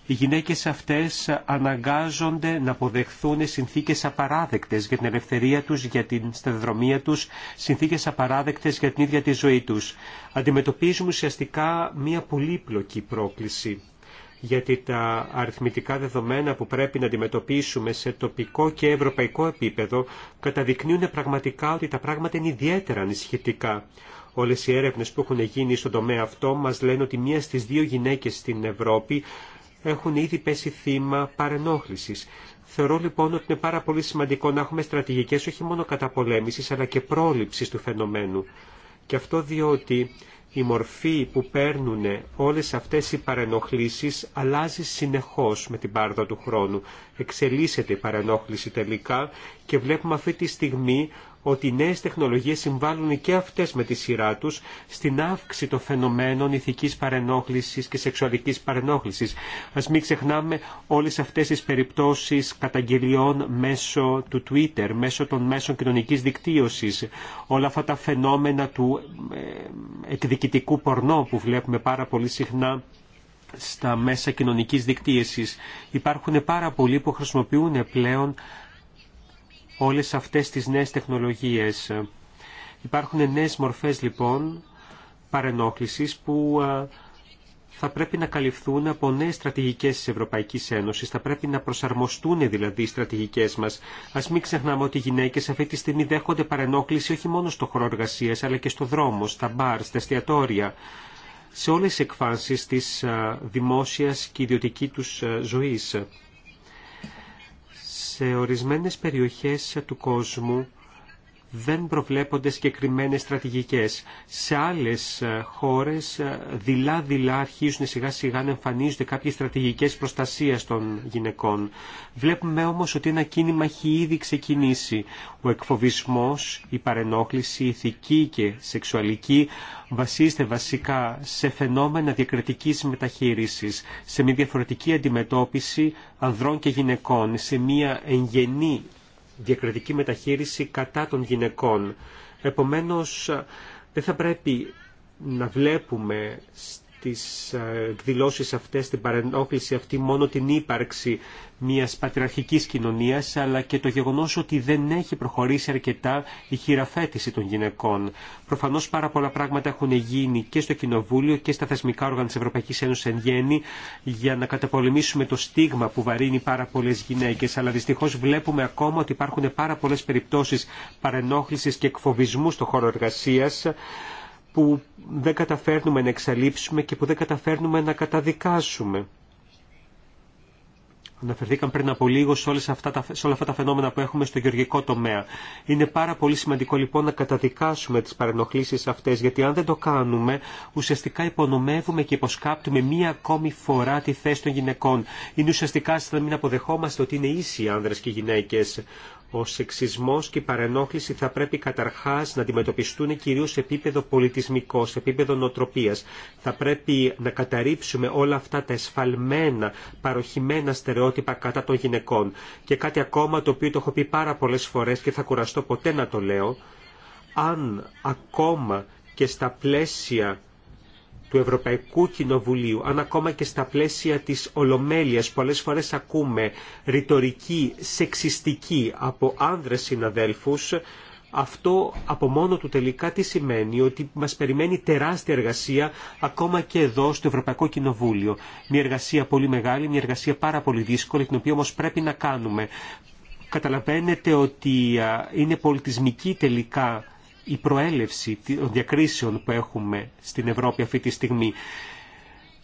οι γυναίκες αυτές αναγκάζονται να αποδεχθούν συνθήκες απαράδεκτες για την ελευθερία τους, για την σταδιοδρομία τους, συνθήκες απαράδεκτες για την ίδια τη ζωή τους. Αντιμετωπίζουμε ουσιαστικά μία πολύπλοκη πρόκληση γιατί τα αριθμητικά δεδομένα που πρέπει να αντιμετωπίσουμε σε τοπικό και ευρωπαϊκό επίπεδο καταδεικνύουν πραγματικά ότι τα πράγματα είναι ιδιαίτερα ανησυχητικά. Όλες οι έρευνες που έχουν γίνει στον τομέα αυτό μας λένε ότι μία στις δύο γυναίκες στην Ευρώπη έχουν ήδη πέσει θύμα παρενόχληση. Θεωρώ λοιπόν ότι είναι πάρα πολύ σημαντικό να έχουμε στρατηγικές όχι μόνο καταπολέμησης αλλά και πρόληψη του φαινομένου. Και αυτό διότι η μορφή που παίρνουν όλες αυτές οι παρενοχλήσεις αλλάζει συνεχώς με την πάρδα του χρόνου. Εξελίσσεται η παρενόχληση τελικά και βλέπουμε αυτή τη στιγμή ότι οι νέες τεχνολογίες συμβάλλουν και αυτές με τη σειρά τους στην αύξηση των φαινομένων ηθικής παρενόχλησης και σεξουαλικής παρενόχλησης. Ας μην ξεχνάμε όλες αυτές τις περιπτώσεις καταγγελιών μέσω του Twitter, μέσω των μέσων κοινωνικής δικτύωσης, όλα αυτά τα φαινόμενα του ε, εκδικητικού πορνό που βλέπουμε πάρα πολύ συχνά στα μέσα κοινωνικής δικτύωσης. Υπάρχουν πάρα πολλοί που χρησιμοποιούν πλέον όλες αυτές τις νέες τεχνολογίες. Υπάρχουν νέες μορφές λοιπόν παρενόχλησης που ε, θα πρέπει να καλυφθούν από νέες στρατηγικές της Ευρωπαϊκής Ένωσης. Θα πρέπει να προσαρμοστούν δηλαδή οι στρατηγικές μας. Ας μην ξεχνάμε ότι οι γυναίκε αυτή τη στιγμή δέχονται παρενόχληση όχι μόνο στο χώρο εργασία, αλλά και στο δρόμο, στα μπαρ, στα εστιατόρια, σε όλε τις εκφάνσει τη ε, δημόσια και ιδιωτική του ε, ζωή σε ορισμένες περιοχές του κόσμου δεν προβλέπονται συγκεκριμένες στρατηγικές. Σε άλλες ε, χώρες δειλά-δειλά αρχίζουν σιγά-σιγά να εμφανίζονται κάποιες στρατηγικές προστασίας των γυναικών. Βλέπουμε όμως ότι ένα κίνημα έχει ήδη ξεκινήσει. Ο εκφοβισμός, η παρενόχληση, η ηθική και σεξουαλική βασίζεται βασικά σε φαινόμενα διακριτικής μεταχείρισης, σε μια διαφορετική αντιμετώπιση ανδρών και γυναικών, σε μια εγγενή διακριτική μεταχείριση κατά των γυναικών. Επομένως, δεν θα πρέπει να βλέπουμε τις ε, εκδηλώσεις αυτές, την παρενόχληση αυτή, μόνο την ύπαρξη μιας πατριαρχικής κοινωνίας, αλλά και το γεγονός ότι δεν έχει προχωρήσει αρκετά η χειραφέτηση των γυναικών. Προφανώς πάρα πολλά πράγματα έχουν γίνει και στο Κοινοβούλιο και στα θεσμικά όργανα της Ευρωπαϊκής Ένωσης εν γέννη για να καταπολεμήσουμε το στίγμα που βαρύνει πάρα πολλές γυναίκες, αλλά δυστυχώς βλέπουμε ακόμα ότι υπάρχουν πάρα πολλές περιπτώσεις παρενόχλησης και εκφοβισμού στο χώρο εργασίας που δεν καταφέρνουμε να εξαλείψουμε και που δεν καταφέρνουμε να καταδικάσουμε. Αναφερθήκαν πριν από λίγο σε, όλες αυτά τα, όλα αυτά τα φαινόμενα που έχουμε στο γεωργικό τομέα. Είναι πάρα πολύ σημαντικό λοιπόν να καταδικάσουμε τις παρενοχλήσεις αυτές, γιατί αν δεν το κάνουμε, ουσιαστικά υπονομεύουμε και υποσκάπτουμε μία ακόμη φορά τη θέση των γυναικών. Είναι ουσιαστικά σαν να μην αποδεχόμαστε ότι είναι ίσοι άνδρες και γυναίκες. Ο σεξισμός και η παρενόχληση θα πρέπει καταρχάς να αντιμετωπιστούν κυρίως σε επίπεδο πολιτισμικό, σε επίπεδο νοτροπίας. Θα πρέπει να καταρρύψουμε όλα αυτά τα εσφαλμένα, παροχημένα στερεότυπα κατά των γυναικών. Και κάτι ακόμα το οποίο το έχω πει πάρα πολλές φορές και θα κουραστώ ποτέ να το λέω, αν ακόμα και στα πλαίσια του Ευρωπαϊκού Κοινοβουλίου, αν ακόμα και στα πλαίσια της Ολομέλειας, πολλές φορές ακούμε ρητορική, σεξιστική από άνδρες συναδέλφους, αυτό από μόνο του τελικά τι σημαίνει, ότι μας περιμένει τεράστια εργασία ακόμα και εδώ στο Ευρωπαϊκό Κοινοβούλιο. Μια εργασία πολύ μεγάλη, μια εργασία πάρα πολύ δύσκολη, την οποία όμως πρέπει να κάνουμε. Καταλαβαίνετε ότι είναι πολιτισμική τελικά η προέλευση των διακρίσεων που έχουμε στην Ευρώπη αυτή τη στιγμή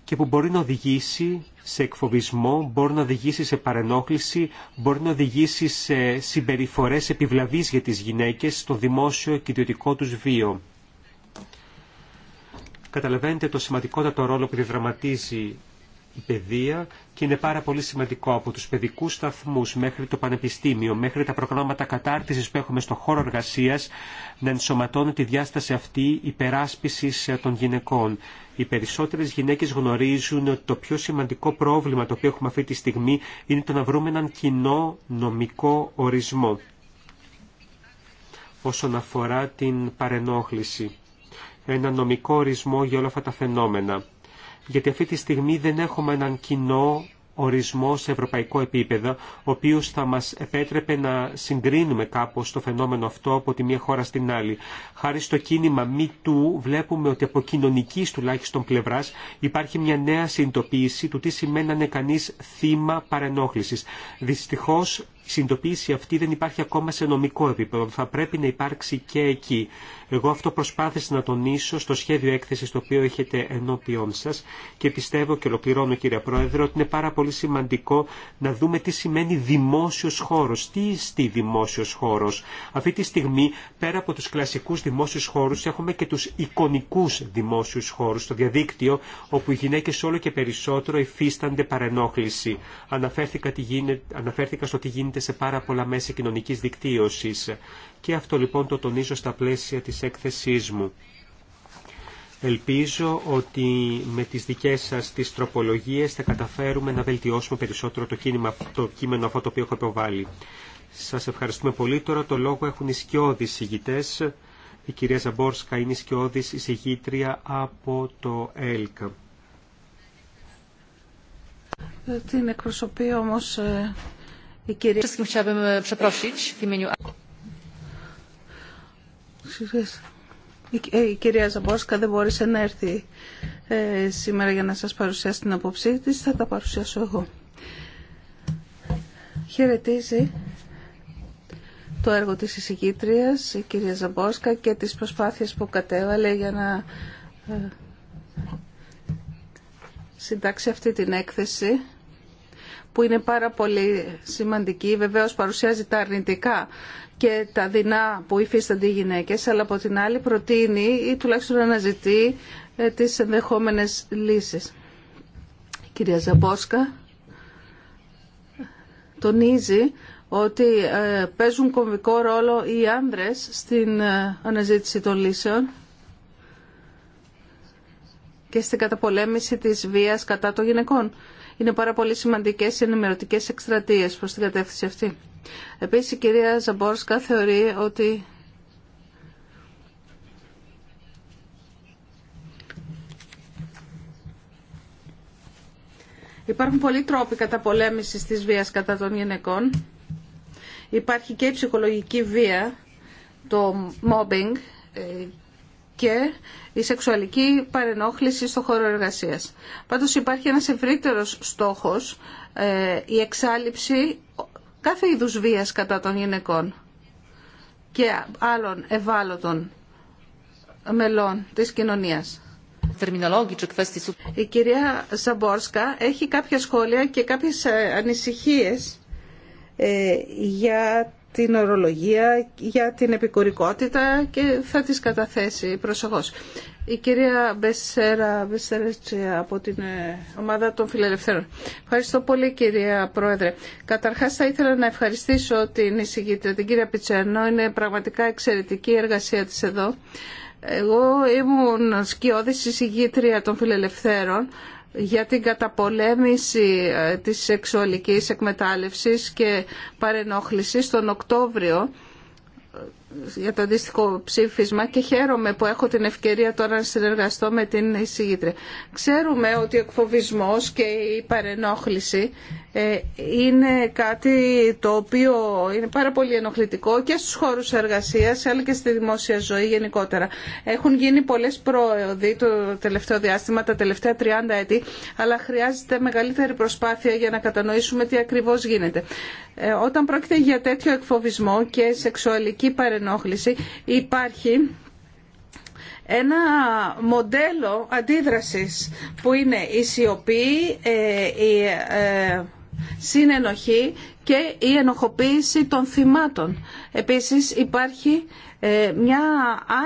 και που μπορεί να οδηγήσει σε εκφοβισμό, μπορεί να οδηγήσει σε παρενόχληση, μπορεί να οδηγήσει σε συμπεριφορές επιβλαβής για τις γυναίκες στο δημόσιο και ιδιωτικό τους βίο. Καταλαβαίνετε το σημαντικότατο ρόλο που διαδραματίζει η παιδεία και είναι πάρα πολύ σημαντικό από τους παιδικούς σταθμούς μέχρι το πανεπιστήμιο, μέχρι τα προγράμματα κατάρτισης που έχουμε στον χώρο εργασίας να ενσωματώνει τη διάσταση αυτή υπεράσπισης ε, των γυναικών. Οι περισσότερες γυναίκες γνωρίζουν ότι το πιο σημαντικό πρόβλημα το οποίο έχουμε αυτή τη στιγμή είναι το να βρούμε έναν κοινό νομικό ορισμό όσον αφορά την παρενόχληση. Ένα νομικό ορισμό για όλα αυτά τα φαινόμενα γιατί αυτή τη στιγμή δεν έχουμε έναν κοινό ορισμό σε ευρωπαϊκό επίπεδο, ο οποίος θα μας επέτρεπε να συγκρίνουμε κάπως το φαινόμενο αυτό από τη μία χώρα στην άλλη. Χάρη στο κίνημα MeToo βλέπουμε ότι από κοινωνική τουλάχιστον πλευράς υπάρχει μια νέα συνειδητοποίηση του τι σημαίνει να είναι κανείς θύμα παρενόχλησης. Δυστυχώς η συνειδητοποίηση αυτή δεν υπάρχει ακόμα σε νομικό επίπεδο. Θα πρέπει να υπάρξει και εκεί. Εγώ αυτό προσπάθησα να τονίσω στο σχέδιο έκθεση το οποίο έχετε ενώπιόν σα και πιστεύω και ολοκληρώνω κύριε Πρόεδρε ότι είναι πάρα πολύ σημαντικό να δούμε τι σημαίνει δημόσιο χώρο. Τι στη δημόσιο χώρο. Αυτή τη στιγμή πέρα από του κλασικού δημόσιου χώρου έχουμε και του εικονικού δημόσιου χώρου στο διαδίκτυο όπου οι γυναίκε όλο και περισσότερο υφίστανται παρενόχληση. Αναφέρθηκα, αναφέρθηκα στο τι γίνεται σε πάρα πολλά μέσα κοινωνικής δικτύωσης. Και αυτό λοιπόν το τονίζω στα πλαίσια της έκθεσής μου. Ελπίζω ότι με τις δικές σας τις τροπολογίες θα καταφέρουμε να βελτιώσουμε περισσότερο το, το κείμενο αυτό το οποίο έχω υποβάλει. Σας ευχαριστούμε πολύ. Τώρα το λόγο έχουν οι σκιώδεις Η κυρία Ζαμπόρσκα είναι η σκιώδης από το ΕΛΚΑ. Ε, την εκπροσωπεί όμως ε, η κυρία... E, ε, Ζαμπόσκα δεν μπόρεσε να έρθει ε, σήμερα για να σας παρουσιάσει την απόψη της. Θα τα παρουσιάσω εγώ. Χαιρετίζει το έργο της εισηγήτριας, η κυρία Ζαμπόσκα, και τις προσπάθειες που κατέβαλε για να ε, συντάξει αυτή την έκθεση που είναι πάρα πολύ σημαντική. Βεβαίως παρουσιάζει τα αρνητικά και τα δεινά που υφίστανται οι γυναίκες, αλλά από την άλλη προτείνει ή τουλάχιστον αναζητεί ε, τις ενδεχόμενες λύσεις. Η κυρία Ζαμπόσκα λυσεις ότι ε, παίζουν κομβικό ρόλο οι άνδρες στην ε, αναζήτηση των λύσεων και στην καταπολέμηση της βίας κατά των γυναικών είναι πάρα πολύ σημαντικές οι ενημερωτικέ εκστρατείε προς την κατεύθυνση αυτή. Επίσης η κυρία Ζαμπόρσκα θεωρεί ότι Υπάρχουν πολλοί τρόποι καταπολέμησης της βίας κατά των γυναικών. Υπάρχει και η ψυχολογική βία, το mobbing ε, και η σεξουαλική παρενόχληση στο χώρο εργασίας. Πάντως υπάρχει ένας ευρύτερος στόχος, ε, η εξάλληψη κάθε είδους βίας κατά των γυναικών και άλλων ευάλωτων μελών της κοινωνίας. Η κυρία Ζαμπόρσκα έχει κάποια σχόλια και κάποιες ε, ανησυχίες ε, για την ορολογία για την επικουρικότητα και θα τις καταθέσει προσεχώς. Η κυρία Μπεσέρα από την ε, ομάδα των Φιλελευθέρων. Ευχαριστώ πολύ κυρία Πρόεδρε. Καταρχάς θα ήθελα να ευχαριστήσω την εισηγήτρια, την κυρία Πιτσέρνο. Είναι πραγματικά εξαιρετική η εργασία της εδώ. Εγώ ήμουν σκιώδης εισηγήτρια των Φιλελευθέρων για την καταπολέμηση ε, της σεξουαλικής εκμετάλλευσης και παρενόχλησης τον Οκτώβριο για το αντίστοιχο ψήφισμα και χαίρομαι που έχω την ευκαιρία τώρα να συνεργαστώ με την εισηγήτρια. Ξέρουμε ότι ο εκφοβισμός και η παρενόχληση ε, είναι κάτι το οποίο είναι πάρα πολύ ενοχλητικό και στους χώρους εργασίας αλλά και στη δημόσια ζωή γενικότερα. Έχουν γίνει πολλές πρόοδοι το τελευταίο διάστημα, τα τελευταία 30 έτη, αλλά χρειάζεται μεγαλύτερη προσπάθεια για να κατανοήσουμε τι ακριβώς γίνεται. Ε, όταν πρόκειται για τέτοιο εκφοβισμό και σεξουαλική παρενόχληση, υπάρχει ένα μοντέλο αντίδρασης που είναι η σιωπή, ε, η ε, συνενοχή και η ενοχοποίηση των θυμάτων. Επίσης υπάρχει ε, μια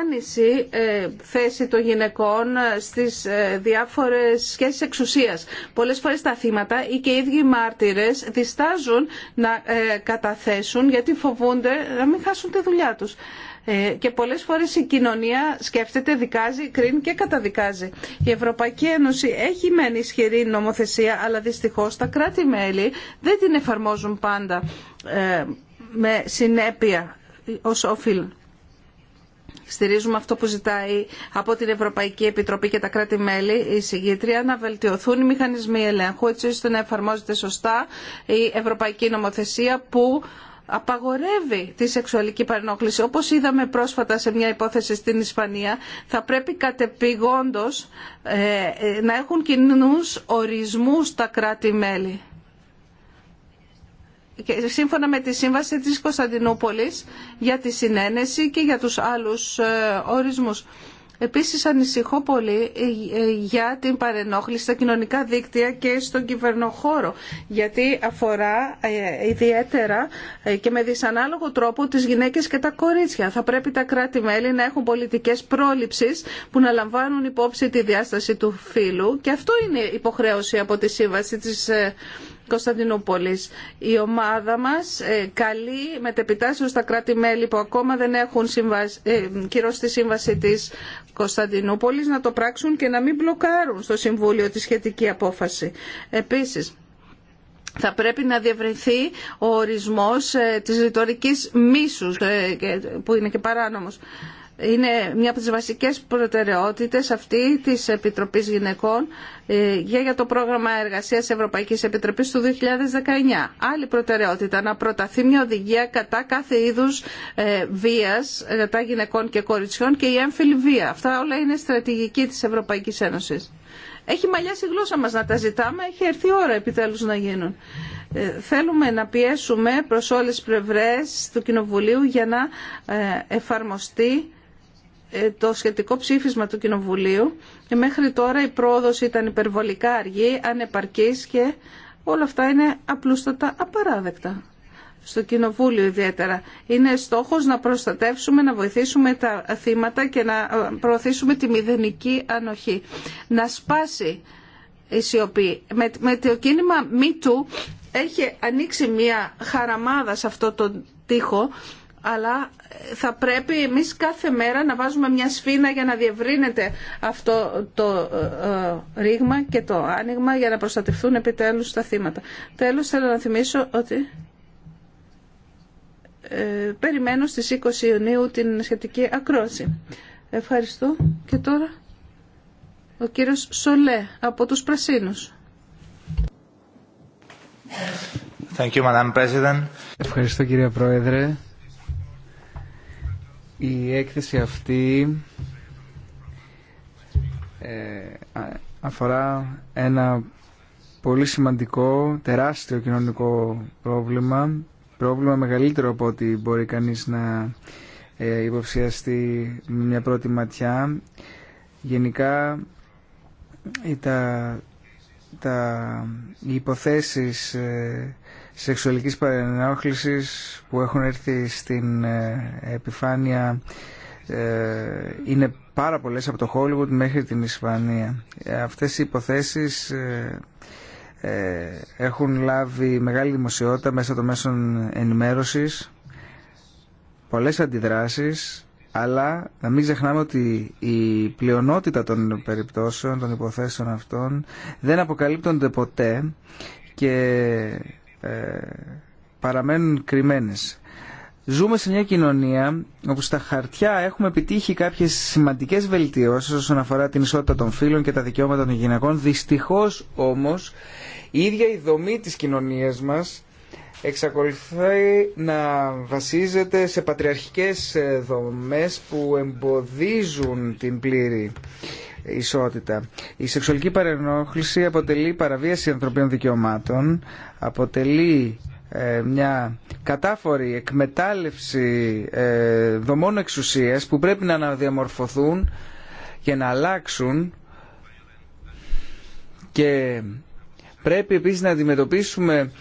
άνηση ε, θέση των γυναικών ε, στις διάφορες σχέσεις εξουσίας. Πολλές φορές τα θύματα ή και οι ίδιοι μάρτυρες διστάζουν να καταθέσουν γιατί φοβούνται να μην χάσουν τη δουλειά τους. Ε, και πολλές φορές η κοινωνία σκέφτεται, δικάζει, κρίνει και καταδικάζει. Η Ευρωπαϊκή Ένωση έχει μεν ισχυρή νομοθεσία, αλλά δυστυχώς τα κράτη-μέλη δεν την εφαρμόζουν πάντα ε, με συνέπεια ως όφιλ. Στηρίζουμε αυτό που ζητάει από την Ευρωπαϊκή Επιτροπή και τα κράτη-μέλη, η συγγήτρια, να βελτιωθούν οι μηχανισμοί ελέγχου, έτσι ώστε να εφαρμόζεται σωστά η Ευρωπαϊκή Νομοθεσία που απαγορεύει τη σεξουαλική παρενόχληση. Όπως είδαμε πρόσφατα σε μια υπόθεση στην Ισπανία, θα πρέπει κατεπηγόντως ε, ε, να έχουν κοινού ορισμούς τα κράτη-μέλη. Και σύμφωνα με τη Σύμβαση της Κωνσταντινούπολης για τη συνένεση και για τους άλλους ε, ορισμούς. Επίσης ανησυχώ πολύ ε, ε, για την παρενόχληση στα κοινωνικά δίκτυα και στον κυβερνοχώρο, γιατί αφορά ε, ιδιαίτερα και με δυσανάλογο τρόπο τις γυναίκες και τα κορίτσια. Θα πρέπει τα κράτη-μέλη να έχουν πολιτικές πρόληψεις που να λαμβάνουν υπόψη τη διάσταση του φύλου και αυτό είναι υποχρέωση από τη Σύμβαση της Κωνσταντινούπολης. Η ομάδα μας ε, καλεί μετεπιτάσεως τα κράτη-μέλη που ακόμα δεν έχουν συμβασ... Ε, κυρώσει τη σύμβαση της Κωνσταντινούπολης να το πράξουν και να μην μπλοκάρουν στο Συμβούλιο τη σχετική απόφαση. Επίσης, θα πρέπει να διευρυνθεί ο ορισμός ε, της ρητορικής μίσους, που είναι και παράνομος είναι μια από τις βασικές προτεραιότητες αυτή της Επιτροπής Γυναικών για, ε, για το πρόγραμμα εργασίας Ευρωπαϊκής Επιτροπής του 2019. Άλλη προτεραιότητα να προταθεί μια οδηγία κατά κάθε είδους ε, βίας κατά γυναικών και κοριτσιών και η έμφυλη βία. Αυτά όλα είναι στρατηγική της Ευρωπαϊκής Ένωσης. Έχει μαλλιάσει η γλώσσα μας να τα ζητάμε, έχει έρθει η ώρα επιτέλους να γίνουν. Ε, θέλουμε να πιέσουμε προς όλες τις πλευρές του Κοινοβουλίου για να εφαρμοστεί ε, το σχετικό ψήφισμα του Κοινοβουλίου και ε, μέχρι τώρα η πρόοδος ήταν υπερβολικά αργή, ανεπαρκής και όλα αυτά είναι απλούστατα απαράδεκτα. Στο Κοινοβούλιο ιδιαίτερα. Είναι στόχος να προστατεύσουμε, να βοηθήσουμε τα θύματα και να ε, προωθήσουμε τη μηδενική ανοχή. Να σπάσει η σιωπή. Με, το κίνημα MeToo έχει ανοίξει μια χαραμάδα σε αυτό το τοίχο αλλά θα πρέπει εμείς κάθε μέρα να βάζουμε μια σφήνα για να διευρύνεται αυτό το ε, ε, ρήγμα και το άνοιγμα για να προστατευτούν επιτέλους τα θύματα. Τέλος θέλω να θυμίσω ότι ε, περιμένω στις 20 Ιουνίου την σχετική ακρόαση. Ευχαριστώ. Και τώρα ο κύριος Σολέ από τους Πρασίνους. Thank you, Madam President. Ευχαριστώ κύριε Πρόεδρε. Η έκθεση αυτή ε, αφορά ένα πολύ σημαντικό, τεράστιο κοινωνικό πρόβλημα, πρόβλημα μεγαλύτερο από ό,τι μπορεί κανείς να ε, υποψιαστεί με μια πρώτη ματιά. Γενικά, τα, τα, οι υποθέσεις ε, σεξουαλικής παρενόχλησης που έχουν έρθει στην ε, επιφάνεια ε, είναι πάρα πολλές από το Hollywood μέχρι την Ισπανία. Ε, αυτές οι υποθέσεις έχουν λάβει μεγάλη δημοσιότητα μέσα των μέσων ενημέρωσης, πολλές αντιδράσεις, αλλά να μην ξεχνάμε ότι η πλειονότητα των περιπτώσεων, των υποθέσεων αυτών δεν αποκαλύπτονται ποτέ και ε, παραμένουν κρυμμένες. Ζούμε σε μια κοινωνία όπου στα χαρτιά έχουμε επιτύχει κάποιες σημαντικές βελτιώσεις όσον αφορά την ισότητα των φύλων και τα δικαιώματα των γυναικών. Δυστυχώς όμως η ίδια η δομή της κοινωνίας μας εξακολουθεί να βασίζεται σε πατριαρχικές ε, δομές που εμποδίζουν την πλήρη ισότητα. Η σεξουαλική παρενόχληση αποτελεί παραβίαση ανθρωπίνων δικαιωμάτων, αποτελεί ε, μια κατάφορη εκμετάλλευση ε, δομών εξουσίας που πρέπει να αναδιαμορφωθούν και να αλλάξουν και πρέπει επίσης να αντιμετωπίσουμε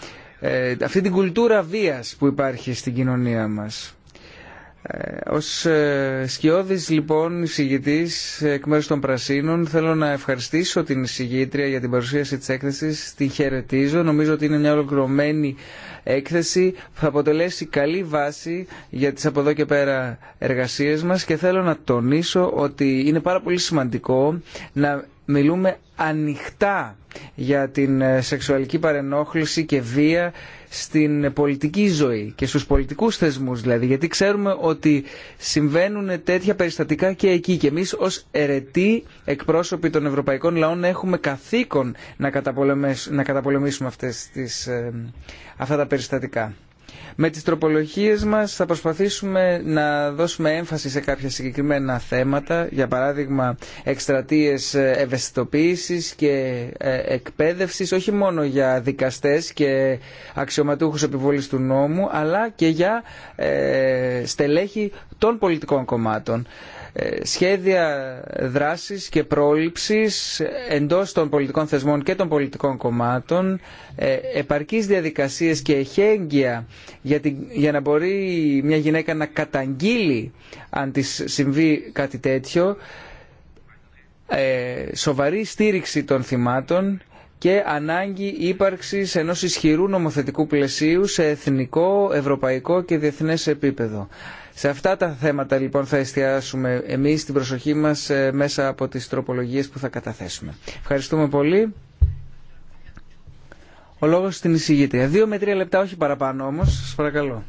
ε, αυτή την κουλτούρα βίας που υπάρχει στην κοινωνία μας. Ε, ως ε, σκιώδη λοιπόν εισηγητή εκ μέρου των Πρασίνων θέλω να ευχαριστήσω την εισηγήτρια για την παρουσίαση της έκθεση, την χαιρετίζω. Νομίζω ότι είναι μια ολοκληρωμένη έκθεση που θα αποτελέσει καλή βάση για τις από εδώ και πέρα εργασίες μας και θέλω να τονίσω ότι είναι πάρα πολύ σημαντικό να μιλούμε ανοιχτά για την ε, σεξουαλική παρενόχληση και βία στην πολιτική ζωή και στους πολιτικούς θεσμούς δηλαδή γιατί ξέρουμε ότι συμβαίνουν τέτοια περιστατικά και εκεί και εμείς ως ερετοί εκπρόσωποι των ευρωπαϊκών λαών έχουμε καθήκον να, καταπολεμήσουμε αυτές ε, αυτά τα περιστατικά. Με τις τροπολογίες μας θα προσπαθήσουμε να δώσουμε έμφαση σε κάποια συγκεκριμένα θέματα, για παράδειγμα εκστρατείες ευαισθητοποίησης και ε, εκπαίδευσης, όχι μόνο για δικαστές και αξιωματούχους επιβολής του νόμου, αλλά και για ε, στελέχη των πολιτικών κομμάτων. Ε, σχέδια δράσης και πρόληψης εντός των πολιτικών θεσμών και των πολιτικών κομμάτων, ε, επαρκείς διαδικασίες και εχέγγυα για, για να μπορεί μια γυναίκα να καταγγείλει αν της συμβεί κάτι τέτοιο, ε, σοβαρή στήριξη των θυμάτων και ανάγκη ύπαρξης ενός ισχυρού νομοθετικού πλαισίου σε εθνικό, ευρωπαϊκό και διεθνές επίπεδο. Σε αυτά τα θέματα λοιπόν θα εστιάσουμε εμείς την προσοχή μας ε, μέσα από τις τροπολογίες που θα καταθέσουμε. Ευχαριστούμε πολύ. Ο λόγος στην εισηγήτρια. Δύο με τρία λεπτά, όχι παραπάνω όμως. Σας παρακαλώ.